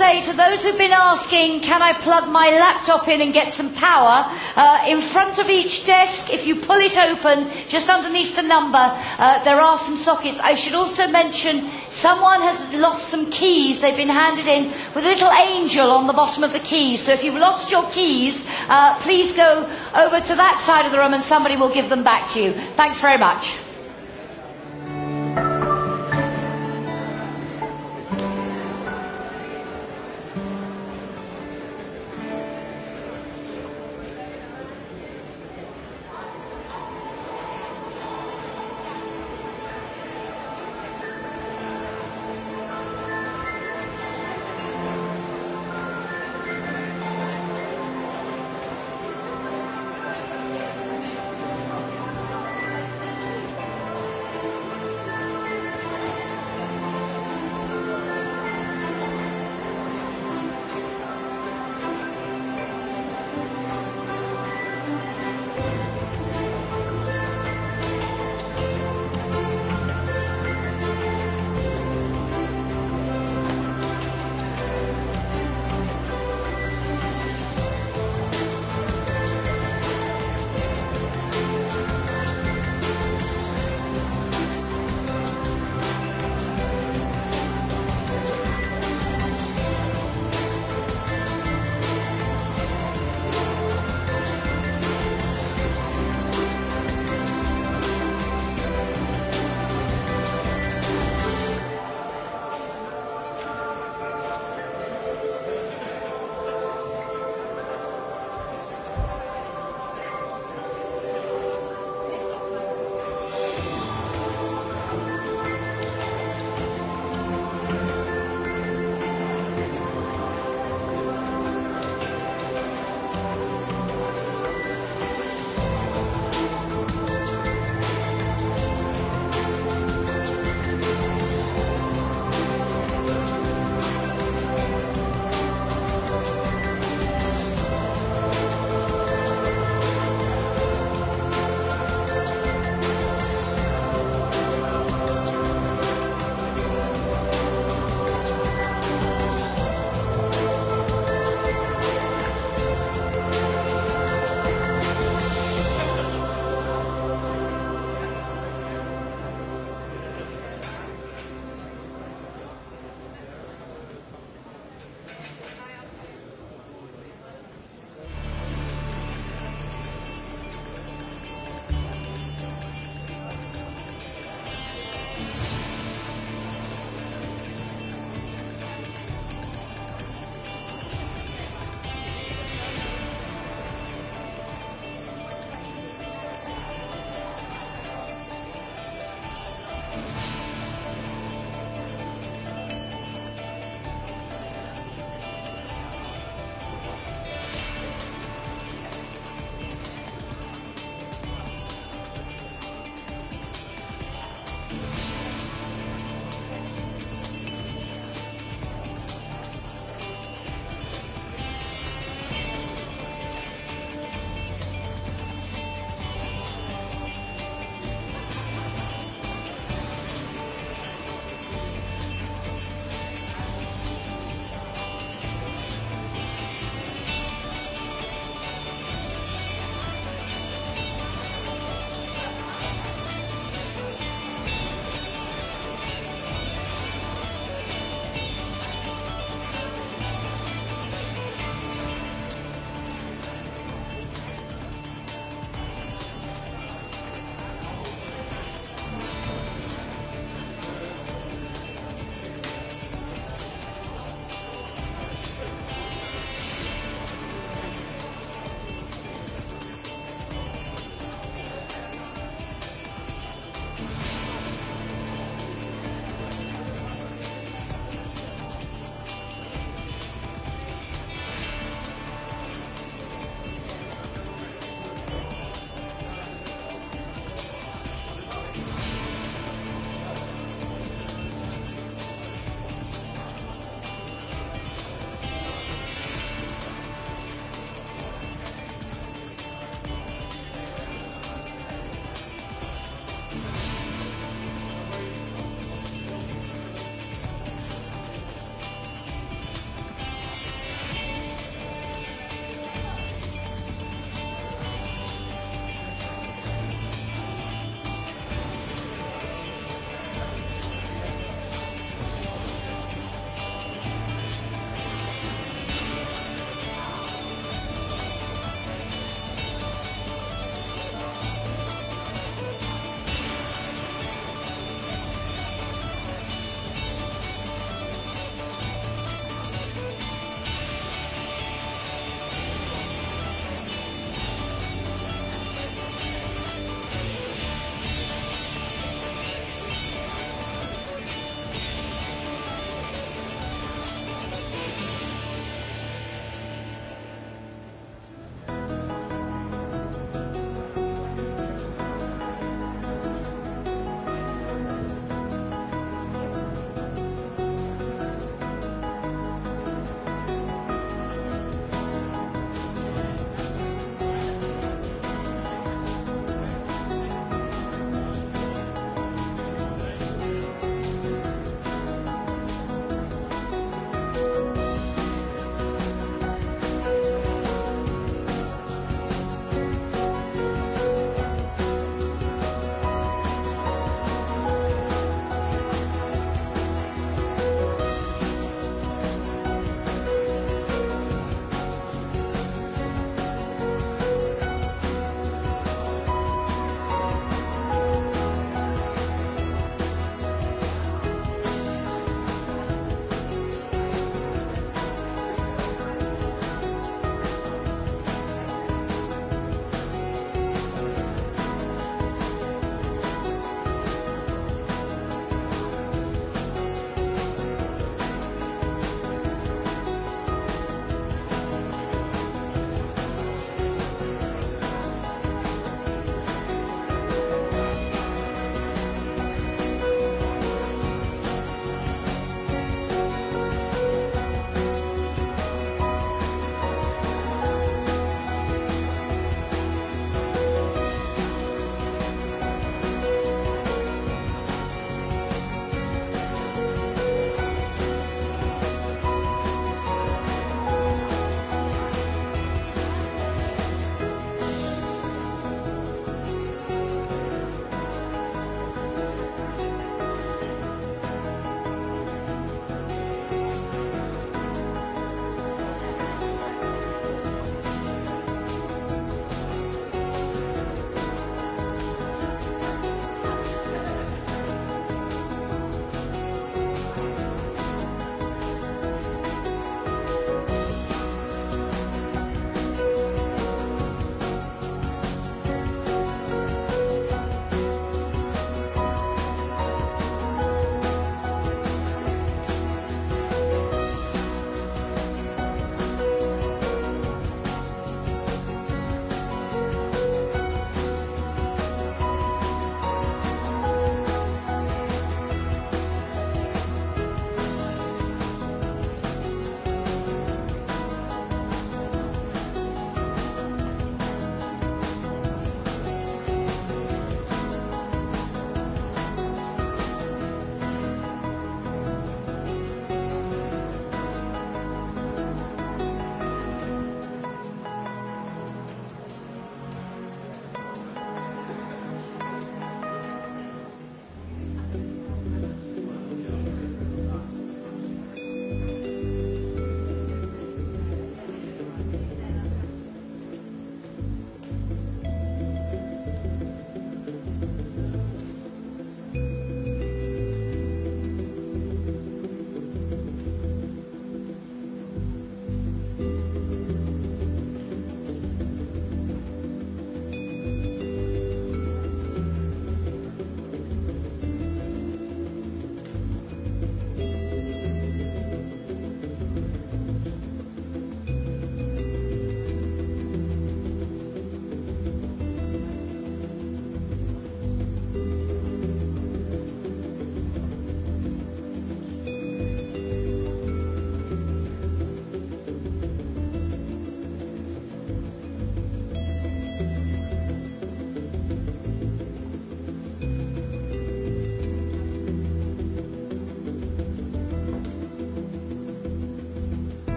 say to those who've been asking, can I plug my laptop in and get some power, uh, in front of each desk, if you pull it open, just underneath the number, uh, there are some sockets. I should also mention someone has lost some keys. They've been handed in with a little angel on the bottom of the keys. So if you've lost your keys, uh, please go over to that side of the room and somebody will give them back to you. Thanks very much.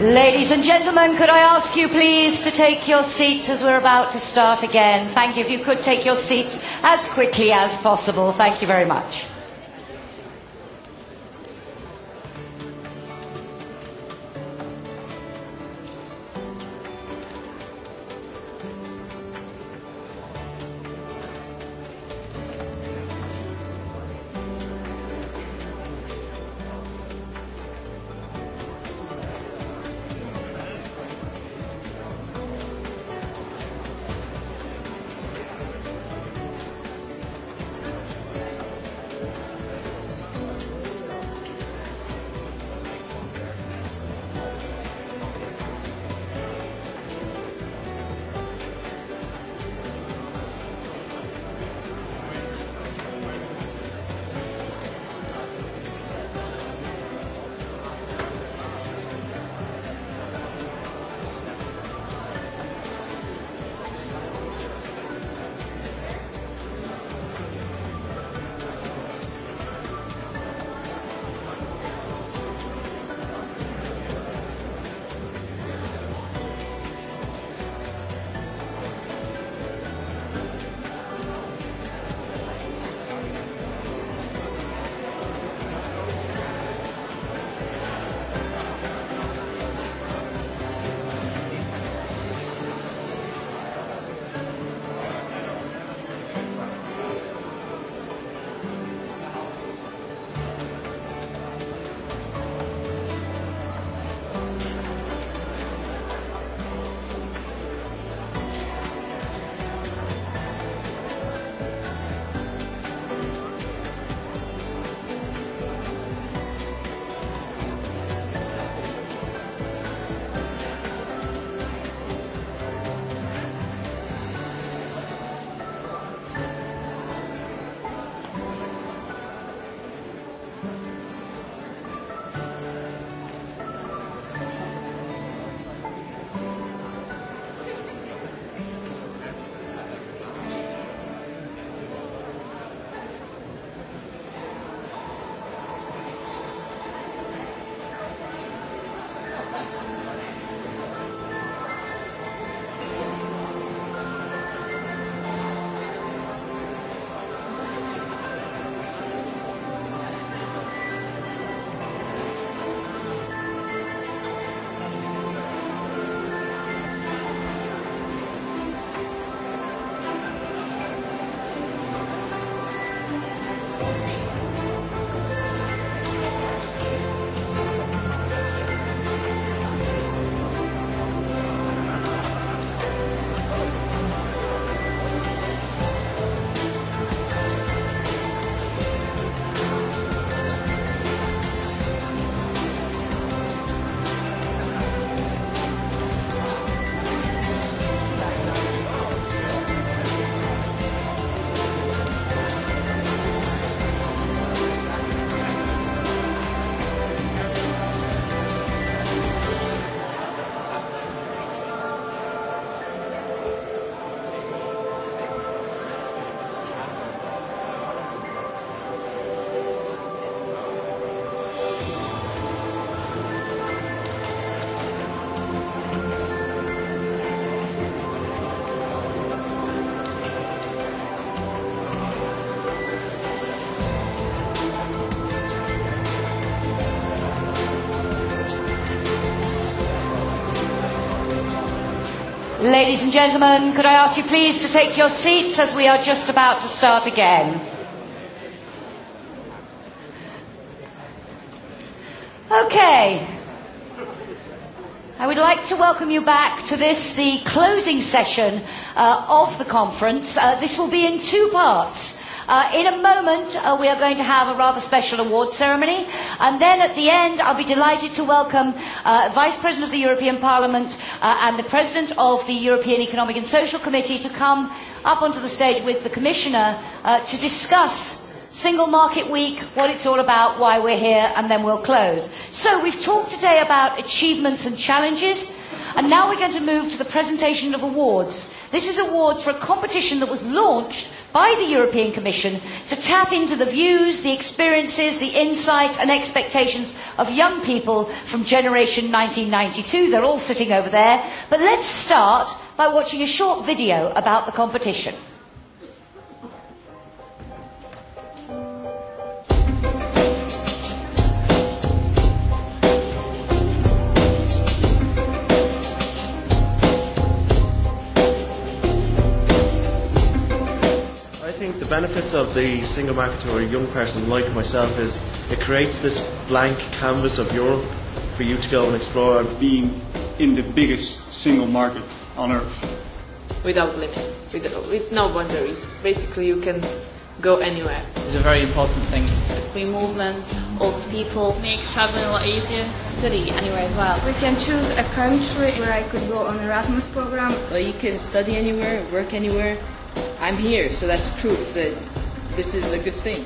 Ladies and gentlemen, could I ask you please to take your seats as we're about to start again? Thank you. If you could take your seats as quickly as possible. Thank you very much. Ladies and gentlemen, could I ask you please to take your seats as we are just about to start again? Okay. I would like to welcome you back to this, the closing session uh, of the conference. Uh, this will be in two parts. Uh, in a moment, uh, we are going to have a rather special award ceremony. And then at the end, I'll be delighted to welcome uh, Vice President of the European Parliament, uh, and the President of the European Economic and Social Committee to come up onto the stage with the Commissioner uh, to discuss Single Market Week, what it's all about, why we're here, and then we'll close. So we've talked today about achievements and challenges, and now we're going to move to the presentation of awards. This is awards for a competition that was launched by the European Commission to tap into the views, the experiences, the insights and expectations of young people from Generation 1992. They're all sitting over there. But let's start by watching a short video about the competition. think the benefits of the single market to a young person like myself is it creates this blank canvas of Europe for you to go and explore. Being in the biggest single market on earth. Without limits, with, with no boundaries. Basically, you can go anywhere. It's a very important thing. The Free movement of people makes traveling a lot easier. Study anywhere as well. We can choose a country where I could go on Erasmus program. Or you can study anywhere, work anywhere I'm here, so that's proof that this is a good thing.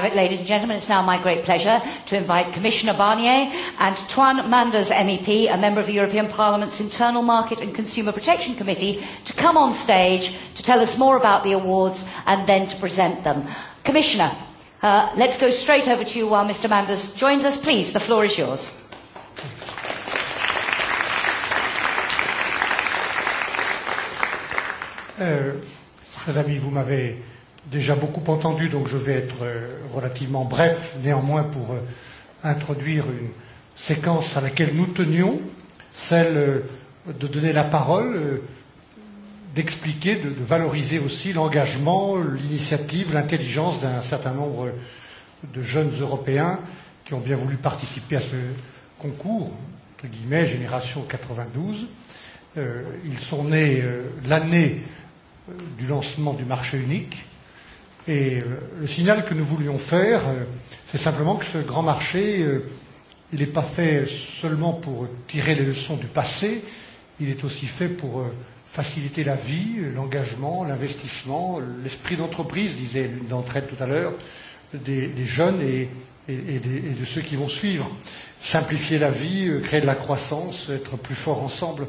have it, ladies and gentlemen, it's now my great pleasure to invite Commissioner Barnier and Tuan Manders MEP, a member of the European Parliament's Internal Market and Consumer Protection Committee, to come on stage to tell us more about the awards and then to present them. Commissioner, uh, let's go straight over to you while Mr. Manders joins us. Please, the floor is yours. Uh, chers amis, vous m'avez déjà beaucoup entendu, donc je vais être euh, relativement bref, néanmoins pour euh, introduire une séquence à laquelle nous tenions, celle euh, de donner la parole, d'expliquer, de, de valoriser aussi l'engagement, l'initiative, l'intelligence d'un certain nombre de jeunes Européens qui ont bien voulu participer à ce concours, entre guillemets, génération 92. Euh, ils sont nés euh, l'année du lancement du marché unique Et euh, le signal que nous voulions faire, euh, c'est simplement que ce grand marché, euh, il n'est pas fait seulement pour tirer les leçons du passé, il est aussi fait pour faciliter la vie, l'engagement, l'investissement, l'esprit d'entreprise, disait l'une d'entre elles tout à l'heure, des, des jeunes et, et, et, des, et de ceux qui vont suivre. Simplifier la vie, créer de la croissance, être plus fort ensemble.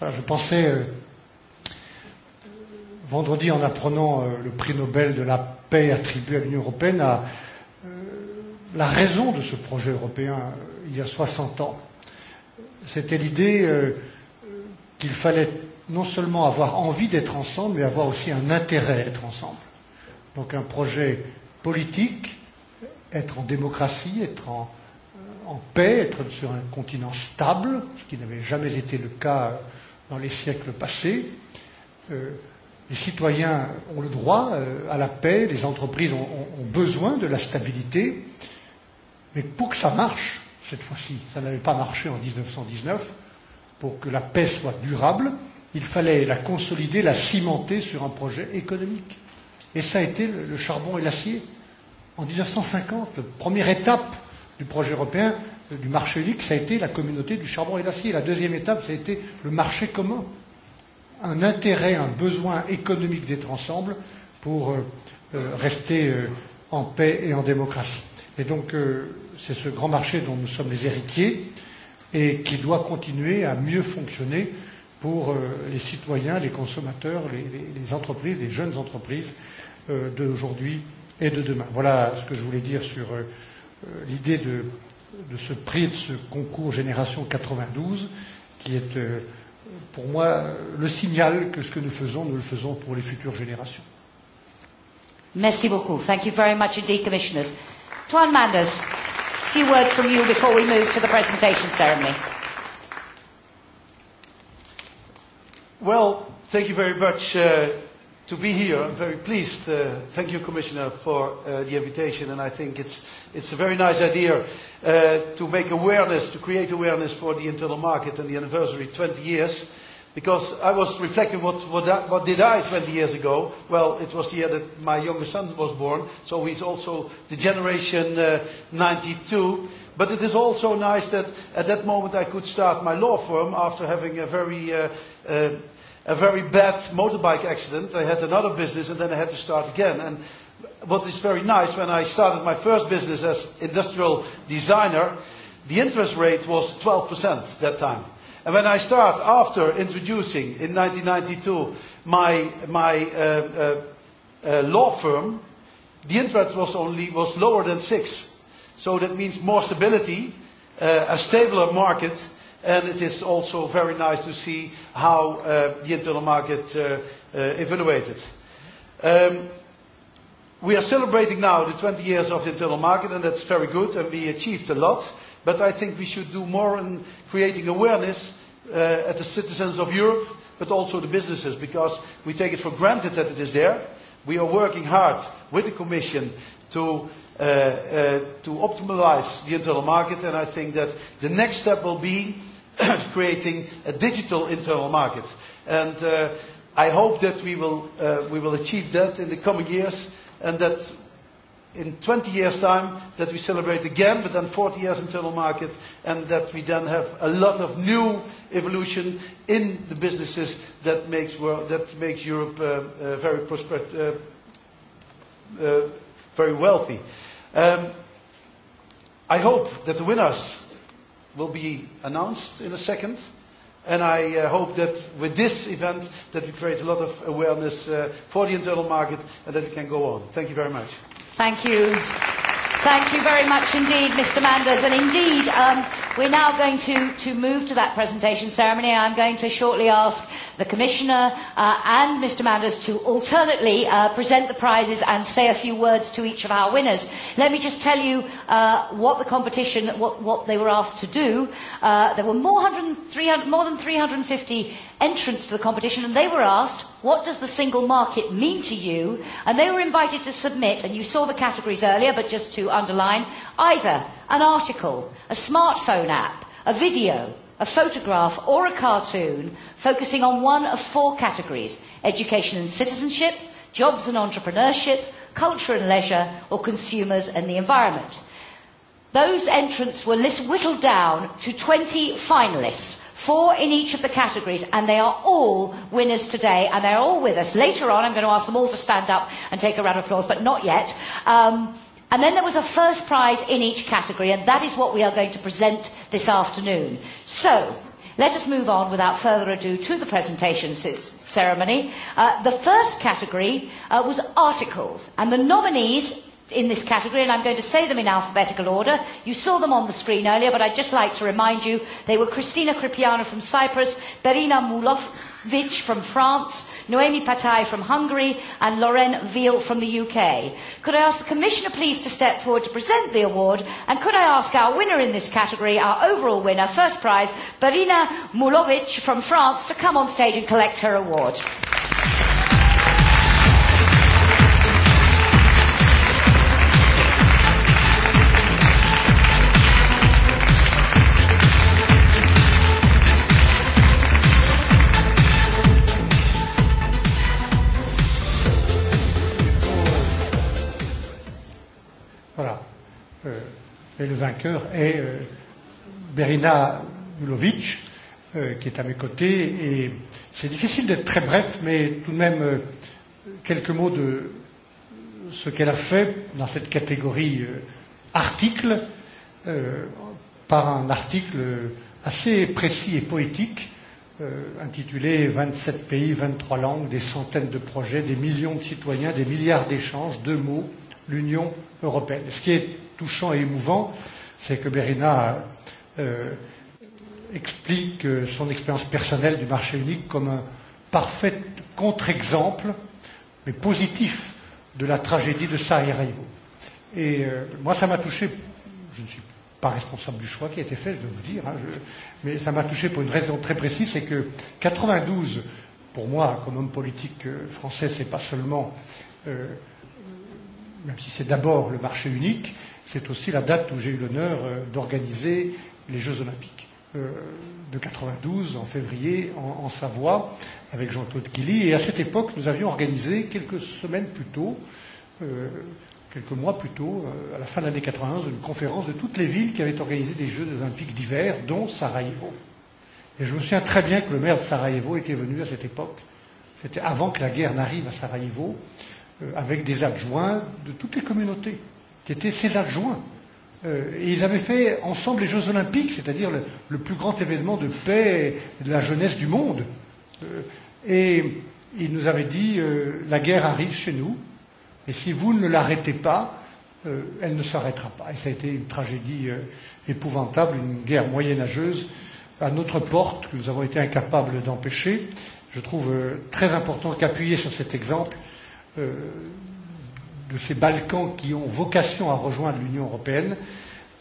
Voilà, je pensais. Euh, vendredi en apprenant euh, le prix Nobel de la paix attribué à l'Union européenne à euh, la raison de ce projet européen euh, il y a 60 ans. C'était l'idée euh, qu'il fallait non seulement avoir envie d'être ensemble, mais avoir aussi un intérêt à être ensemble. Donc un projet politique, être en démocratie, être en, euh, en paix, être sur un continent stable, ce qui n'avait jamais été le cas euh, dans les siècles passés, euh, Les citoyens ont le droit euh, à la paix, les entreprises ont, ont, ont besoin de la stabilité, mais pour que ça marche, cette fois-ci, ça n'avait pas marché en 1919, pour que la paix soit durable, il fallait la consolider, la cimenter sur un projet économique. Et ça a été le, le charbon et l'acier. En 1950, la première étape du projet européen euh, du marché unique, ça a été la communauté du charbon et de l'acier. La deuxième étape, ça a été le marché commun un intérêt, un besoin économique d'être ensemble pour euh, euh, rester euh, en paix et en démocratie. Et donc, euh, c'est ce grand marché dont nous sommes les héritiers et qui doit continuer à mieux fonctionner pour euh, les citoyens, les consommateurs, les, les, les entreprises, les jeunes entreprises euh, d'aujourd'hui et de demain. Voilà ce que je voulais dire sur euh, euh l'idée de, de ce prix, de ce concours Génération 92, qui est euh, pour moi, le signal que ce que nous faisons, nous le faisons pour les futures générations. Merci beaucoup. Thank you very much indeed, Commissioners. Tuan Manders, a few words from you before we move to the presentation ceremony. Well, thank you very much, uh, to be here. I'm very pleased. Uh, thank you, Commissioner, for uh, the invitation. And I think it's, it's a very nice idea uh, to make awareness, to create awareness for the internal market and the anniversary 20 years. Because I was reflecting what, what, that, what did I 20 years ago? Well, it was the year that my youngest son was born. So he's also the generation uh, 92. But it is also nice that at that moment I could start my law firm after having a very uh, uh, a very bad motorbike accident. I had another business and then I had to start again. And what is very nice, when I started my first business as industrial designer, the interest rate was 12% that time. And when I start after introducing in 1992 my, my uh, uh, uh, law firm, the interest was only was lower than six. So that means more stability, uh, a stabler market, and it is also very nice to see how uh, the internal market uh, uh, evaluated. Um, we are celebrating now the 20 years of the internal market, and that's very good, and we achieved a lot, but I think we should do more in creating awareness uh, at the citizens of Europe, but also the businesses, because we take it for granted that it is there. We are working hard with the Commission to uh, uh, to optimize the internal market, and I think that the next step will be creating a digital internal market. And uh, I hope that we will, uh, we will achieve that in the coming years and that in 20 years' time that we celebrate again, but then 40 years internal market, and that we then have a lot of new evolution in the businesses that makes, world, that makes Europe uh, uh, very, prosper, uh, uh, very wealthy. Um, I hope that the winners will be announced in a second. And I uh, hope that with this event that we create a lot of awareness uh, for the internal market and that we can go on. Thank you very much. Thank you. Thank you very much indeed, Mr. Manders. And indeed, um, we're now going to, to move to that presentation ceremony. I'm going to shortly ask the Commissioner uh, and Mr. Manders to alternately uh, present the prizes and say a few words to each of our winners. Let me just tell you uh, what the competition, what, what they were asked to do. Uh, there were more, 300, more than 350 entrants to the competition, and they were asked what does the single market mean to you? And they were invited to submit, and you saw the categories earlier, but just to underline, either an article, a smartphone app, a video, a photograph or a cartoon focusing on one of four categories education and citizenship, jobs and entrepreneurship, culture and leisure, or consumers and the environment. Those entrants were list- whittled down to 20 finalists four in each of the categories, and they are all winners today, and they're all with us. Later on, I'm going to ask them all to stand up and take a round of applause, but not yet. Um, and then there was a first prize in each category, and that is what we are going to present this afternoon. So, let us move on without further ado to the presentation ceremony. Uh, the first category uh, was articles, and the nominees in this category, and I'm going to say them in alphabetical order. You saw them on the screen earlier, but I'd just like to remind you they were Christina Kripiana from Cyprus, Berina Mulovic from France, Noemi Patai from Hungary, and Lorraine Veal from the UK. Could I ask the Commissioner please to step forward to present the award, and could I ask our winner in this category, our overall winner, first prize, Berina Mulovic from France, to come on stage and collect her award. Et le vainqueur est euh, Berina Ulovic, euh, qui est à mes côtés. Et c'est difficile d'être très bref, mais tout de même euh, quelques mots de ce qu'elle a fait dans cette catégorie euh, article, euh, par un article assez précis et poétique euh, intitulé 27 pays, 23 langues, des centaines de projets, des millions de citoyens, des milliards d'échanges, deux mots, l'Union européenne. Ce qui est touchant et émouvant, c'est que Berina euh, explique euh, son expérience personnelle du marché unique comme un parfait contre-exemple, mais positif, de la tragédie de Sarajevo. Et euh, moi, ça m'a touché, je ne suis pas responsable du choix qui a été fait, je dois vous dire, hein, je, mais ça m'a touché pour une raison très précise, c'est que 92, pour moi, comme homme politique euh, français, c'est pas seulement, euh, même si c'est d'abord le marché unique, c'est aussi la date où j'ai eu l'honneur euh, d'organiser les Jeux Olympiques euh, de 92 en février en, en Savoie avec Jean-Claude Killy. Et à cette époque, nous avions organisé quelques semaines plus tôt, euh, quelques mois plus tôt, euh, à la fin de l'année 91, une conférence de toutes les villes qui avaient organisé des Jeux olympiques d'hiver, dont Sarajevo. Et je me souviens très bien que le maire de Sarajevo était venu à cette époque. C'était avant que la guerre n'arrive à Sarajevo, euh, avec des adjoints de toutes les communautés qui étaient ses adjoints. Euh, et ils avaient fait ensemble les Jeux Olympiques, c'est-à-dire le, le plus grand événement de paix et de la jeunesse du monde. Euh, et il nous avait dit euh, la guerre arrive chez nous, et si vous ne l'arrêtez pas, euh, elle ne s'arrêtera pas. Et ça a été une tragédie euh, épouvantable, une guerre moyenâgeuse à notre porte que nous avons été incapables d'empêcher. Je trouve euh, très important qu'appuyer sur cet exemple euh, de ces Balkans qui ont vocation à rejoindre l'Union européenne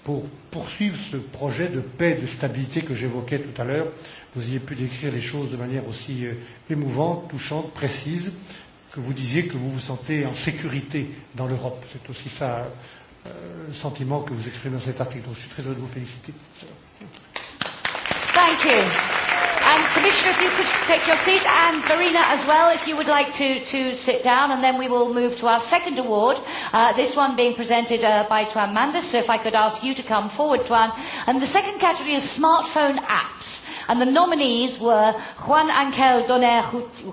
pour poursuivre ce projet de paix et de stabilité que j'évoquais tout à l'heure. Vous ayez pu décrire les choses de manière aussi euh, émouvante, touchante, précise, que vous disiez que vous vous sentez en sécurité dans l'Europe. C'est aussi ça euh, le sentiment que vous exprimez dans cet article. Donc je suis très heureux de vous féliciter. Thank you. Commissioner, if you could take your seat, and Verena as well, if you would like to, to sit down, and then we will move to our second award, uh, this one being presented uh, by Tuan Mandis. so if I could ask you to come forward, Tuan. And the second category is smartphone apps, and the nominees were Juan Angel Doner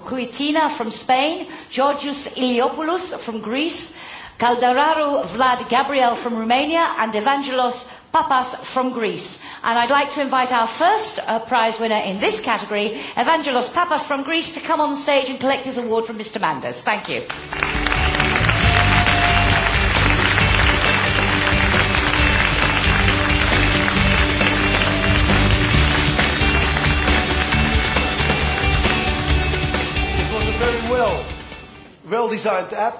Huitina from Spain, Georgios Iliopoulos from Greece, Calderaro Vlad Gabriel from Romania, and Evangelos Papas from Greece. And I'd like to invite our first uh, prize winner in this category, Evangelos Papas from Greece, to come on stage and collect his award from Mr. Manders. Thank you. It was a very well, well-designed app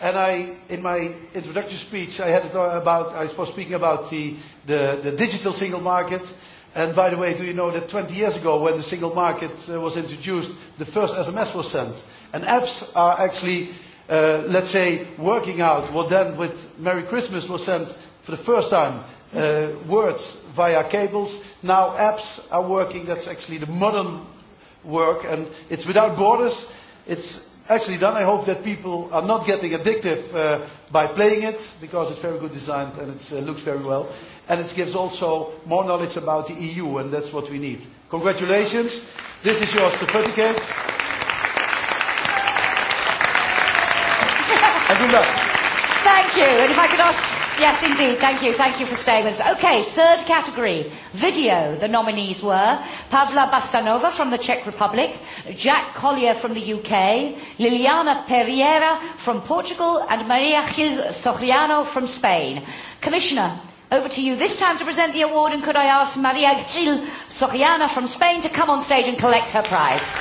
And I, in my introductory speech, I had talk about, I was speaking about the, the, the digital single market. And by the way, do you know that 20 years ago, when the single market uh, was introduced, the first SMS was sent. And apps are actually, uh, let's say, working out what then with Merry Christmas was sent for the first time, uh, words via cables. Now apps are working, that's actually the modern work, and it's without borders. It's actually done. I hope that people are not getting addictive uh, by playing it because it's very good designed and it uh, looks very well. And it gives also more knowledge about the EU, and that's what we need. Congratulations. This is your certificate. and good luck. Thank you. And if I could ask. Yes, indeed. Thank you. Thank you for staying with us. Okay, third category video. The nominees were Pavla Bastanova from the Czech Republic. Jack Collier from the UK, Liliana Pereira from Portugal, and Maria Gil Soriano from Spain. Commissioner, over to you this time to present the award, and could I ask Maria Gil Soriano from Spain to come on stage and collect her prize?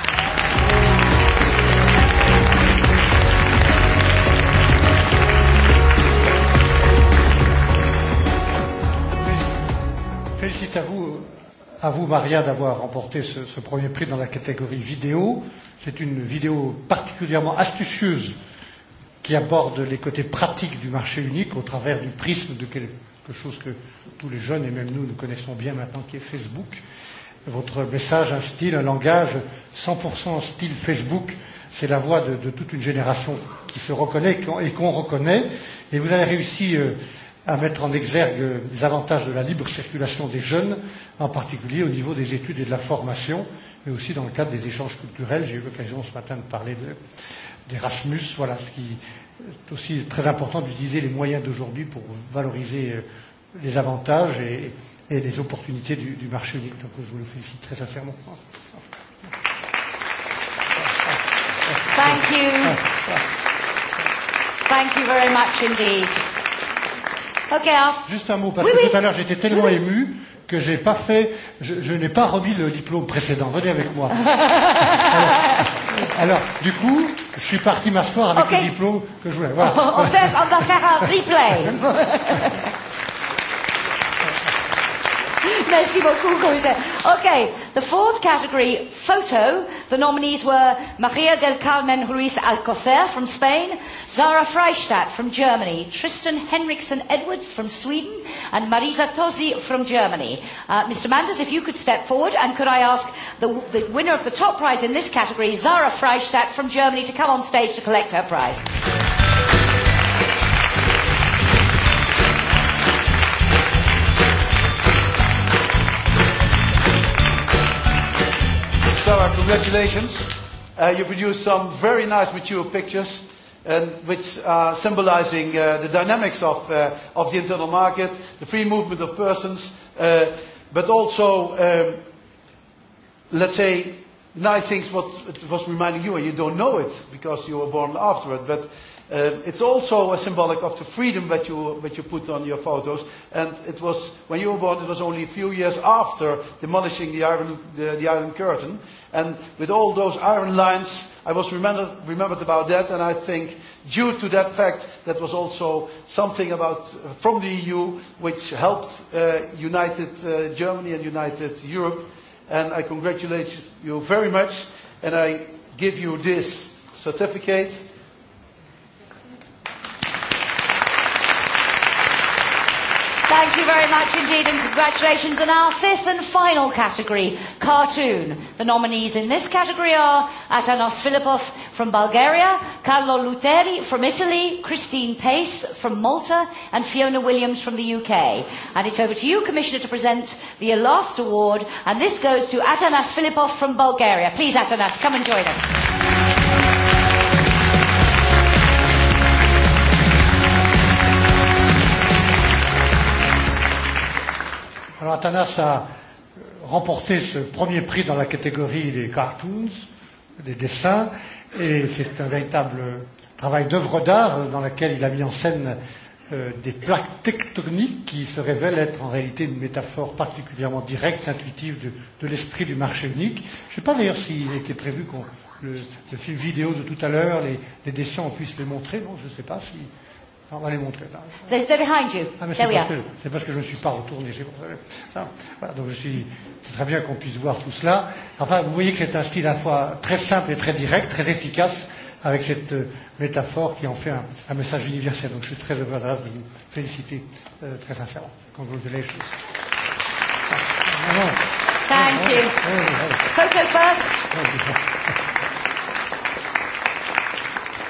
Félicitations à vous à vous, Maria, d'avoir remporté ce, ce premier prix dans la catégorie vidéo. C'est une vidéo particulièrement astucieuse qui aborde les côtés pratiques du marché unique au travers du prisme de quelque chose que tous les jeunes et même nous, nous connaissons bien maintenant, qui est Facebook. Votre message, un style, un langage 100% style Facebook, c'est la voix de, de toute une génération qui se reconnaît et qu'on reconnaît. Et vous avez réussi. Euh, à mettre en exergue les avantages de la libre circulation des jeunes, en particulier au niveau des études et de la formation, mais aussi dans le cadre des échanges culturels. J'ai eu l'occasion ce matin de parler d'Erasmus, de, voilà, ce qui est aussi très important d'utiliser les moyens d'aujourd'hui pour valoriser euh, les avantages et, et les opportunités du, du marché unique. Donc je vous le félicite très sincèrement. Thank you. Thank you very much indeed. Okay, Juste un mot, parce oui, que oui. tout à l'heure j'étais tellement oui. ému que j'ai pas fait, je, je n'ai pas remis le diplôme précédent. Venez avec moi. alors, alors, du coup, je suis parti m'asseoir avec okay. le diplôme que je voulais. Voilà. on, on, fait, on va faire un replay. Merci beaucoup, Roger. Okay, the fourth category, photo. The nominees were Maria del Carmen Ruiz Alcocer from Spain, Zara Freistadt from Germany, Tristan Henriksen Edwards from Sweden, and Marisa Tosi from Germany. Uh, Mr. Manders, if you could step forward, and could I ask the, the winner of the top prize in this category, Zara Freistadt from Germany, to come on stage to collect her prize. Sara, congratulations. Uh, you produced some very nice mature pictures, and which are symbolizing uh, the dynamics of, uh, of the internal market, the free movement of persons, uh, but also, um, let's say, nice things what it was reminding you, and you don't know it because you were born after it, but Uh, it's also a symbolic of the freedom that you, that you put on your photos. And it was, when you were born, it was only a few years after demolishing the Iron, the, the iron Curtain. And with all those iron lines, I was remembered, remembered about that. And I think due to that fact, that was also something about, uh, from the EU which helped uh, united uh, Germany and united Europe. And I congratulate you very much. And I give you this certificate very much indeed and congratulations. And our fifth and final category, cartoon. The nominees in this category are Atanas Filipov from Bulgaria, Carlo Luteri from Italy, Christine Pace from Malta and Fiona Williams from the UK. And it's over to you, Commissioner, to present the last award. And this goes to Atanas Filipov from Bulgaria. Please, Atanas, come and join us. Alors Atanas a remporté ce premier prix dans la catégorie des cartoons, des dessins, et c'est un véritable travail d'œuvre d'art dans lequel il a mis en scène euh, des plaques tectoniques qui se révèlent être en réalité une métaphore particulièrement directe, intuitive de, de l'esprit du marché unique. Je ne sais pas d'ailleurs s'il était prévu qu'on le, le film vidéo de tout à l'heure, les, les dessins, on puisse les montrer. Non, je ne sais pas si Ah, on va les montrer là. They're, they're behind you. Ah, There we are. C'est parce que je ne suis pas retourné. Enfin, voilà, donc je suis très bien qu'on puisse voir tout cela. Enfin, vous voyez que c'est un style à la fois très simple et très direct, très efficace, avec cette euh, métaphore qui en fait un, un message universel. Donc je suis très heureux de vous féliciter euh, très sincèrement. Congratulations. Ah, non, non. Thank ah, you. Photo ah, first.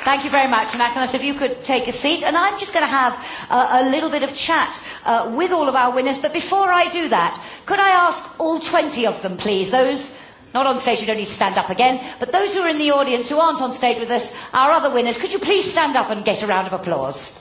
Thank you very much, Matanas. If you could take a seat. And I'm just going to have a, a little bit of chat uh, with all of our winners. But before I do that, could I ask all 20 of them, please, those not on stage, you don't need to stand up again, but those who are in the audience who aren't on stage with us, our other winners, could you please stand up and get a round of applause?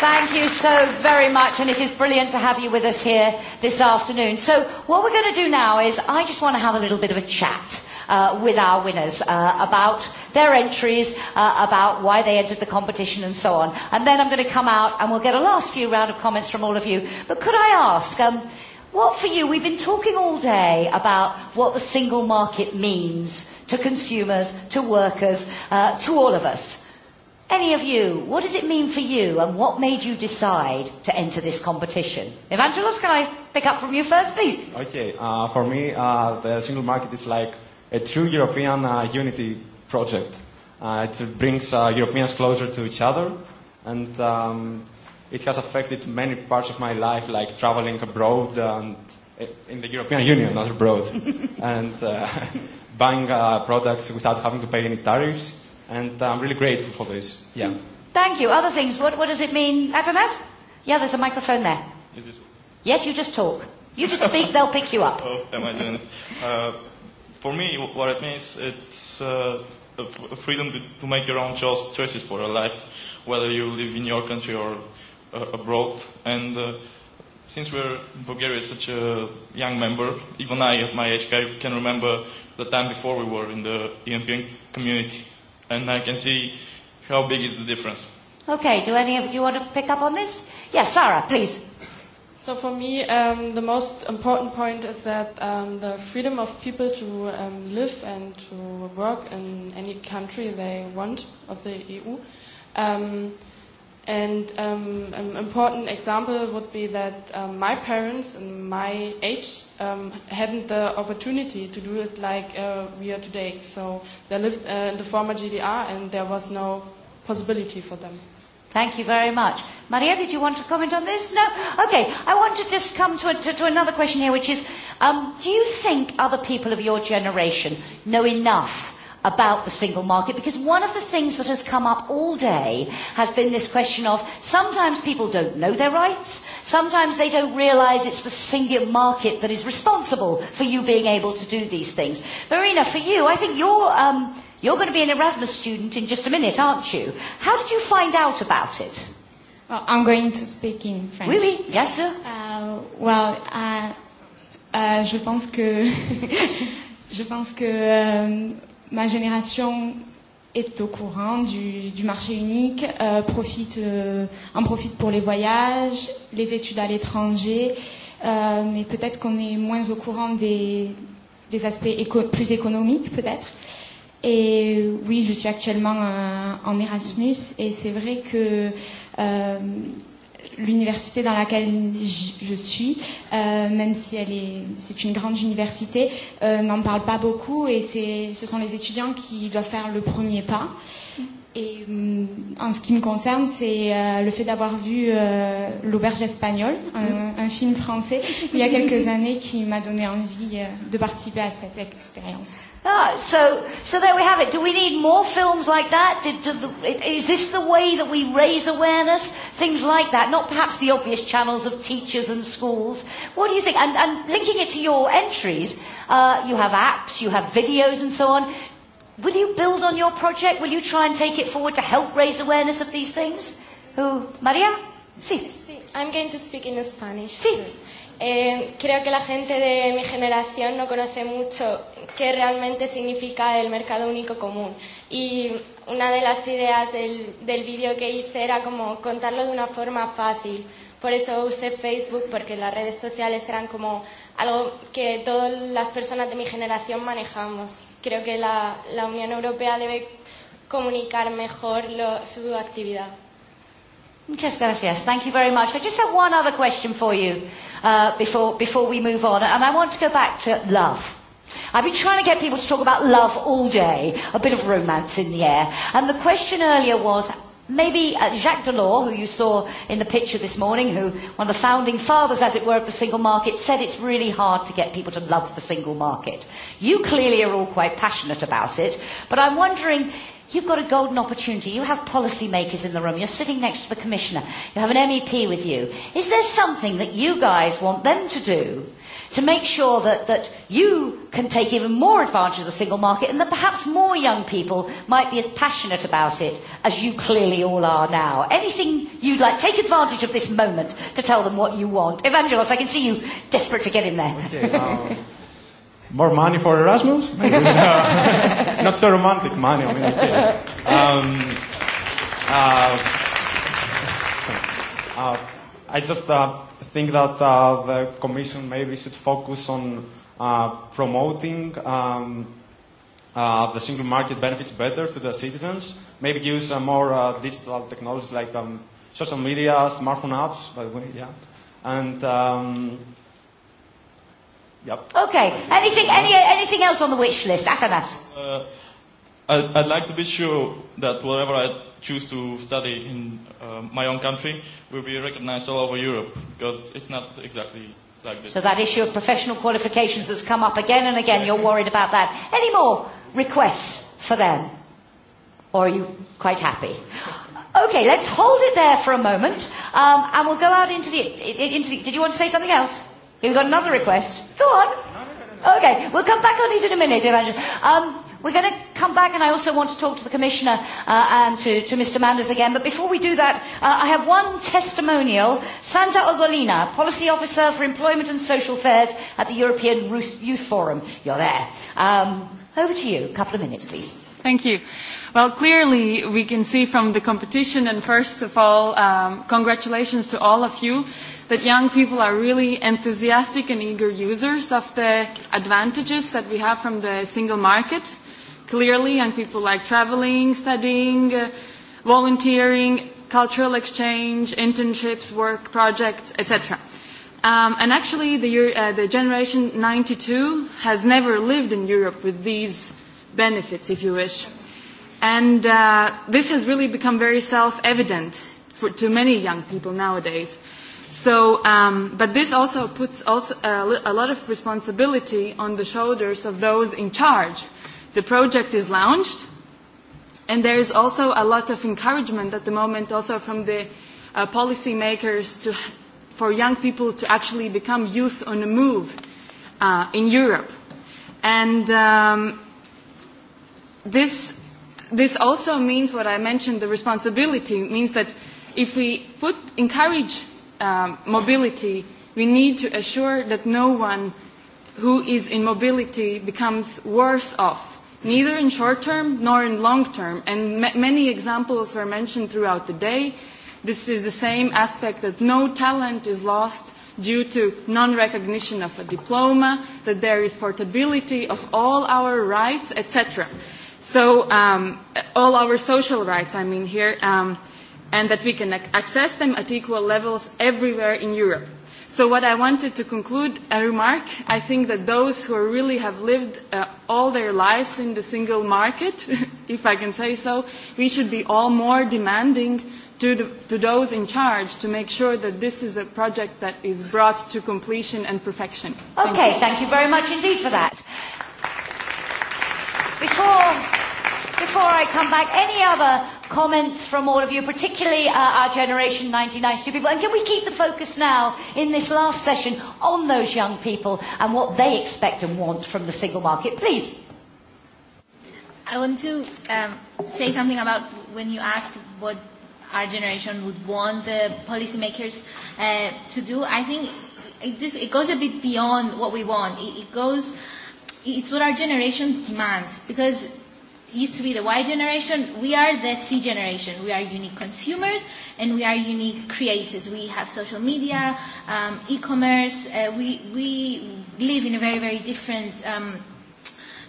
Thank you so very much, and it is brilliant to have you with us here this afternoon. So, what we're going to do now is I just want to have a little bit of a chat uh, with our winners uh, about their entries, uh, about why they entered the competition, and so on. And then I'm going to come out and we'll get a last few round of comments from all of you. But could I ask, um, what for you? We've been talking all day about what the single market means to consumers, to workers, uh, to all of us. Any of you, what does it mean for you and what made you decide to enter this competition? Evangelos, can I pick up from you first, please? Okay, uh, for me, uh, the single market is like a true European uh, unity project. Uh, it brings uh, Europeans closer to each other and um, it has affected many parts of my life, like traveling abroad and eh, in the European Union, not abroad, and uh, buying uh, products without having to pay any tariffs and uh, I'm really grateful for this. Yeah. Thank you. Other things, what, what does it mean? Atanas? Yeah, there's a microphone there. Is this... Yes, you just talk. You just speak, they'll pick you up. Oh, am I doing uh, For me, what it means, it's uh, freedom to, to make your own cho- choices for your life, whether you live in your country or uh, abroad. And uh, since we're Bulgaria is such a young member, even I at my age I can remember the time before we were in the European community and I can see how big is the difference. Okay, do any of you want to pick up on this? Yes, yeah, Sarah, please. So for me, um, the most important point is that um, the freedom of people to um, live and to work in any country they want of the EU um, And um, an important example would be that um, my parents and my age um, hadn't the opportunity to do it like uh, we are today. So they lived uh, in the former GDR and there was no possibility for them. Thank you very much. Maria, did you want to comment on this? No? Okay, I want to just come to, a, to, to another question here, which is um, do you think other people of your generation know enough? about the single market because one of the things that has come up all day has been this question of sometimes people don't know their rights, sometimes they don't realise it's the single market that is responsible for you being able to do these things. Marina, for you, I think you're, um, you're going to be an Erasmus student in just a minute, aren't you? How did you find out about it? Well, I'm going to speak in French. Oui, oui, Yes, sir. Uh, well, uh, uh, je pense que je pense que uh, ma génération est au courant du, du marché unique, euh, profite, euh, en profite pour les voyages, les études à l'étranger, euh, mais peut-être qu'on est moins au courant des, des aspects éco plus économiques, peut-être. Et oui, je suis actuellement euh, en Erasmus, et c'est vrai que euh, l'université dans laquelle je suis, euh, même si elle est, c'est une grande université, euh, n'en parle pas beaucoup et c'est, ce sont les étudiants qui doivent faire le premier pas. Et mm, en ce qui me concerne, c'est euh, le fait d'avoir vu euh, L'Auberge espagnole, un, mm. un film français, il y a quelques années qui m'a donné envie euh, de participer à cette expérience. Ah, so, so there we have it. Do we need more films like that? Did, do the, is this the way that we raise awareness? Things like that, not perhaps the obvious channels of teachers and schools. What do you think? And, and linking it to your entries, uh, you have apps, you have videos and so on. Will you build on your project? Will you try and take it forward to help raise awareness of these things? Who, Maria? Sí. sí. I'm going to speak in Spanish. Sí. Eh, creo que la gente de mi generación no conoce mucho qué realmente significa el mercado único común. Y una de las ideas del, del vídeo que hice era como contarlo de una forma fácil. Por eso usé Facebook, porque las redes sociales eran como algo que todas las personas de mi generación manejamos creo que la, la Unión Europea debe comunicar mejor lo, su actividad. Muchas gracias. Thank you very much. I just have one other question for you uh, before, before we move on, and I want to go back to love. I've been trying to get people to talk about love all day, a bit of romance in the air. And the question earlier was, maybe uh, Jacques Delors, who you saw in the picture this morning, who one of the founding fathers, as it were, of the single market, said it's really hard to get people to love the single market. You clearly are all quite passionate about it, but I'm wondering. You've got a golden opportunity. You have policymakers in the room. You're sitting next to the commissioner. You have an MEP with you. Is there something that you guys want them to do to make sure that, that you can take even more advantage of the single market and that perhaps more young people might be as passionate about it as you clearly all are now. Anything you'd like, take advantage of this moment to tell them what you want. Evangelos, I can see you desperate to get in there. Okay, um, more money for Erasmus? Maybe. Not so romantic money, I mean, okay. Um, uh, uh, I just... Uh, think that uh, the Commission maybe should focus on uh, promoting um, uh, the single market benefits better to the citizens. Maybe use uh, more uh, digital technologies like um, social media, smartphone apps, by the way, yeah. And um, yep. Okay. Anything? Any anything else on the wish list? Atanas. Uh, I'd, I'd like to be sure that whatever I choose to study in uh, my own country will be recognized all over Europe because it's not exactly like this. So that issue of professional qualifications that's come up again and again, you're worried about that. Any more requests for them? Or are you quite happy? Okay, let's hold it there for a moment, um, and we'll go out into the, into the... Did you want to say something else? We've got another request. Go on. Okay, we'll come back on it in a minute, imagine. Um, We're going to come back, and I also want to talk to the Commissioner uh, and to, to Mr. Manders again. But before we do that, uh, I have one testimonial. Santa Ozolina, Policy Officer for Employment and Social Affairs at the European Youth Forum. You're there. Um, over to you. A couple of minutes, please. Thank you. Well, clearly, we can see from the competition, and first of all, um, congratulations to all of you, that young people are really enthusiastic and eager users of the advantages that we have from the single market. Clearly, young people like traveling, studying, uh, volunteering, cultural exchange, internships, work projects, etc. Um, and actually, the, uh, the generation 92 has never lived in Europe with these benefits, if you wish. And uh, this has really become very self-evident to many young people nowadays. So, um, but this also puts also a, a lot of responsibility on the shoulders of those in charge The project is launched, and there is also a lot of encouragement at the moment also from the uh, policymakers to, for young people to actually become youth on the move uh, in Europe. And um, this, this also means what I mentioned, the responsibility means that if we put, encourage um, mobility, we need to assure that no one who is in mobility becomes worse off neither in short term nor in long term. And ma many examples were mentioned throughout the day. This is the same aspect that no talent is lost due to non-recognition of a diploma, that there is portability of all our rights, etc. So um, all our social rights, I mean here, um, and that we can ac access them at equal levels everywhere in Europe. So what I wanted to conclude a remark, I think that those who really have lived uh, all their lives in the single market, if I can say so, we should be all more demanding to, the, to those in charge to make sure that this is a project that is brought to completion and perfection. Thank okay, you. thank you very much indeed for that. Before before I come back, any other comments from all of you, particularly uh, our generation 1992 people? And can we keep the focus now in this last session on those young people and what they expect and want from the single market? Please. I want to um, say something about when you asked what our generation would want the policymakers uh, to do. I think it just it goes a bit beyond what we want. It, it goes, it's what our generation demands because used to be the Y generation. We are the C generation. We are unique consumers and we are unique creators. We have social media, um, e-commerce. Uh, we, we live in a very, very different um,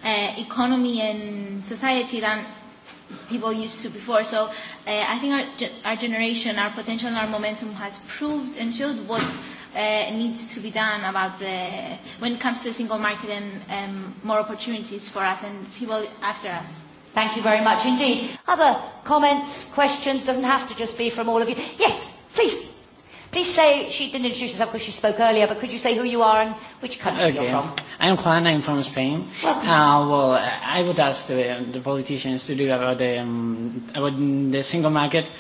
uh, economy and society than people used to before. So uh, I think our, our generation, our potential and our momentum has proved and showed what uh, needs to be done about the when it comes to the single market and um, more opportunities for us and people after us. Thank you very much indeed. Other comments, questions, doesn't have to just be from all of you. Yes, please. Please say, she didn't introduce herself because she spoke earlier, but could you say who you are and which country okay. you're from? I'm Juan, I'm from Spain. Uh, well, I would ask the, the politicians to do about the, um, about the single market.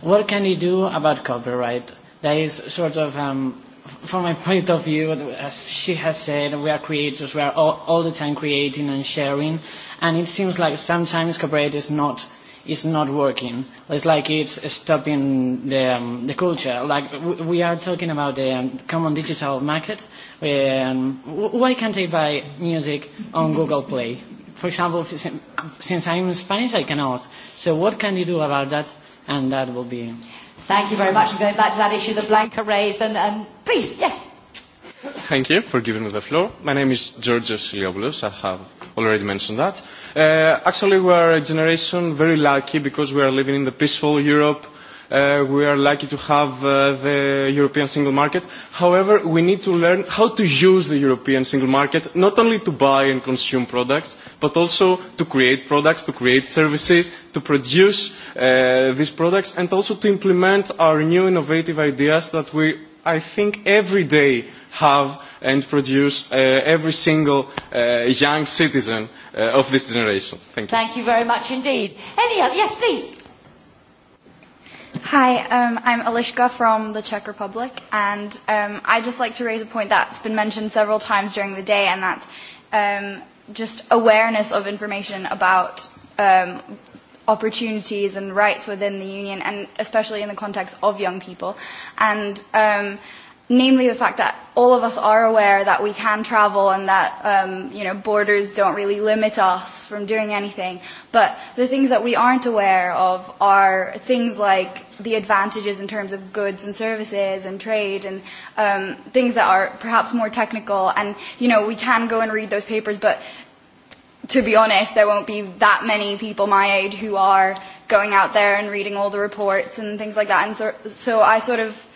What can you do about copyright? That is sort of um, from my point of view, as she has said, we are creators. We are all, all the time creating and sharing, and it seems like sometimes copyright is not is not working. It's like it's stopping the um, the culture. Like w- we are talking about the um, common digital market. Um, why can't I buy music on Google Play? For example, since I'm Spanish, I cannot. So what can you do about that? And that will be Thank you very much. And going back to that issue that Blanca raised, and, and please, yes. Thank you for giving me the floor. My name is Georgios Iliopoulos. I have already mentioned that. Uh, actually, we are a generation very lucky because we are living in the peaceful Europe Uh, we are lucky to have uh, the European single market. However, we need to learn how to use the European single market, not only to buy and consume products, but also to create products, to create services, to produce uh, these products, and also to implement our new innovative ideas that we, I think, every day have and produce uh, every single uh, young citizen uh, of this generation. Thank you. Thank you very much indeed. Any other? Yes, please. Hi, um, I'm Alishka from the Czech Republic, and um, I just like to raise a point that's been mentioned several times during the day, and that's um, just awareness of information about um, opportunities and rights within the union, and especially in the context of young people. And um, namely the fact that all of us are aware that we can travel and that um, you know borders don't really limit us from doing anything. But the things that we aren't aware of are things like the advantages in terms of goods and services and trade and um, things that are perhaps more technical. And you know we can go and read those papers, but to be honest, there won't be that many people my age who are going out there and reading all the reports and things like that. And so, so I sort of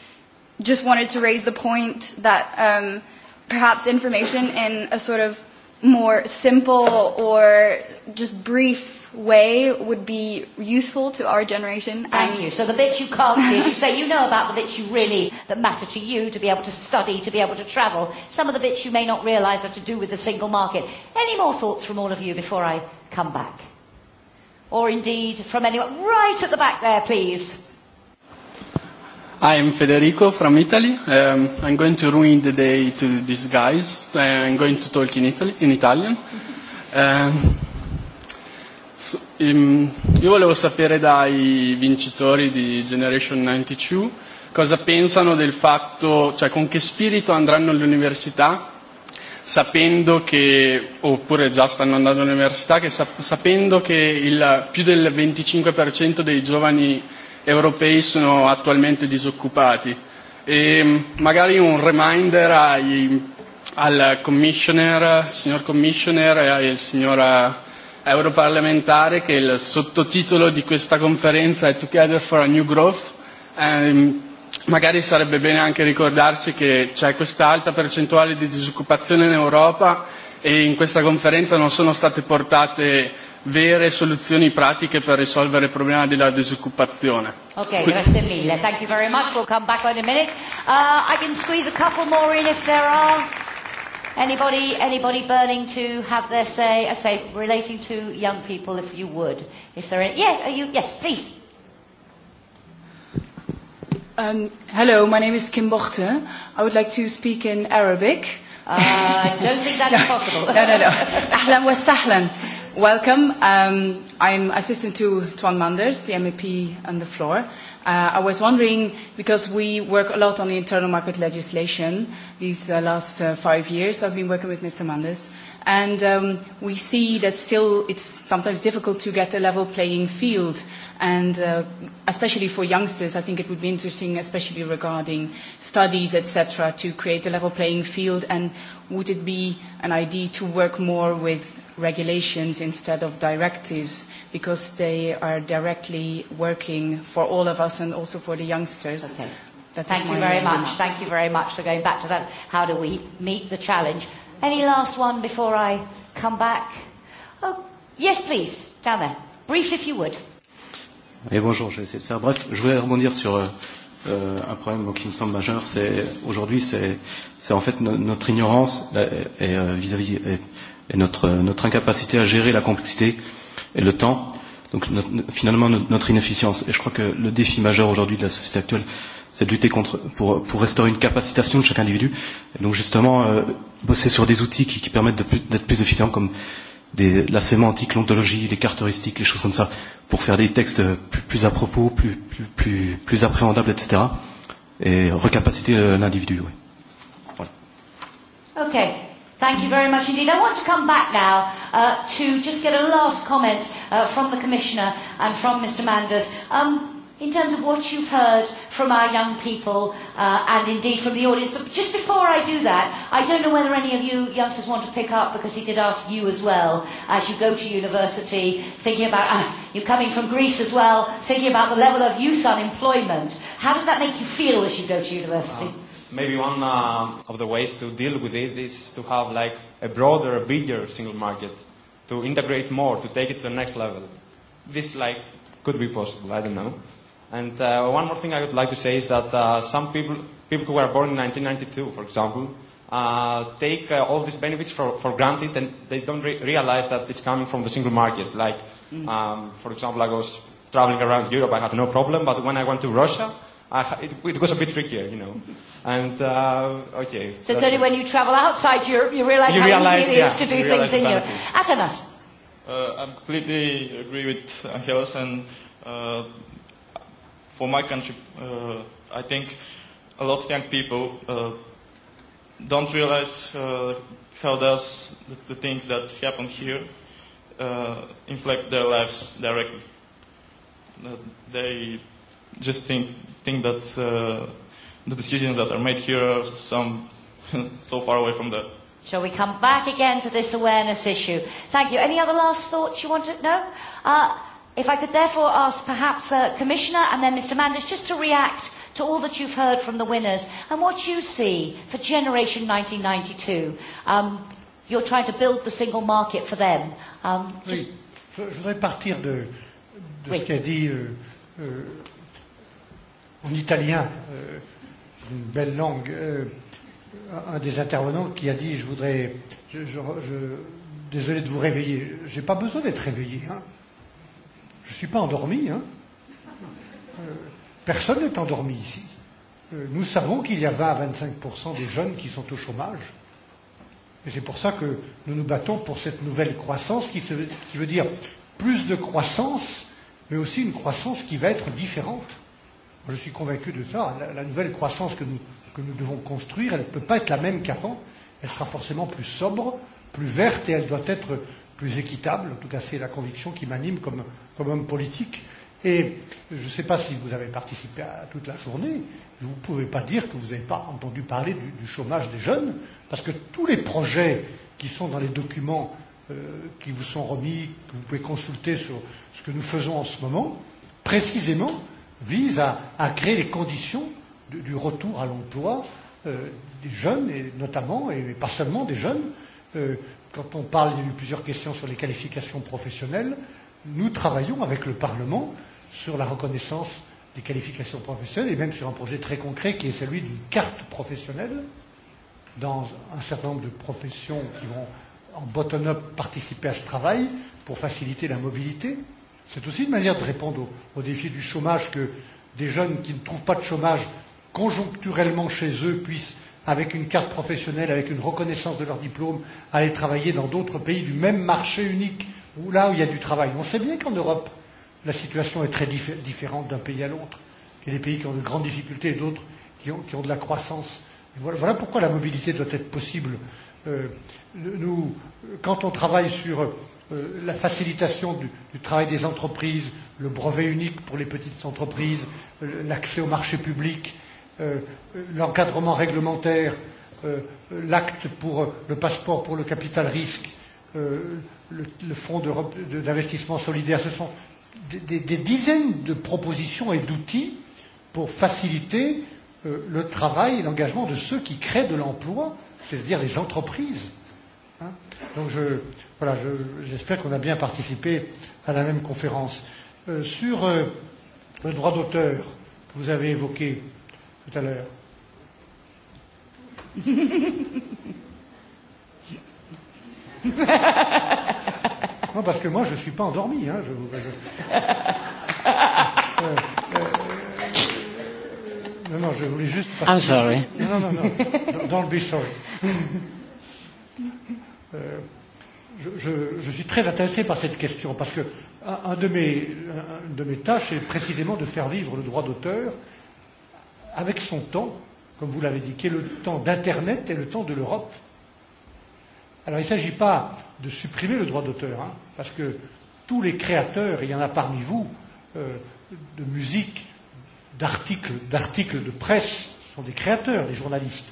just wanted to raise the point that um, perhaps information in a sort of more simple or just brief way would be useful to our generation. Thank you. So the bits you can't see, as you say, you know about the bits you really that matter to you to be able to study, to be able to travel. Some of the bits you may not realise are to do with the single market. Any more thoughts from all of you before I come back? Or indeed from anyone right at the back there, please. I am Federico from Italy. Um, I'm going to ruin the day to these guys. Uh, I'm going to talk in, Italy, in Italian. Um, so, um, io volevo sapere dai vincitori di Generation 92 cosa pensano del fatto, cioè con che spirito andranno all'università sapendo che, oppure già stanno andando all'università, che sap- sapendo che il, più del 25% dei giovani europei sono attualmente disoccupati e mm, magari un reminder ai, al commissioner, signor commissioner e al signor eh, europarlamentare che il sottotitolo di questa conferenza è Together for a New Growth e ehm, magari sarebbe bene anche ricordarsi che c'è questa alta percentuale di disoccupazione in Europa e in questa conferenza non sono state portate vere soluzioni pratiche per risolvere il problema della disoccupazione. Ok, grazie mille. Thank you very much. We'll come back in a minute. Uh, I can squeeze a couple more in if there are. Anybody, anybody burning to have their say, I say, relating to young people, if you would, if there are, yes, are you, yes, please. Um, hello, my name is Kim Bochte. I would like to speak in Arabic. Uh, I don't think that's no, possible. no, no, no. Ahlan wa sahlan. Welcome. Um, I'm assistant to Tuan Manders, the MEP on the floor. Uh, I was wondering, because we work a lot on the internal market legislation these uh, last uh, five years, I've been working with Mr. Manders, and um, we see that still it's sometimes difficult to get a level playing field, and uh, especially for youngsters, I think it would be interesting, especially regarding studies, etc., to create a level playing field, and would it be an idea to work more with regulations instead of directives because they are directly working for all of us and also for the youngsters. Okay. That Thank you very much. Thank you very much for going back to that. How do we meet the challenge? Any last one before I come back? Oh, yes, please, down there. Brief if you would. Et bonjour, je vais essayer de faire bref. Je voulais rebondir sur euh, euh, un problème qui me semble majeur. C'est aujourd'hui, c'est en fait no, notre ignorance et, et, euh, vis-à-vis et, -vis, et, et notre, notre incapacité à gérer la complexité et le temps. Donc notre, finalement notre, inefficience. Et je crois que le défi majeur aujourd'hui de la société actuelle, c'est de lutter contre pour, pour restaurer une capacitation de chaque individu. Et donc justement, euh, bosser sur des outils qui, qui permettent d'être plus, plus efficients, comme des, la sémantique, l'ontologie, les caractéristiques, les choses comme ça, pour faire des textes plus, plus à propos, plus, plus, plus, plus appréhendables, etc. Et recapaciter euh, l'individu. Oui. Voilà. Ok. Thank you very much indeed. I want to come back now uh, to just get a last comment uh, from the Commissioner and from Mr. Manders. Um, in terms of what you've heard from our young people uh, and indeed from the audience. But just before I do that, I don't know whether any of you youngsters want to pick up because he did ask you as well as you go to university, thinking about uh, you're coming from Greece as well, thinking about the level of youth unemployment. How does that make you feel as you go to university? Uh, maybe one uh, of the ways to deal with it is to have like a broader, bigger single market, to integrate more, to take it to the next level. This like could be possible. I don't know. And uh, one more thing I would like to say is that uh, some people, people who were born in 1992, for example, uh, take uh, all these benefits for, for granted and they don't re- realize that it's coming from the single market. Like, mm. um, for example, I was traveling around Europe, I had no problem, but when I went to Russia, I, it, it was a bit trickier, you know. And, uh, okay. So it's only it. when you travel outside Europe you realize you how realize, easy it is yeah, to do things in Europe. Athanas. Uh, I completely agree with Angelos and uh, for my country, uh, I think a lot of young people uh, don't realize uh, how does the, the things that happen here uh, inflect their lives directly. Uh, they just think think that uh, the decisions that are made here are some so far away from that. Shall we come back again to this awareness issue? Thank you. Any other last thoughts you want to know? Uh, If I could therefore ask perhaps uh, Commissioner and then Mr Manders just to react to all that you've heard from the winners and what you see for Generation 1992. Um, you're trying to build the single market for them. Um, just... oui. Je voudrais partir de, de oui. ce qu'a dit euh, euh, en italien, euh, une belle langue, euh, un des intervenants qui a dit, je voudrais, je, je, je, désolé de vous réveiller, n'ai pas besoin d'être réveillé. Hein Je ne suis pas endormi. Hein. Euh, personne n'est endormi ici. Euh, nous savons qu'il y a 20 à 25 des jeunes qui sont au chômage. Et c'est pour ça que nous nous battons pour cette nouvelle croissance qui, se, qui veut dire plus de croissance, mais aussi une croissance qui va être différente. Je suis convaincu de ça. La, la nouvelle croissance que nous, que nous devons construire, elle ne peut pas être la même qu'avant. Elle sera forcément plus sobre, plus verte et elle doit être plus équitable. En tout cas, c'est la conviction qui m'anime comme comme homme politique. Et je ne sais pas si vous avez participé à toute la journée, vous ne pouvez pas dire que vous n'avez pas entendu parler du, du chômage des jeunes, parce que tous les projets qui sont dans les documents euh, qui vous sont remis, que vous pouvez consulter sur ce que nous faisons en ce moment, précisément visent à, à créer les conditions de, du retour à l'emploi euh, des jeunes, et notamment, et pas seulement des jeunes. Euh, quand on parle, il y a eu plusieurs questions sur les qualifications professionnelles nous travaillons avec le Parlement sur la reconnaissance des qualifications professionnelles et même sur un projet très concret qui est celui d'une carte professionnelle dans un certain nombre de professions qui vont en bottom-up participer à ce travail pour faciliter la mobilité. C'est aussi une manière de répondre au, au défi du chômage que des jeunes qui ne trouvent pas de chômage conjoncturellement chez eux puissent, avec une carte professionnelle, avec une reconnaissance de leur diplôme, aller travailler dans d'autres pays du même marché unique où là où il y a du travail. On sait bien qu'en Europe, la situation est très diffé différente d'un pays à l'autre, Il y a des pays qui ont de grandes difficultés et d'autres qui qui ont de la croissance. Voilà, voilà pourquoi la mobilité doit être possible. Euh, nous, quand on travaille sur euh, la facilitation du, du travail des entreprises, le brevet unique pour les petites entreprises, euh, l'accès au marché public, euh, l'encadrement réglementaire, euh, l'acte pour euh, le passeport pour le capital risque, euh, le, le Fonds d'investissement solidaire. Ce sont des, des, des dizaines de propositions et d'outils pour faciliter euh, le travail et l'engagement de ceux qui créent de l'emploi, c'est-à-dire les entreprises. Hein Donc je, voilà, j'espère je, qu'on a bien participé à la même conférence. Euh, sur euh, le droit d'auteur que vous avez évoqué tout à l'heure. Non, parce que moi, je ne suis pas endormi. Hein, je vous... Euh, euh, euh, non, non, je voulais juste... Partir. I'm sorry. Non, non, non. non. Don't be sorry. Euh, je, je, je suis très intéressé par cette question parce que un, de mes, un de mes tâches est précisément de faire vivre le droit d'auteur avec son temps, comme vous l'avez dit, qui est le temps d'Internet et le temps de l'Europe. Alors il ne s'agit pas de supprimer le droit d'auteur, hein, parce que tous les créateurs, il y en a parmi vous, euh, de musique, d'articles, d'articles de presse, sont des créateurs, des journalistes.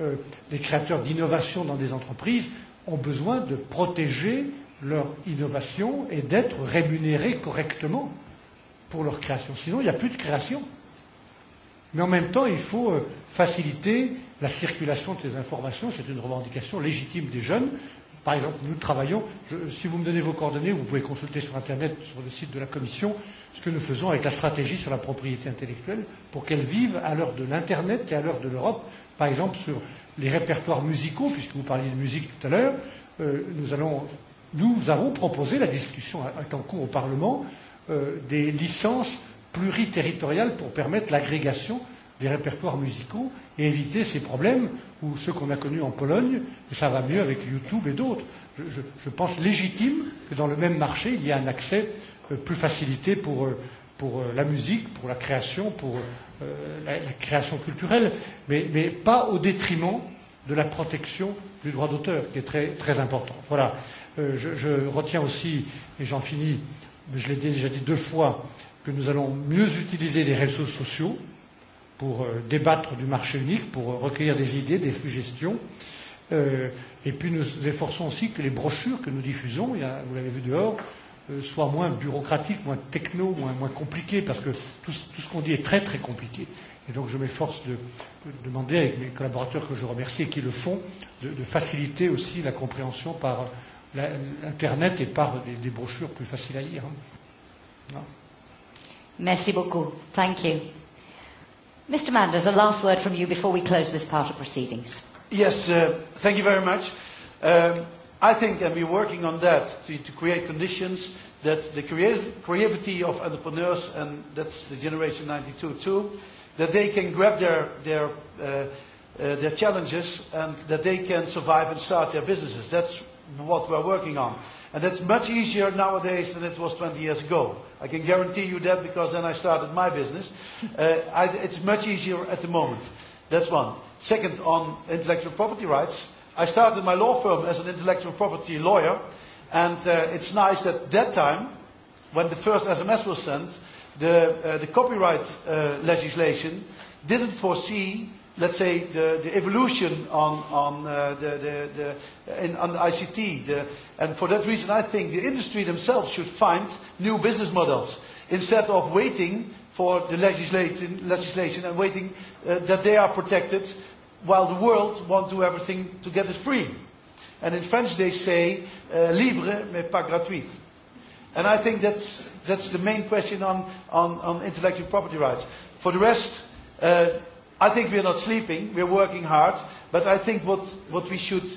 Euh, les créateurs d'innovation dans des entreprises ont besoin de protéger leur innovation et d'être rémunérés correctement pour leur création. Sinon, il n'y a plus de création. Mais en même temps, il faut euh, faciliter la circulation de ces informations. C'est une revendication légitime des jeunes. Par exemple, nous travaillons, je, si vous me donnez vos coordonnées, vous pouvez consulter sur Internet, sur le site de la Commission, ce que nous faisons avec la stratégie sur la propriété intellectuelle pour qu'elle vive à l'heure de l'Internet et à l'heure de l'Europe. Par exemple, sur les répertoires musicaux, puisque vous parliez de musique tout à l'heure, euh, nous, allons, nous avons proposé, la discussion est en cours au Parlement, euh, des licences pluriterritoriales pour permettre l'agrégation des répertoires musicaux et éviter ces problèmes ou ceux qu'on a connus en Pologne, et ça va mieux avec YouTube et d'autres. Je, je, je pense légitime que dans le même marché, il y a un accès euh, plus facilité pour, euh, pour euh, la musique, pour la création, pour euh, la, la création culturelle, mais, mais pas au détriment de la protection du droit d'auteur, qui est très, très important. Voilà. Euh, je, je retiens aussi, et j'en finis, je l'ai déjà dit deux fois, que nous allons mieux utiliser les réseaux sociaux pour euh, débattre du marché unique, pour euh, recueillir des idées, des suggestions. Euh, et puis nous efforçons aussi que les brochures que nous diffusons, vous l'avez vu dehors, soient moins bureaucratiques, moins techno, moins, moins compliquées, parce que tout, tout ce qu'on dit est très très compliqué. Et donc je m'efforce de, de demander avec mes collaborateurs que je remercie et qui le font, de, de faciliter aussi la compréhension par l'Internet et par des, des brochures plus faciles à lire. Non. Merci beaucoup. Thank you. Mr. Manders, a last word from you before we close this part of proceedings. Yes, uh, thank you very much. Um, I think, and we're working on that, to, to create conditions that the creative, creativity of entrepreneurs, and that's the generation 92 too, that they can grab their, their, uh, uh, their challenges and that they can survive and start their businesses. That's what we're working on. And that's much easier nowadays than it was 20 years ago. I can guarantee you that because then I started my business. Uh, I, it's much easier at the moment. That's one. Second, on intellectual property rights, I started my law firm as an intellectual property lawyer, and uh, it's nice that that time, when the first SMS was sent, the, uh, the copyright uh, legislation didn't foresee let's say, the, the evolution on, on, uh, the, the, the, in, on the ICT. The, and for that reason, I think the industry themselves should find new business models instead of waiting for the legislation, legislation and waiting uh, that they are protected while the world wants to everything to get it free. And in French they say, uh, libre mais pas gratuit. And I think that's, that's the main question on, on, on intellectual property rights. For the rest, uh, I think we're not sleeping, we're working hard, but I think what, what we should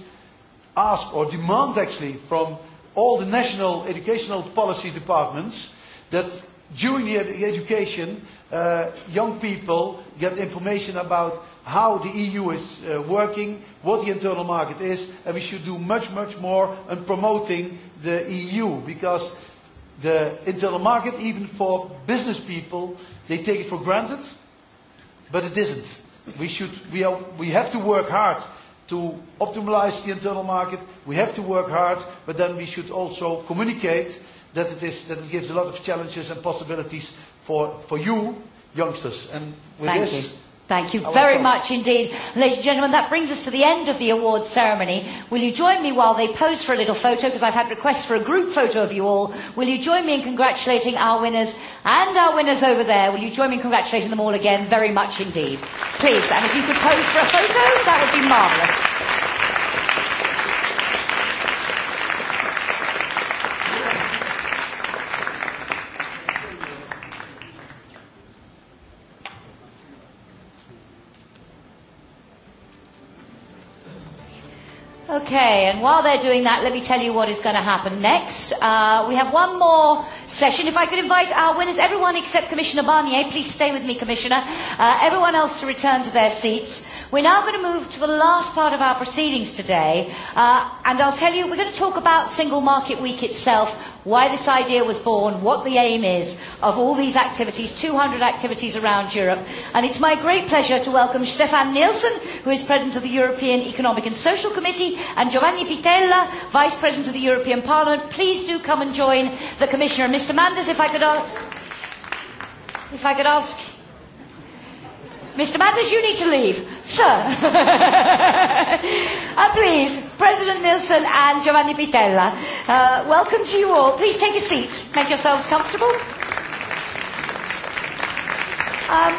ask or demand actually from all the national educational policy departments that during the ed education uh, young people get information about how the EU is uh, working, what the internal market is, and we should do much, much more in promoting the EU because the internal market, even for business people, they take it for granted but it isn't. We, should, we, are, we have to work hard to optimize the internal market. We have to work hard, but then we should also communicate that it, is, that it gives a lot of challenges and possibilities for, for you, youngsters. And with Thank this, you. Thank you very much indeed. Ladies and gentlemen, that brings us to the end of the award ceremony. Will you join me while they pose for a little photo, because I've had requests for a group photo of you all. Will you join me in congratulating our winners and our winners over there? Will you join me in congratulating them all again very much indeed? Please, and if you could pose for a photo, that would be marvellous. Okay, and while they're doing that, let me tell you what is going to happen next. Uh, we have one more session. If I could invite our winners, everyone except Commissioner Barnier, please stay with me, Commissioner. Uh, everyone else to return to their seats. We're now going to move to the last part of our proceedings today, uh, and I'll tell you, we're going to talk about Single Market Week itself, why this idea was born, what the aim is of all these activities, 200 activities around Europe. And it's my great pleasure to welcome Stefan Nielsen, who is President of the European Economic and Social Committee, and Giovanni Pitella, Vice President of the European Parliament. Please do come and join the Commissioner. Mr. Manders, if I could ask, if I could ask Mr. Manders, you need to leave. Sir. uh, please, President Nilsson and Giovanni Pitella, uh, welcome to you all. Please take a seat. Make yourselves comfortable. Um,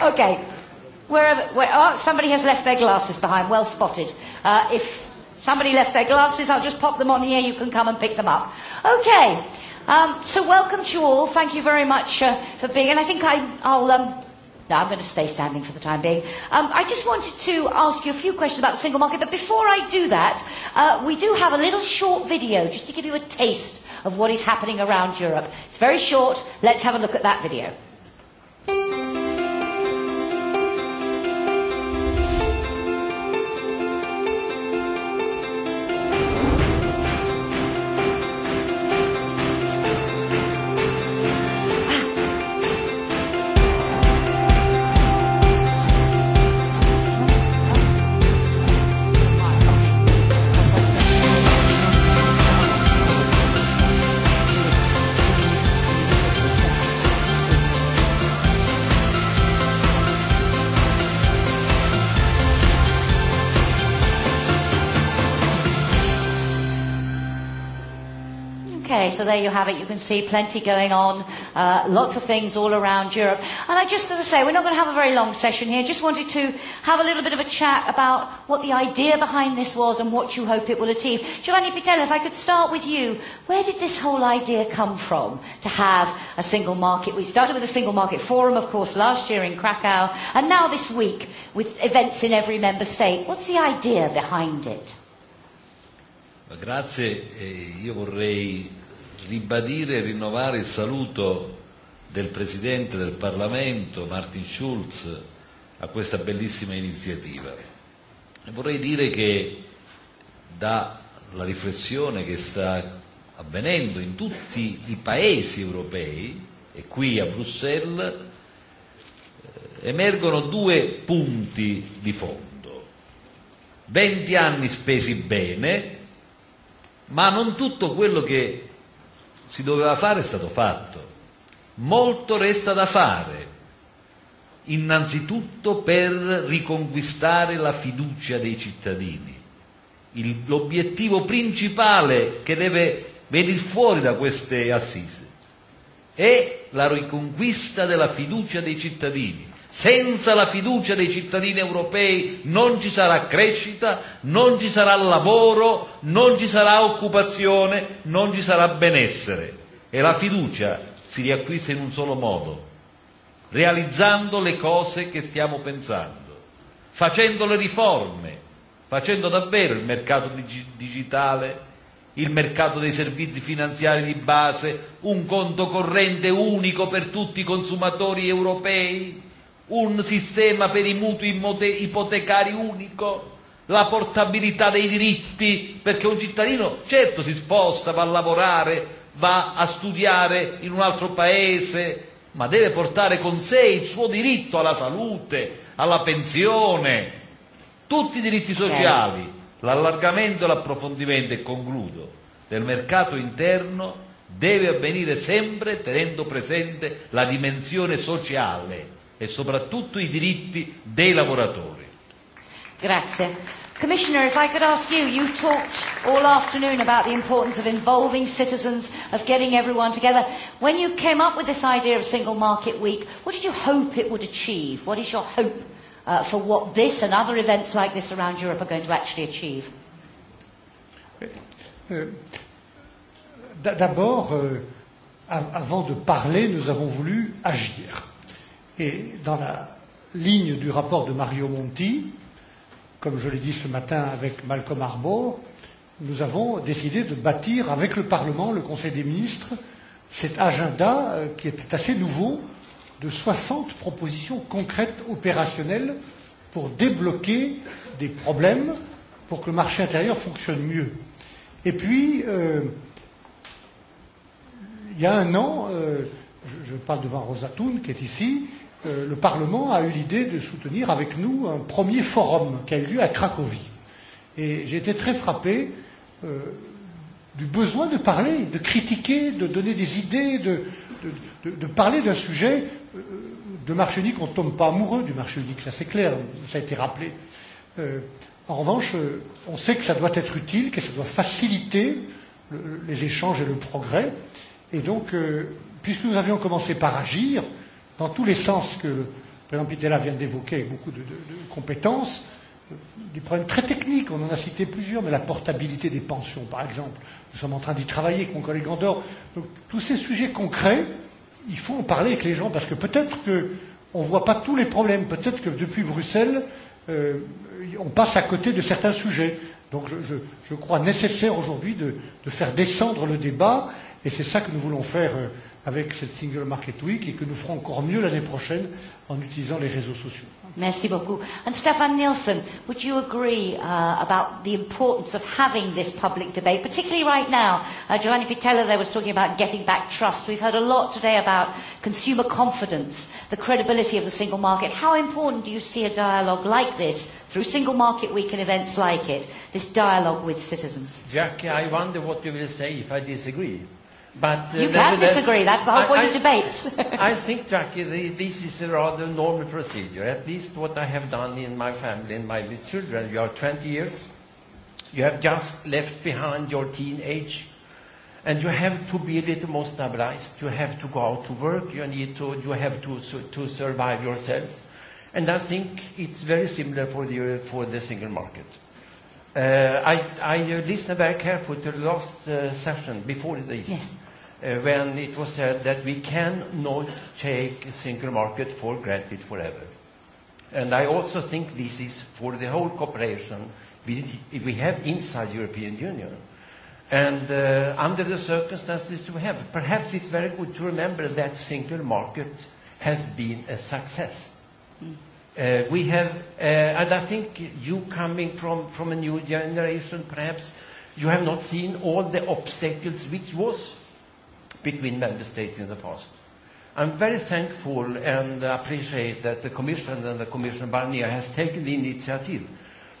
okay. Wherever, where, oh, somebody has left their glasses behind. Well spotted. Uh, if somebody left their glasses, I'll just pop them on here. You can come and pick them up. Okay. Um, so welcome to you all. Thank you very much uh, for being. And I think I, I'll um, No, I'm going to stay standing for the time being. Um, I just wanted to ask you a few questions about the single market, but before I do that, uh, we do have a little short video just to give you a taste of what is happening around Europe. It's very short. Let's have a look at that video. Okay, so there you have it. You can see plenty going on, uh, lots of things all around Europe. And I just, as I say, we're not going to have a very long session here. Just wanted to have a little bit of a chat about what the idea behind this was and what you hope it will achieve. Giovanni Pitella, if I could start with you, where did this whole idea come from to have a single market? We started with a single market forum, of course, last year in Krakow, and now this week with events in every member state. What's the idea behind it? Grazie, eh, io vorrei ribadire e rinnovare il saluto del Presidente del Parlamento, Martin Schulz, a questa bellissima iniziativa. E vorrei dire che dalla riflessione che sta avvenendo in tutti i paesi europei e qui a Bruxelles eh, emergono due punti di fondo. 20 anni spesi bene, ma non tutto quello che si doveva fare è stato fatto. Molto resta da fare, innanzitutto per riconquistare la fiducia dei cittadini. Il, l'obiettivo principale che deve venire fuori da queste assise è la riconquista della fiducia dei cittadini. Senza la fiducia dei cittadini europei non ci sarà crescita, non ci sarà lavoro, non ci sarà occupazione, non ci sarà benessere. E la fiducia si riacquista in un solo modo, realizzando le cose che stiamo pensando, facendo le riforme, facendo davvero il mercato dig- digitale, il mercato dei servizi finanziari di base, un conto corrente unico per tutti i consumatori europei, un sistema per i mutui ipotecari unico, la portabilità dei diritti, perché un cittadino certo si sposta, va a lavorare, va a studiare in un altro paese, ma deve portare con sé il suo diritto alla salute, alla pensione, tutti i diritti sociali. L'allargamento e l'approfondimento, e concludo, del mercato interno deve avvenire sempre tenendo presente la dimensione sociale e soprattutto i diritti dei lavoratori. Grazie. Commissioner, if I could ask you, you talked all afternoon about the importance of involving citizens, of getting everyone together. When you came up with this idea of Single Market Week, what did you hope it would achieve? What is your hope uh, for what this and other events like this around Europe are going to actually achieve? Eh, eh, d'a-, d'abord, euh, avant de parler, nous avons voulu agir Et dans la ligne du rapport de Mario Monti, comme je l'ai dit ce matin avec Malcolm Arbour, nous avons décidé de bâtir avec le Parlement, le Conseil des ministres, cet agenda euh, qui était assez nouveau de 60 propositions concrètes opérationnelles pour débloquer des problèmes pour que le marché intérieur fonctionne mieux. Et puis, euh, il y a un an, euh, je, je parle devant Rosa Thun qui est ici, Euh, le Parlement a eu l'idée de soutenir avec nous un premier forum qui a eu lieu à Cracovie. Et j'ai été très frappé euh, du besoin de parler, de critiquer, de donner des idées, de, de, de, de parler d'un sujet. Euh, de marché unique, on ne tombe pas amoureux du marché unique, ça c'est clair, ça a été rappelé. Euh, en revanche, euh, on sait que ça doit être utile, que ça doit faciliter le, les échanges et le progrès. Et donc, euh, puisque nous avions commencé par agir, euh, dans tous les sens que le président Pitella vient d'évoquer avec beaucoup de, de, de compétences, euh, des problèmes très techniques, on en a cité plusieurs, mais la portabilité des pensions, par exemple. Nous sommes en train d'y travailler avec mon collègue Andorre. Donc, tous ces sujets concrets, il faut en parler avec les gens, parce que peut-être qu'on ne voit pas tous les problèmes. Peut-être que depuis Bruxelles, euh, on passe à côté de certains sujets. Donc, je, je, je crois nécessaire aujourd'hui de, de faire descendre le débat, et c'est ça que nous voulons faire. Euh, avec cette Single Market Week et que nous ferons encore mieux l'année prochaine en utilisant les réseaux sociaux. Merci beaucoup. And Stefan Nielsen, would you agree uh, about the importance of having this public debate, particularly right now? Uh, Giovanni Pitella there was talking about getting back trust. We've heard a lot today about consumer confidence, the credibility of the single market. How important do you see a dialogue like this through Single Market Week and events like it, this dialogue with citizens? Jackie, I wonder what you will say if I disagree. But, uh, you can disagree. That's the whole point I, of debates. I think, Jackie, this is a rather normal procedure. At least what I have done in my family and my children. You are 20 years. You have just left behind your teenage, and you have to be a little more stabilized. You have to go out to work. You need to. You have to to survive yourself. And I think it's very similar for the for the single market. Uh, I, I uh, listened very carefully to the last uh, session before this. Yes uh, when it was said that we cannot take single market for granted forever. And I also think this is for the whole cooperation we, we have inside European Union. And uh, under the circumstances we have, perhaps it's very good to remember that single market has been a success. Mm. Uh, we have, uh, and I think you coming from, from a new generation, perhaps you have not seen all the obstacles which was between member states in the past. I'm very thankful and appreciate that the Commission and the Commissioner Barnier has taken the initiative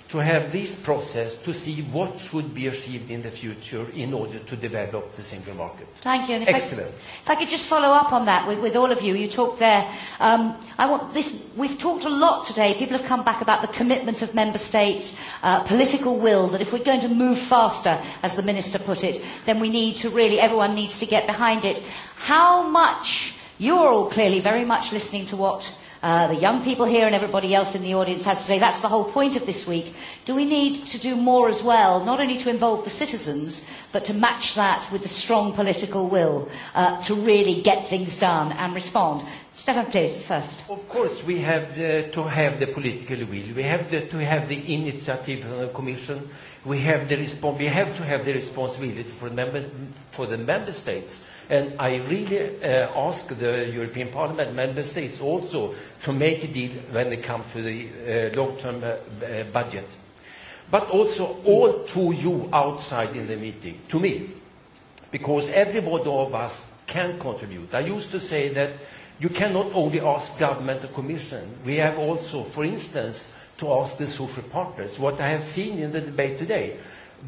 to have this process to see what should be achieved in the future in order to develop the single market. Thank you. And if Excellent. I, if I could just follow up on that with, with all of you, you talked there. Um, I want this. We've talked a lot today. People have come back about the commitment of member states, uh, political will. That if we're going to move faster, as the minister put it, then we need to really everyone needs to get behind it. How much? You're all clearly very much listening to what Uh, the young people here and everybody else in the audience has to say that's the whole point of this week. Do we need to do more as well, not only to involve the citizens, but to match that with the strong political will uh, to really get things done and respond? Stefan, please, first. Of course, we have the, to have the political will. We have the, to have the initiative from the Commission. We have, the we have to have the responsibility for, member- for the member states And I really uh, ask the European Parliament member states also to make a deal when it comes to the uh, long-term uh, uh, budget. But also all to you outside in the meeting, to me, because everybody of us can contribute. I used to say that you cannot only ask government or commission. We have also, for instance, to ask the social partners. What I have seen in the debate today,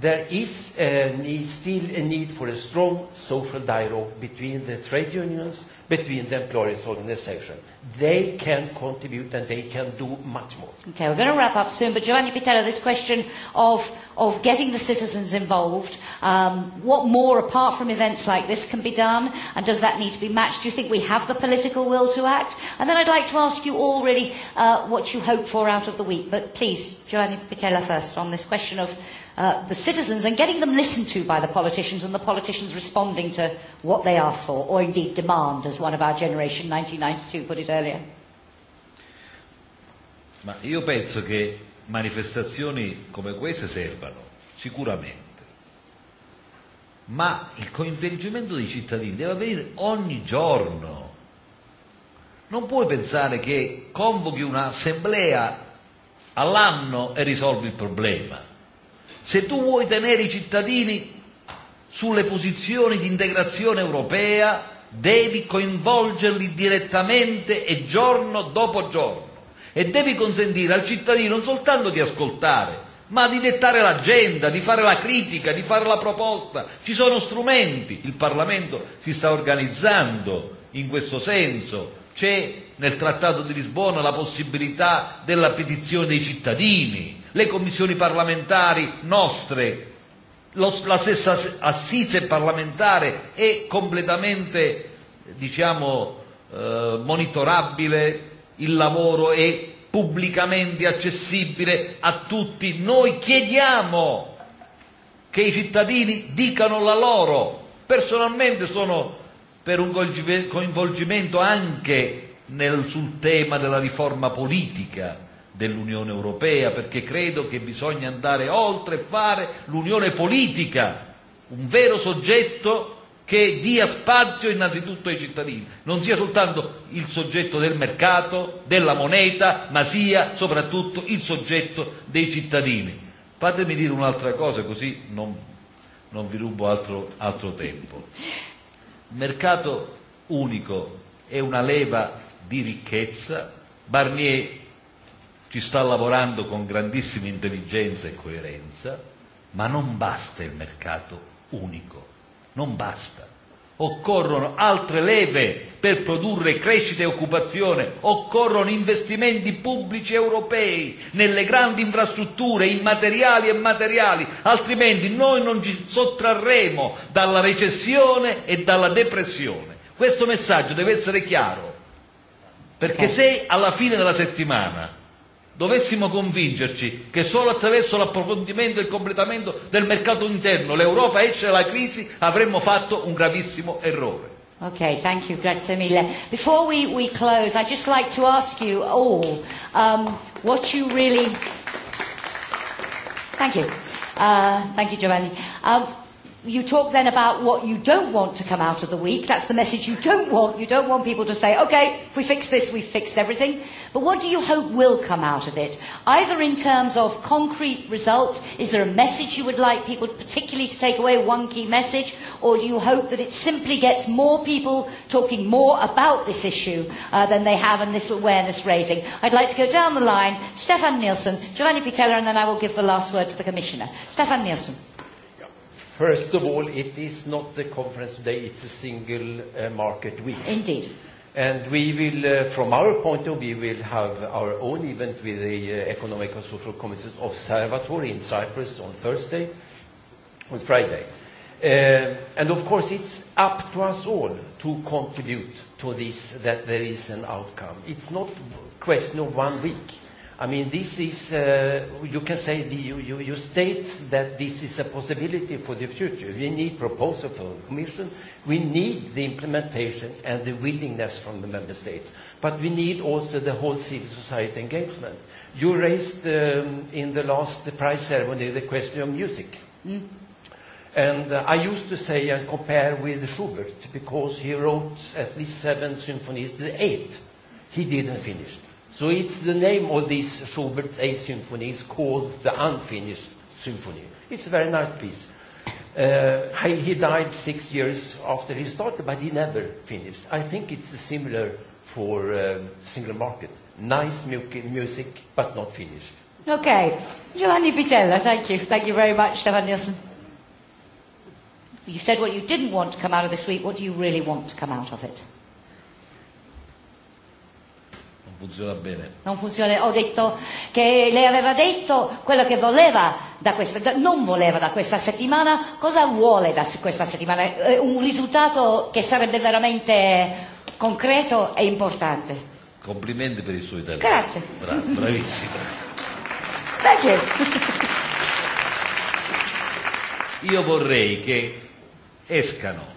there is a need, still a need for a strong social dialogue between the trade unions, between the employers' organization. They can contribute and they can do much more. Okay, we're going to wrap up soon, but Giovanni Pitello, this question of, of getting the citizens involved, um, what more, apart from events like this, can be done, and does that need to be matched? Do you think we have the political will to act? And then I'd like to ask you all, really, uh, what you hope for out of the week. But please, Giovanni Pitello first on this question of Uh, the citizens and getting them listened to by the politicians and the politicians responding to what they ask for, or indeed demand, as one of our generation, 1992, put it earlier? Ma io penso che manifestazioni come queste servano, sicuramente. Ma il coinvolgimento dei cittadini deve avvenire ogni giorno. Non puoi pensare che convochi un'assemblea all'anno e risolvi il problema. Se tu vuoi tenere i cittadini sulle posizioni di integrazione europea, devi coinvolgerli direttamente e giorno dopo giorno e devi consentire al cittadino non soltanto di ascoltare, ma di dettare l'agenda, di fare la critica, di fare la proposta. Ci sono strumenti, il Parlamento si sta organizzando in questo senso, c'è nel Trattato di Lisbona la possibilità della petizione dei cittadini, le commissioni parlamentari nostre, lo, la stessa assise parlamentare è completamente diciamo, eh, monitorabile il lavoro è pubblicamente accessibile a tutti. Noi chiediamo che i cittadini dicano la loro. Personalmente sono per un coinvolgimento anche nel, sul tema della riforma politica, dell'Unione Europea, perché credo che bisogna andare oltre e fare l'unione politica, un vero soggetto che dia spazio innanzitutto ai cittadini, non sia soltanto il soggetto del mercato, della moneta, ma sia soprattutto il soggetto dei cittadini. Fatemi dire un'altra cosa così non, non vi rubo altro, altro tempo. Il mercato unico è una leva di ricchezza, Barnier ci sta lavorando con grandissima intelligenza e coerenza, ma non basta il mercato unico, non basta. Occorrono altre leve per produrre crescita e occupazione, occorrono investimenti pubblici europei nelle grandi infrastrutture immateriali e materiali, altrimenti noi non ci sottrarremo dalla recessione e dalla depressione. Questo messaggio deve essere chiaro, perché se alla fine della settimana dovessimo convincerci che solo attraverso l'approfondimento e il completamento del mercato interno l'Europa esce dalla crisi, avremmo fatto un gravissimo errore. Ok, thank you, grazie mille. Before we, we close, I'd just like to ask you all um, what you really... Thank you. Uh, thank you, Giovanni. Um, you talk then about what you don't want to come out of the week. That's the message you don't want. You don't want people to say, okay, if we fix this, we fix everything. But what do you hope will come out of it? Either in terms of concrete results, is there a message you would like people particularly to take away, one key message? Or do you hope that it simply gets more people talking more about this issue uh, than they have and this awareness raising? I'd like to go down the line, Stefan Nielsen, Giovanni Pitella, and then I will give the last word to the Commissioner. Stefan Nielsen. First of all, it is not the conference today; it's a single uh, market week. Indeed. And we will, uh, from our point of view, we will have our own event with the uh, Economic and Social Committees Observatory in Cyprus on Thursday, on Friday. Uh, and of course, it's up to us all to contribute to this, that there is an outcome. It's not question of one week. I mean, this is, uh, you can say, the, you, you, you state that this is a possibility for the future. We need proposal from the Commission. We need the implementation and the willingness from the Member States. But we need also the whole civil society engagement. You raised um, in the last prize ceremony the question of music. Mm. And uh, I used to say and compare with Schubert because he wrote at least seven symphonies, the eight he didn't finish. So it's the name of this Schubert's symphony It's called the Unfinished Symphony. It's a very nice piece. Uh, he died six years after he started, but he never finished. I think it's similar for uh, single market. Nice music, but not finished. Okay. Giovanni Pitella, thank you. Thank you very much, Stefan Nielsen. You said what you didn't want to come out of this week. What do you really want to come out of it? funziona bene. Non funziona, ho detto che lei aveva detto quello che voleva da questa, da, non voleva da questa settimana, cosa vuole da questa settimana? Eh, un risultato che sarebbe veramente concreto e importante. Complimenti per il suo italiano. Grazie. Bra- bravissimo. Thank you. Io vorrei che escano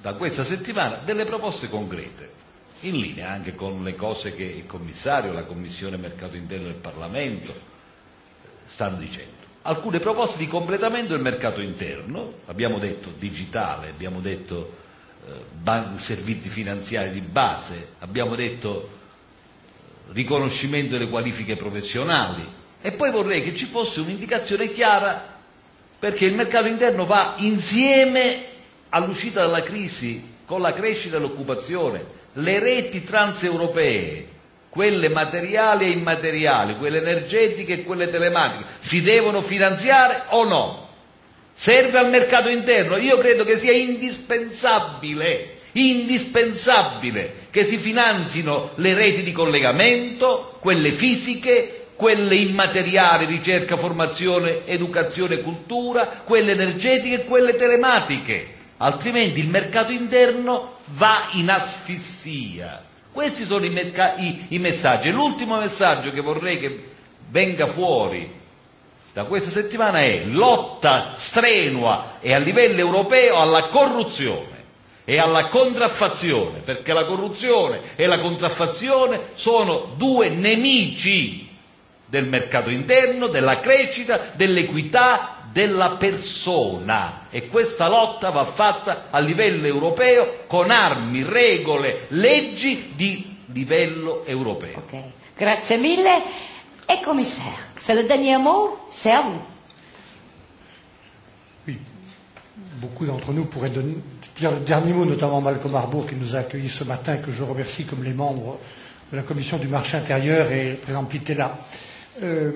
da questa settimana delle proposte concrete in linea anche con le cose che il commissario, la Commissione Mercato Interno e il Parlamento stanno dicendo. Alcune proposte di completamento del mercato interno, abbiamo detto digitale, abbiamo detto eh, servizi finanziari di base, abbiamo detto eh, riconoscimento delle qualifiche professionali e poi vorrei che ci fosse un'indicazione chiara perché il mercato interno va insieme all'uscita dalla crisi con la crescita e l'occupazione. Le reti transeuropee, quelle materiali e immateriali, quelle energetiche e quelle telematiche, si devono finanziare o no? Serve al mercato interno? Io credo che sia indispensabile, indispensabile che si finanzino le reti di collegamento, quelle fisiche, quelle immateriali, ricerca, formazione, educazione, cultura, quelle energetiche e quelle telematiche altrimenti il mercato interno va in asfissia. Questi sono i, i, i messaggi. L'ultimo messaggio che vorrei che venga fuori da questa settimana è lotta strenua e a livello europeo alla corruzione e alla contraffazione, perché la corruzione e la contraffazione sono due nemici del mercato interno, della crescita, dell'equità, della persona e questa lotta va fatta a livello europeo con armi, regole, leggi di livello europeo. Ok, grazie mille e commissario, se le dernier mot, c'est à vous. Oui, beaucoup d'entre nous pourraient donner, dire le dernier mot, notamment Malcolm Harbour qui nous a accueillis ce matin, que je remercie comme les membres de la commission du marché intérieur et le président Pitella. Euh,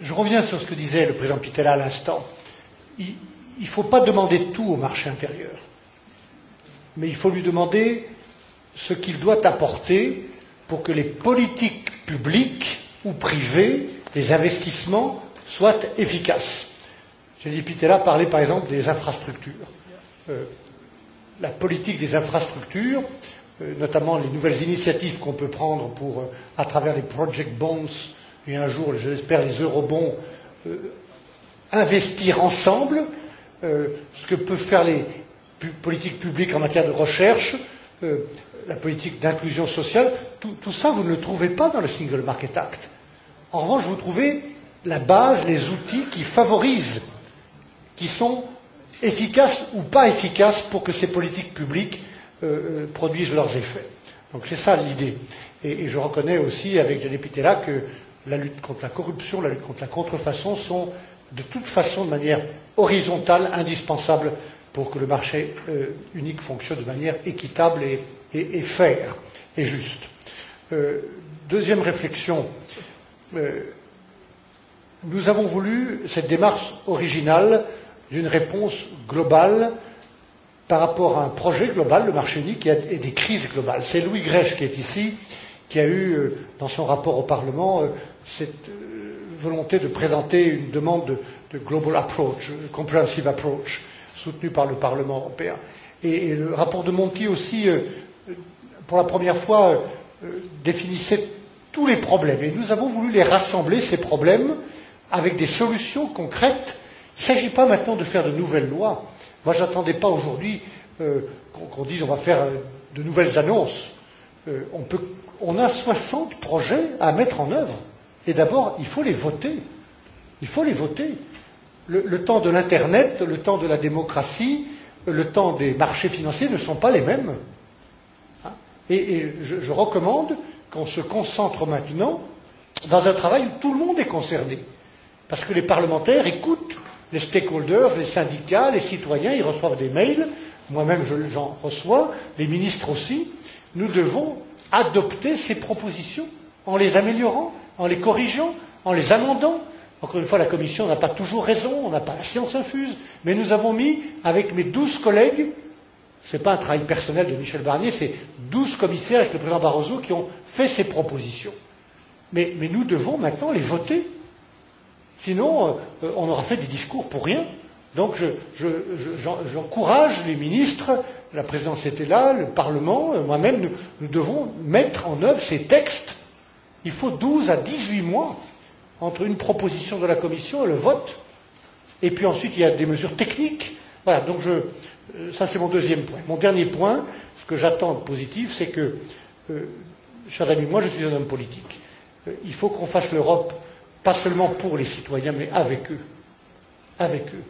Je reviens sur ce que disait le président Pitella à l'instant. Il ne faut pas demander tout au marché intérieur, mais il faut lui demander ce qu'il doit apporter pour que les politiques publiques ou privées, les investissements soient efficaces. J'ai dit Pitella parlait par exemple des infrastructures. Euh, la politique des infrastructures, euh, notamment les nouvelles initiatives qu'on peut prendre pour, euh, à travers les project bonds, euh, et un jour, j'espère, les eurobonds euh, investir ensemble euh, ce que peuvent faire les pu politiques publiques en matière de recherche, euh, la politique d'inclusion sociale. Tout, tout ça, vous ne le trouvez pas dans le Single Market Act. En revanche, vous trouvez la base, les outils qui favorisent, qui sont efficaces ou pas efficaces pour que ces politiques publiques euh, euh produisent leurs effets. Donc c'est ça l'idée. Et, et je reconnais aussi avec Jenny Pitella que la lutte contre la corruption, la lutte contre la contrefaçon sont de toute façon, de manière horizontale, indispensables pour que le marché euh, unique fonctionne de manière équitable et, et, et fair et juste. Euh, deuxième réflexion, euh, nous avons voulu cette démarche originale d'une réponse globale par rapport à un projet global, le marché unique, et des crises globales. C'est Louis Grèche qui est ici, qui a eu, euh, dans son rapport au Parlement, euh, cette euh, volonté de présenter une demande de global approach, euh, comprehensive approach, soutenue par le Parlement européen. Et, et le rapport de Monti aussi, euh, pour la première fois, définissait tous les problèmes. Et nous avons voulu les rassembler, ces problèmes, avec des solutions concrètes. Il ne s'agit pas maintenant de faire de nouvelles lois. Moi, je n'attendais pas aujourd'hui euh, qu'on dise on va faire de nouvelles annonces. Euh, on, peut, on a 60 projets à mettre en œuvre Et d'abord, il faut les voter. Il faut les voter. Le, le temps de l'Internet, le temps de la démocratie, le temps des marchés financiers ne sont pas les mêmes. Et, et je, je recommande qu'on se concentre maintenant dans un travail où tout le monde est concerné. Parce que les parlementaires écoutent les stakeholders, les syndicats, les citoyens, ils reçoivent des mails, moi-même j'en reçois, les ministres aussi. Nous devons adopter ces propositions en les améliorant en les corrigeant, en les amendant. Encore une fois, la Commission n'a pas toujours raison, on n'a pas la science infuse, mais nous avons mis, avec mes douze collègues, ce n'est pas un travail personnel de Michel Barnier, c'est douze commissaires avec le président Barroso qui ont fait ces propositions. Mais, mais nous devons maintenant les voter. Sinon, euh, on aura fait des discours pour rien. Donc j'encourage je, je, je, les ministres, la présidence était là, le Parlement, euh, moi-même, nous, nous devons mettre en œuvre ces textes Il faut 12 à 18 mois entre une proposition de la Commission et le vote. Et puis ensuite, il y a des mesures techniques. Voilà, donc je, euh, ça c'est mon deuxième point. Mon dernier point, ce que j'attends de positif, c'est que, euh, chers amis, moi je suis un homme politique. Euh, il faut qu'on fasse l'Europe, pas seulement pour les citoyens, mais avec eux. Avec eux.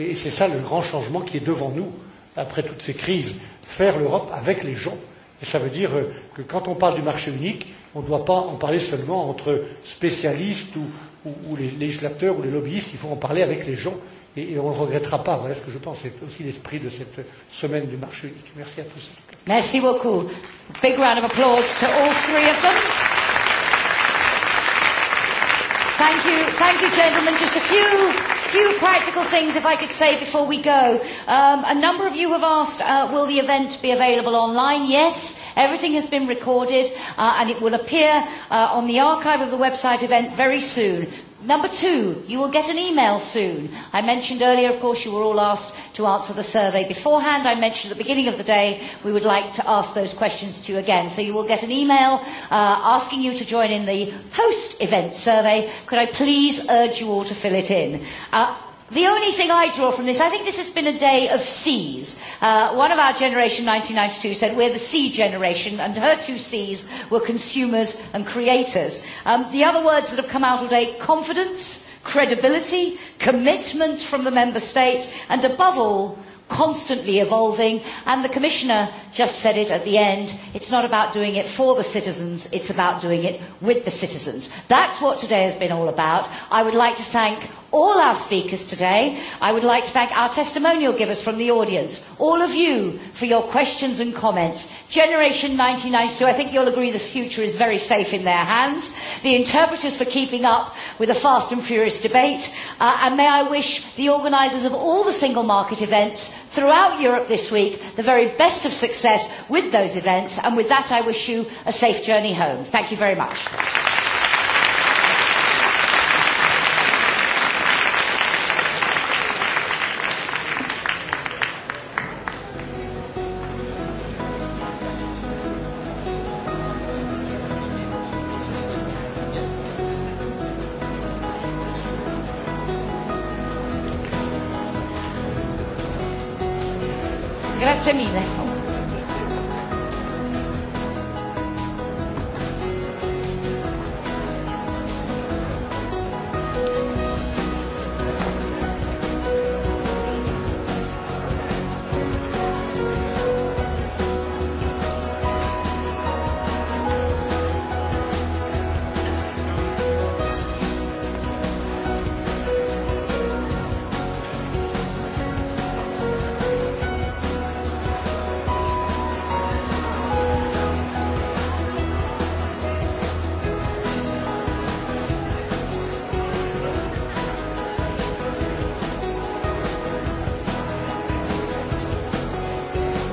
Et et c'est ça le grand changement qui est devant nous après toutes ces crises. Faire l'Europe avec les gens. Et ça veut dire euh, que quand on parle du marché unique, On ne doit pas en parler seulement entre spécialistes ou, ou, ou les législateurs ou les lobbyistes. Il faut en parler avec les gens et, et on ne le regrettera pas. Voilà ce que je pense. C'est aussi l'esprit de cette semaine du marché unique. Merci à tous. Merci beaucoup. Big round of applause to all three of them. Thank you, thank you, gentlemen. Just a few few practical things, if I could say, before we go. Um, a number of you have asked, uh, will the event be available online? Yes, everything has been recorded, uh, and it will appear uh, on the archive of the website event very soon. Number two, you will get an email soon. I mentioned earlier, of course, you were all asked to answer the survey beforehand. I mentioned at the beginning of the day we would like to ask those questions to you again. So you will get an email uh, asking you to join in the post event survey. Could I please urge you all to fill it in? Uh, The only thing I draw from this, I think this has been a day of C's. Uh, one of our generation, 1992, said we're the C generation, and her two C's were consumers and creators. Um, the other words that have come out all day, confidence, credibility, commitment from the member states, and above all, constantly evolving and the commissioner just said it at the end it's not about doing it for the citizens it's about doing it with the citizens that's what today has been all about i would like to thank all our speakers today. I would like to thank our testimonial givers from the audience, all of you for your questions and comments. Generation 1992, I think you'll agree this future is very safe in their hands. The interpreters for keeping up with a fast and furious debate. Uh, and may I wish the organisers of all the single market events throughout Europe this week the very best of success with those events. And with that, I wish you a safe journey home. Thank you very much.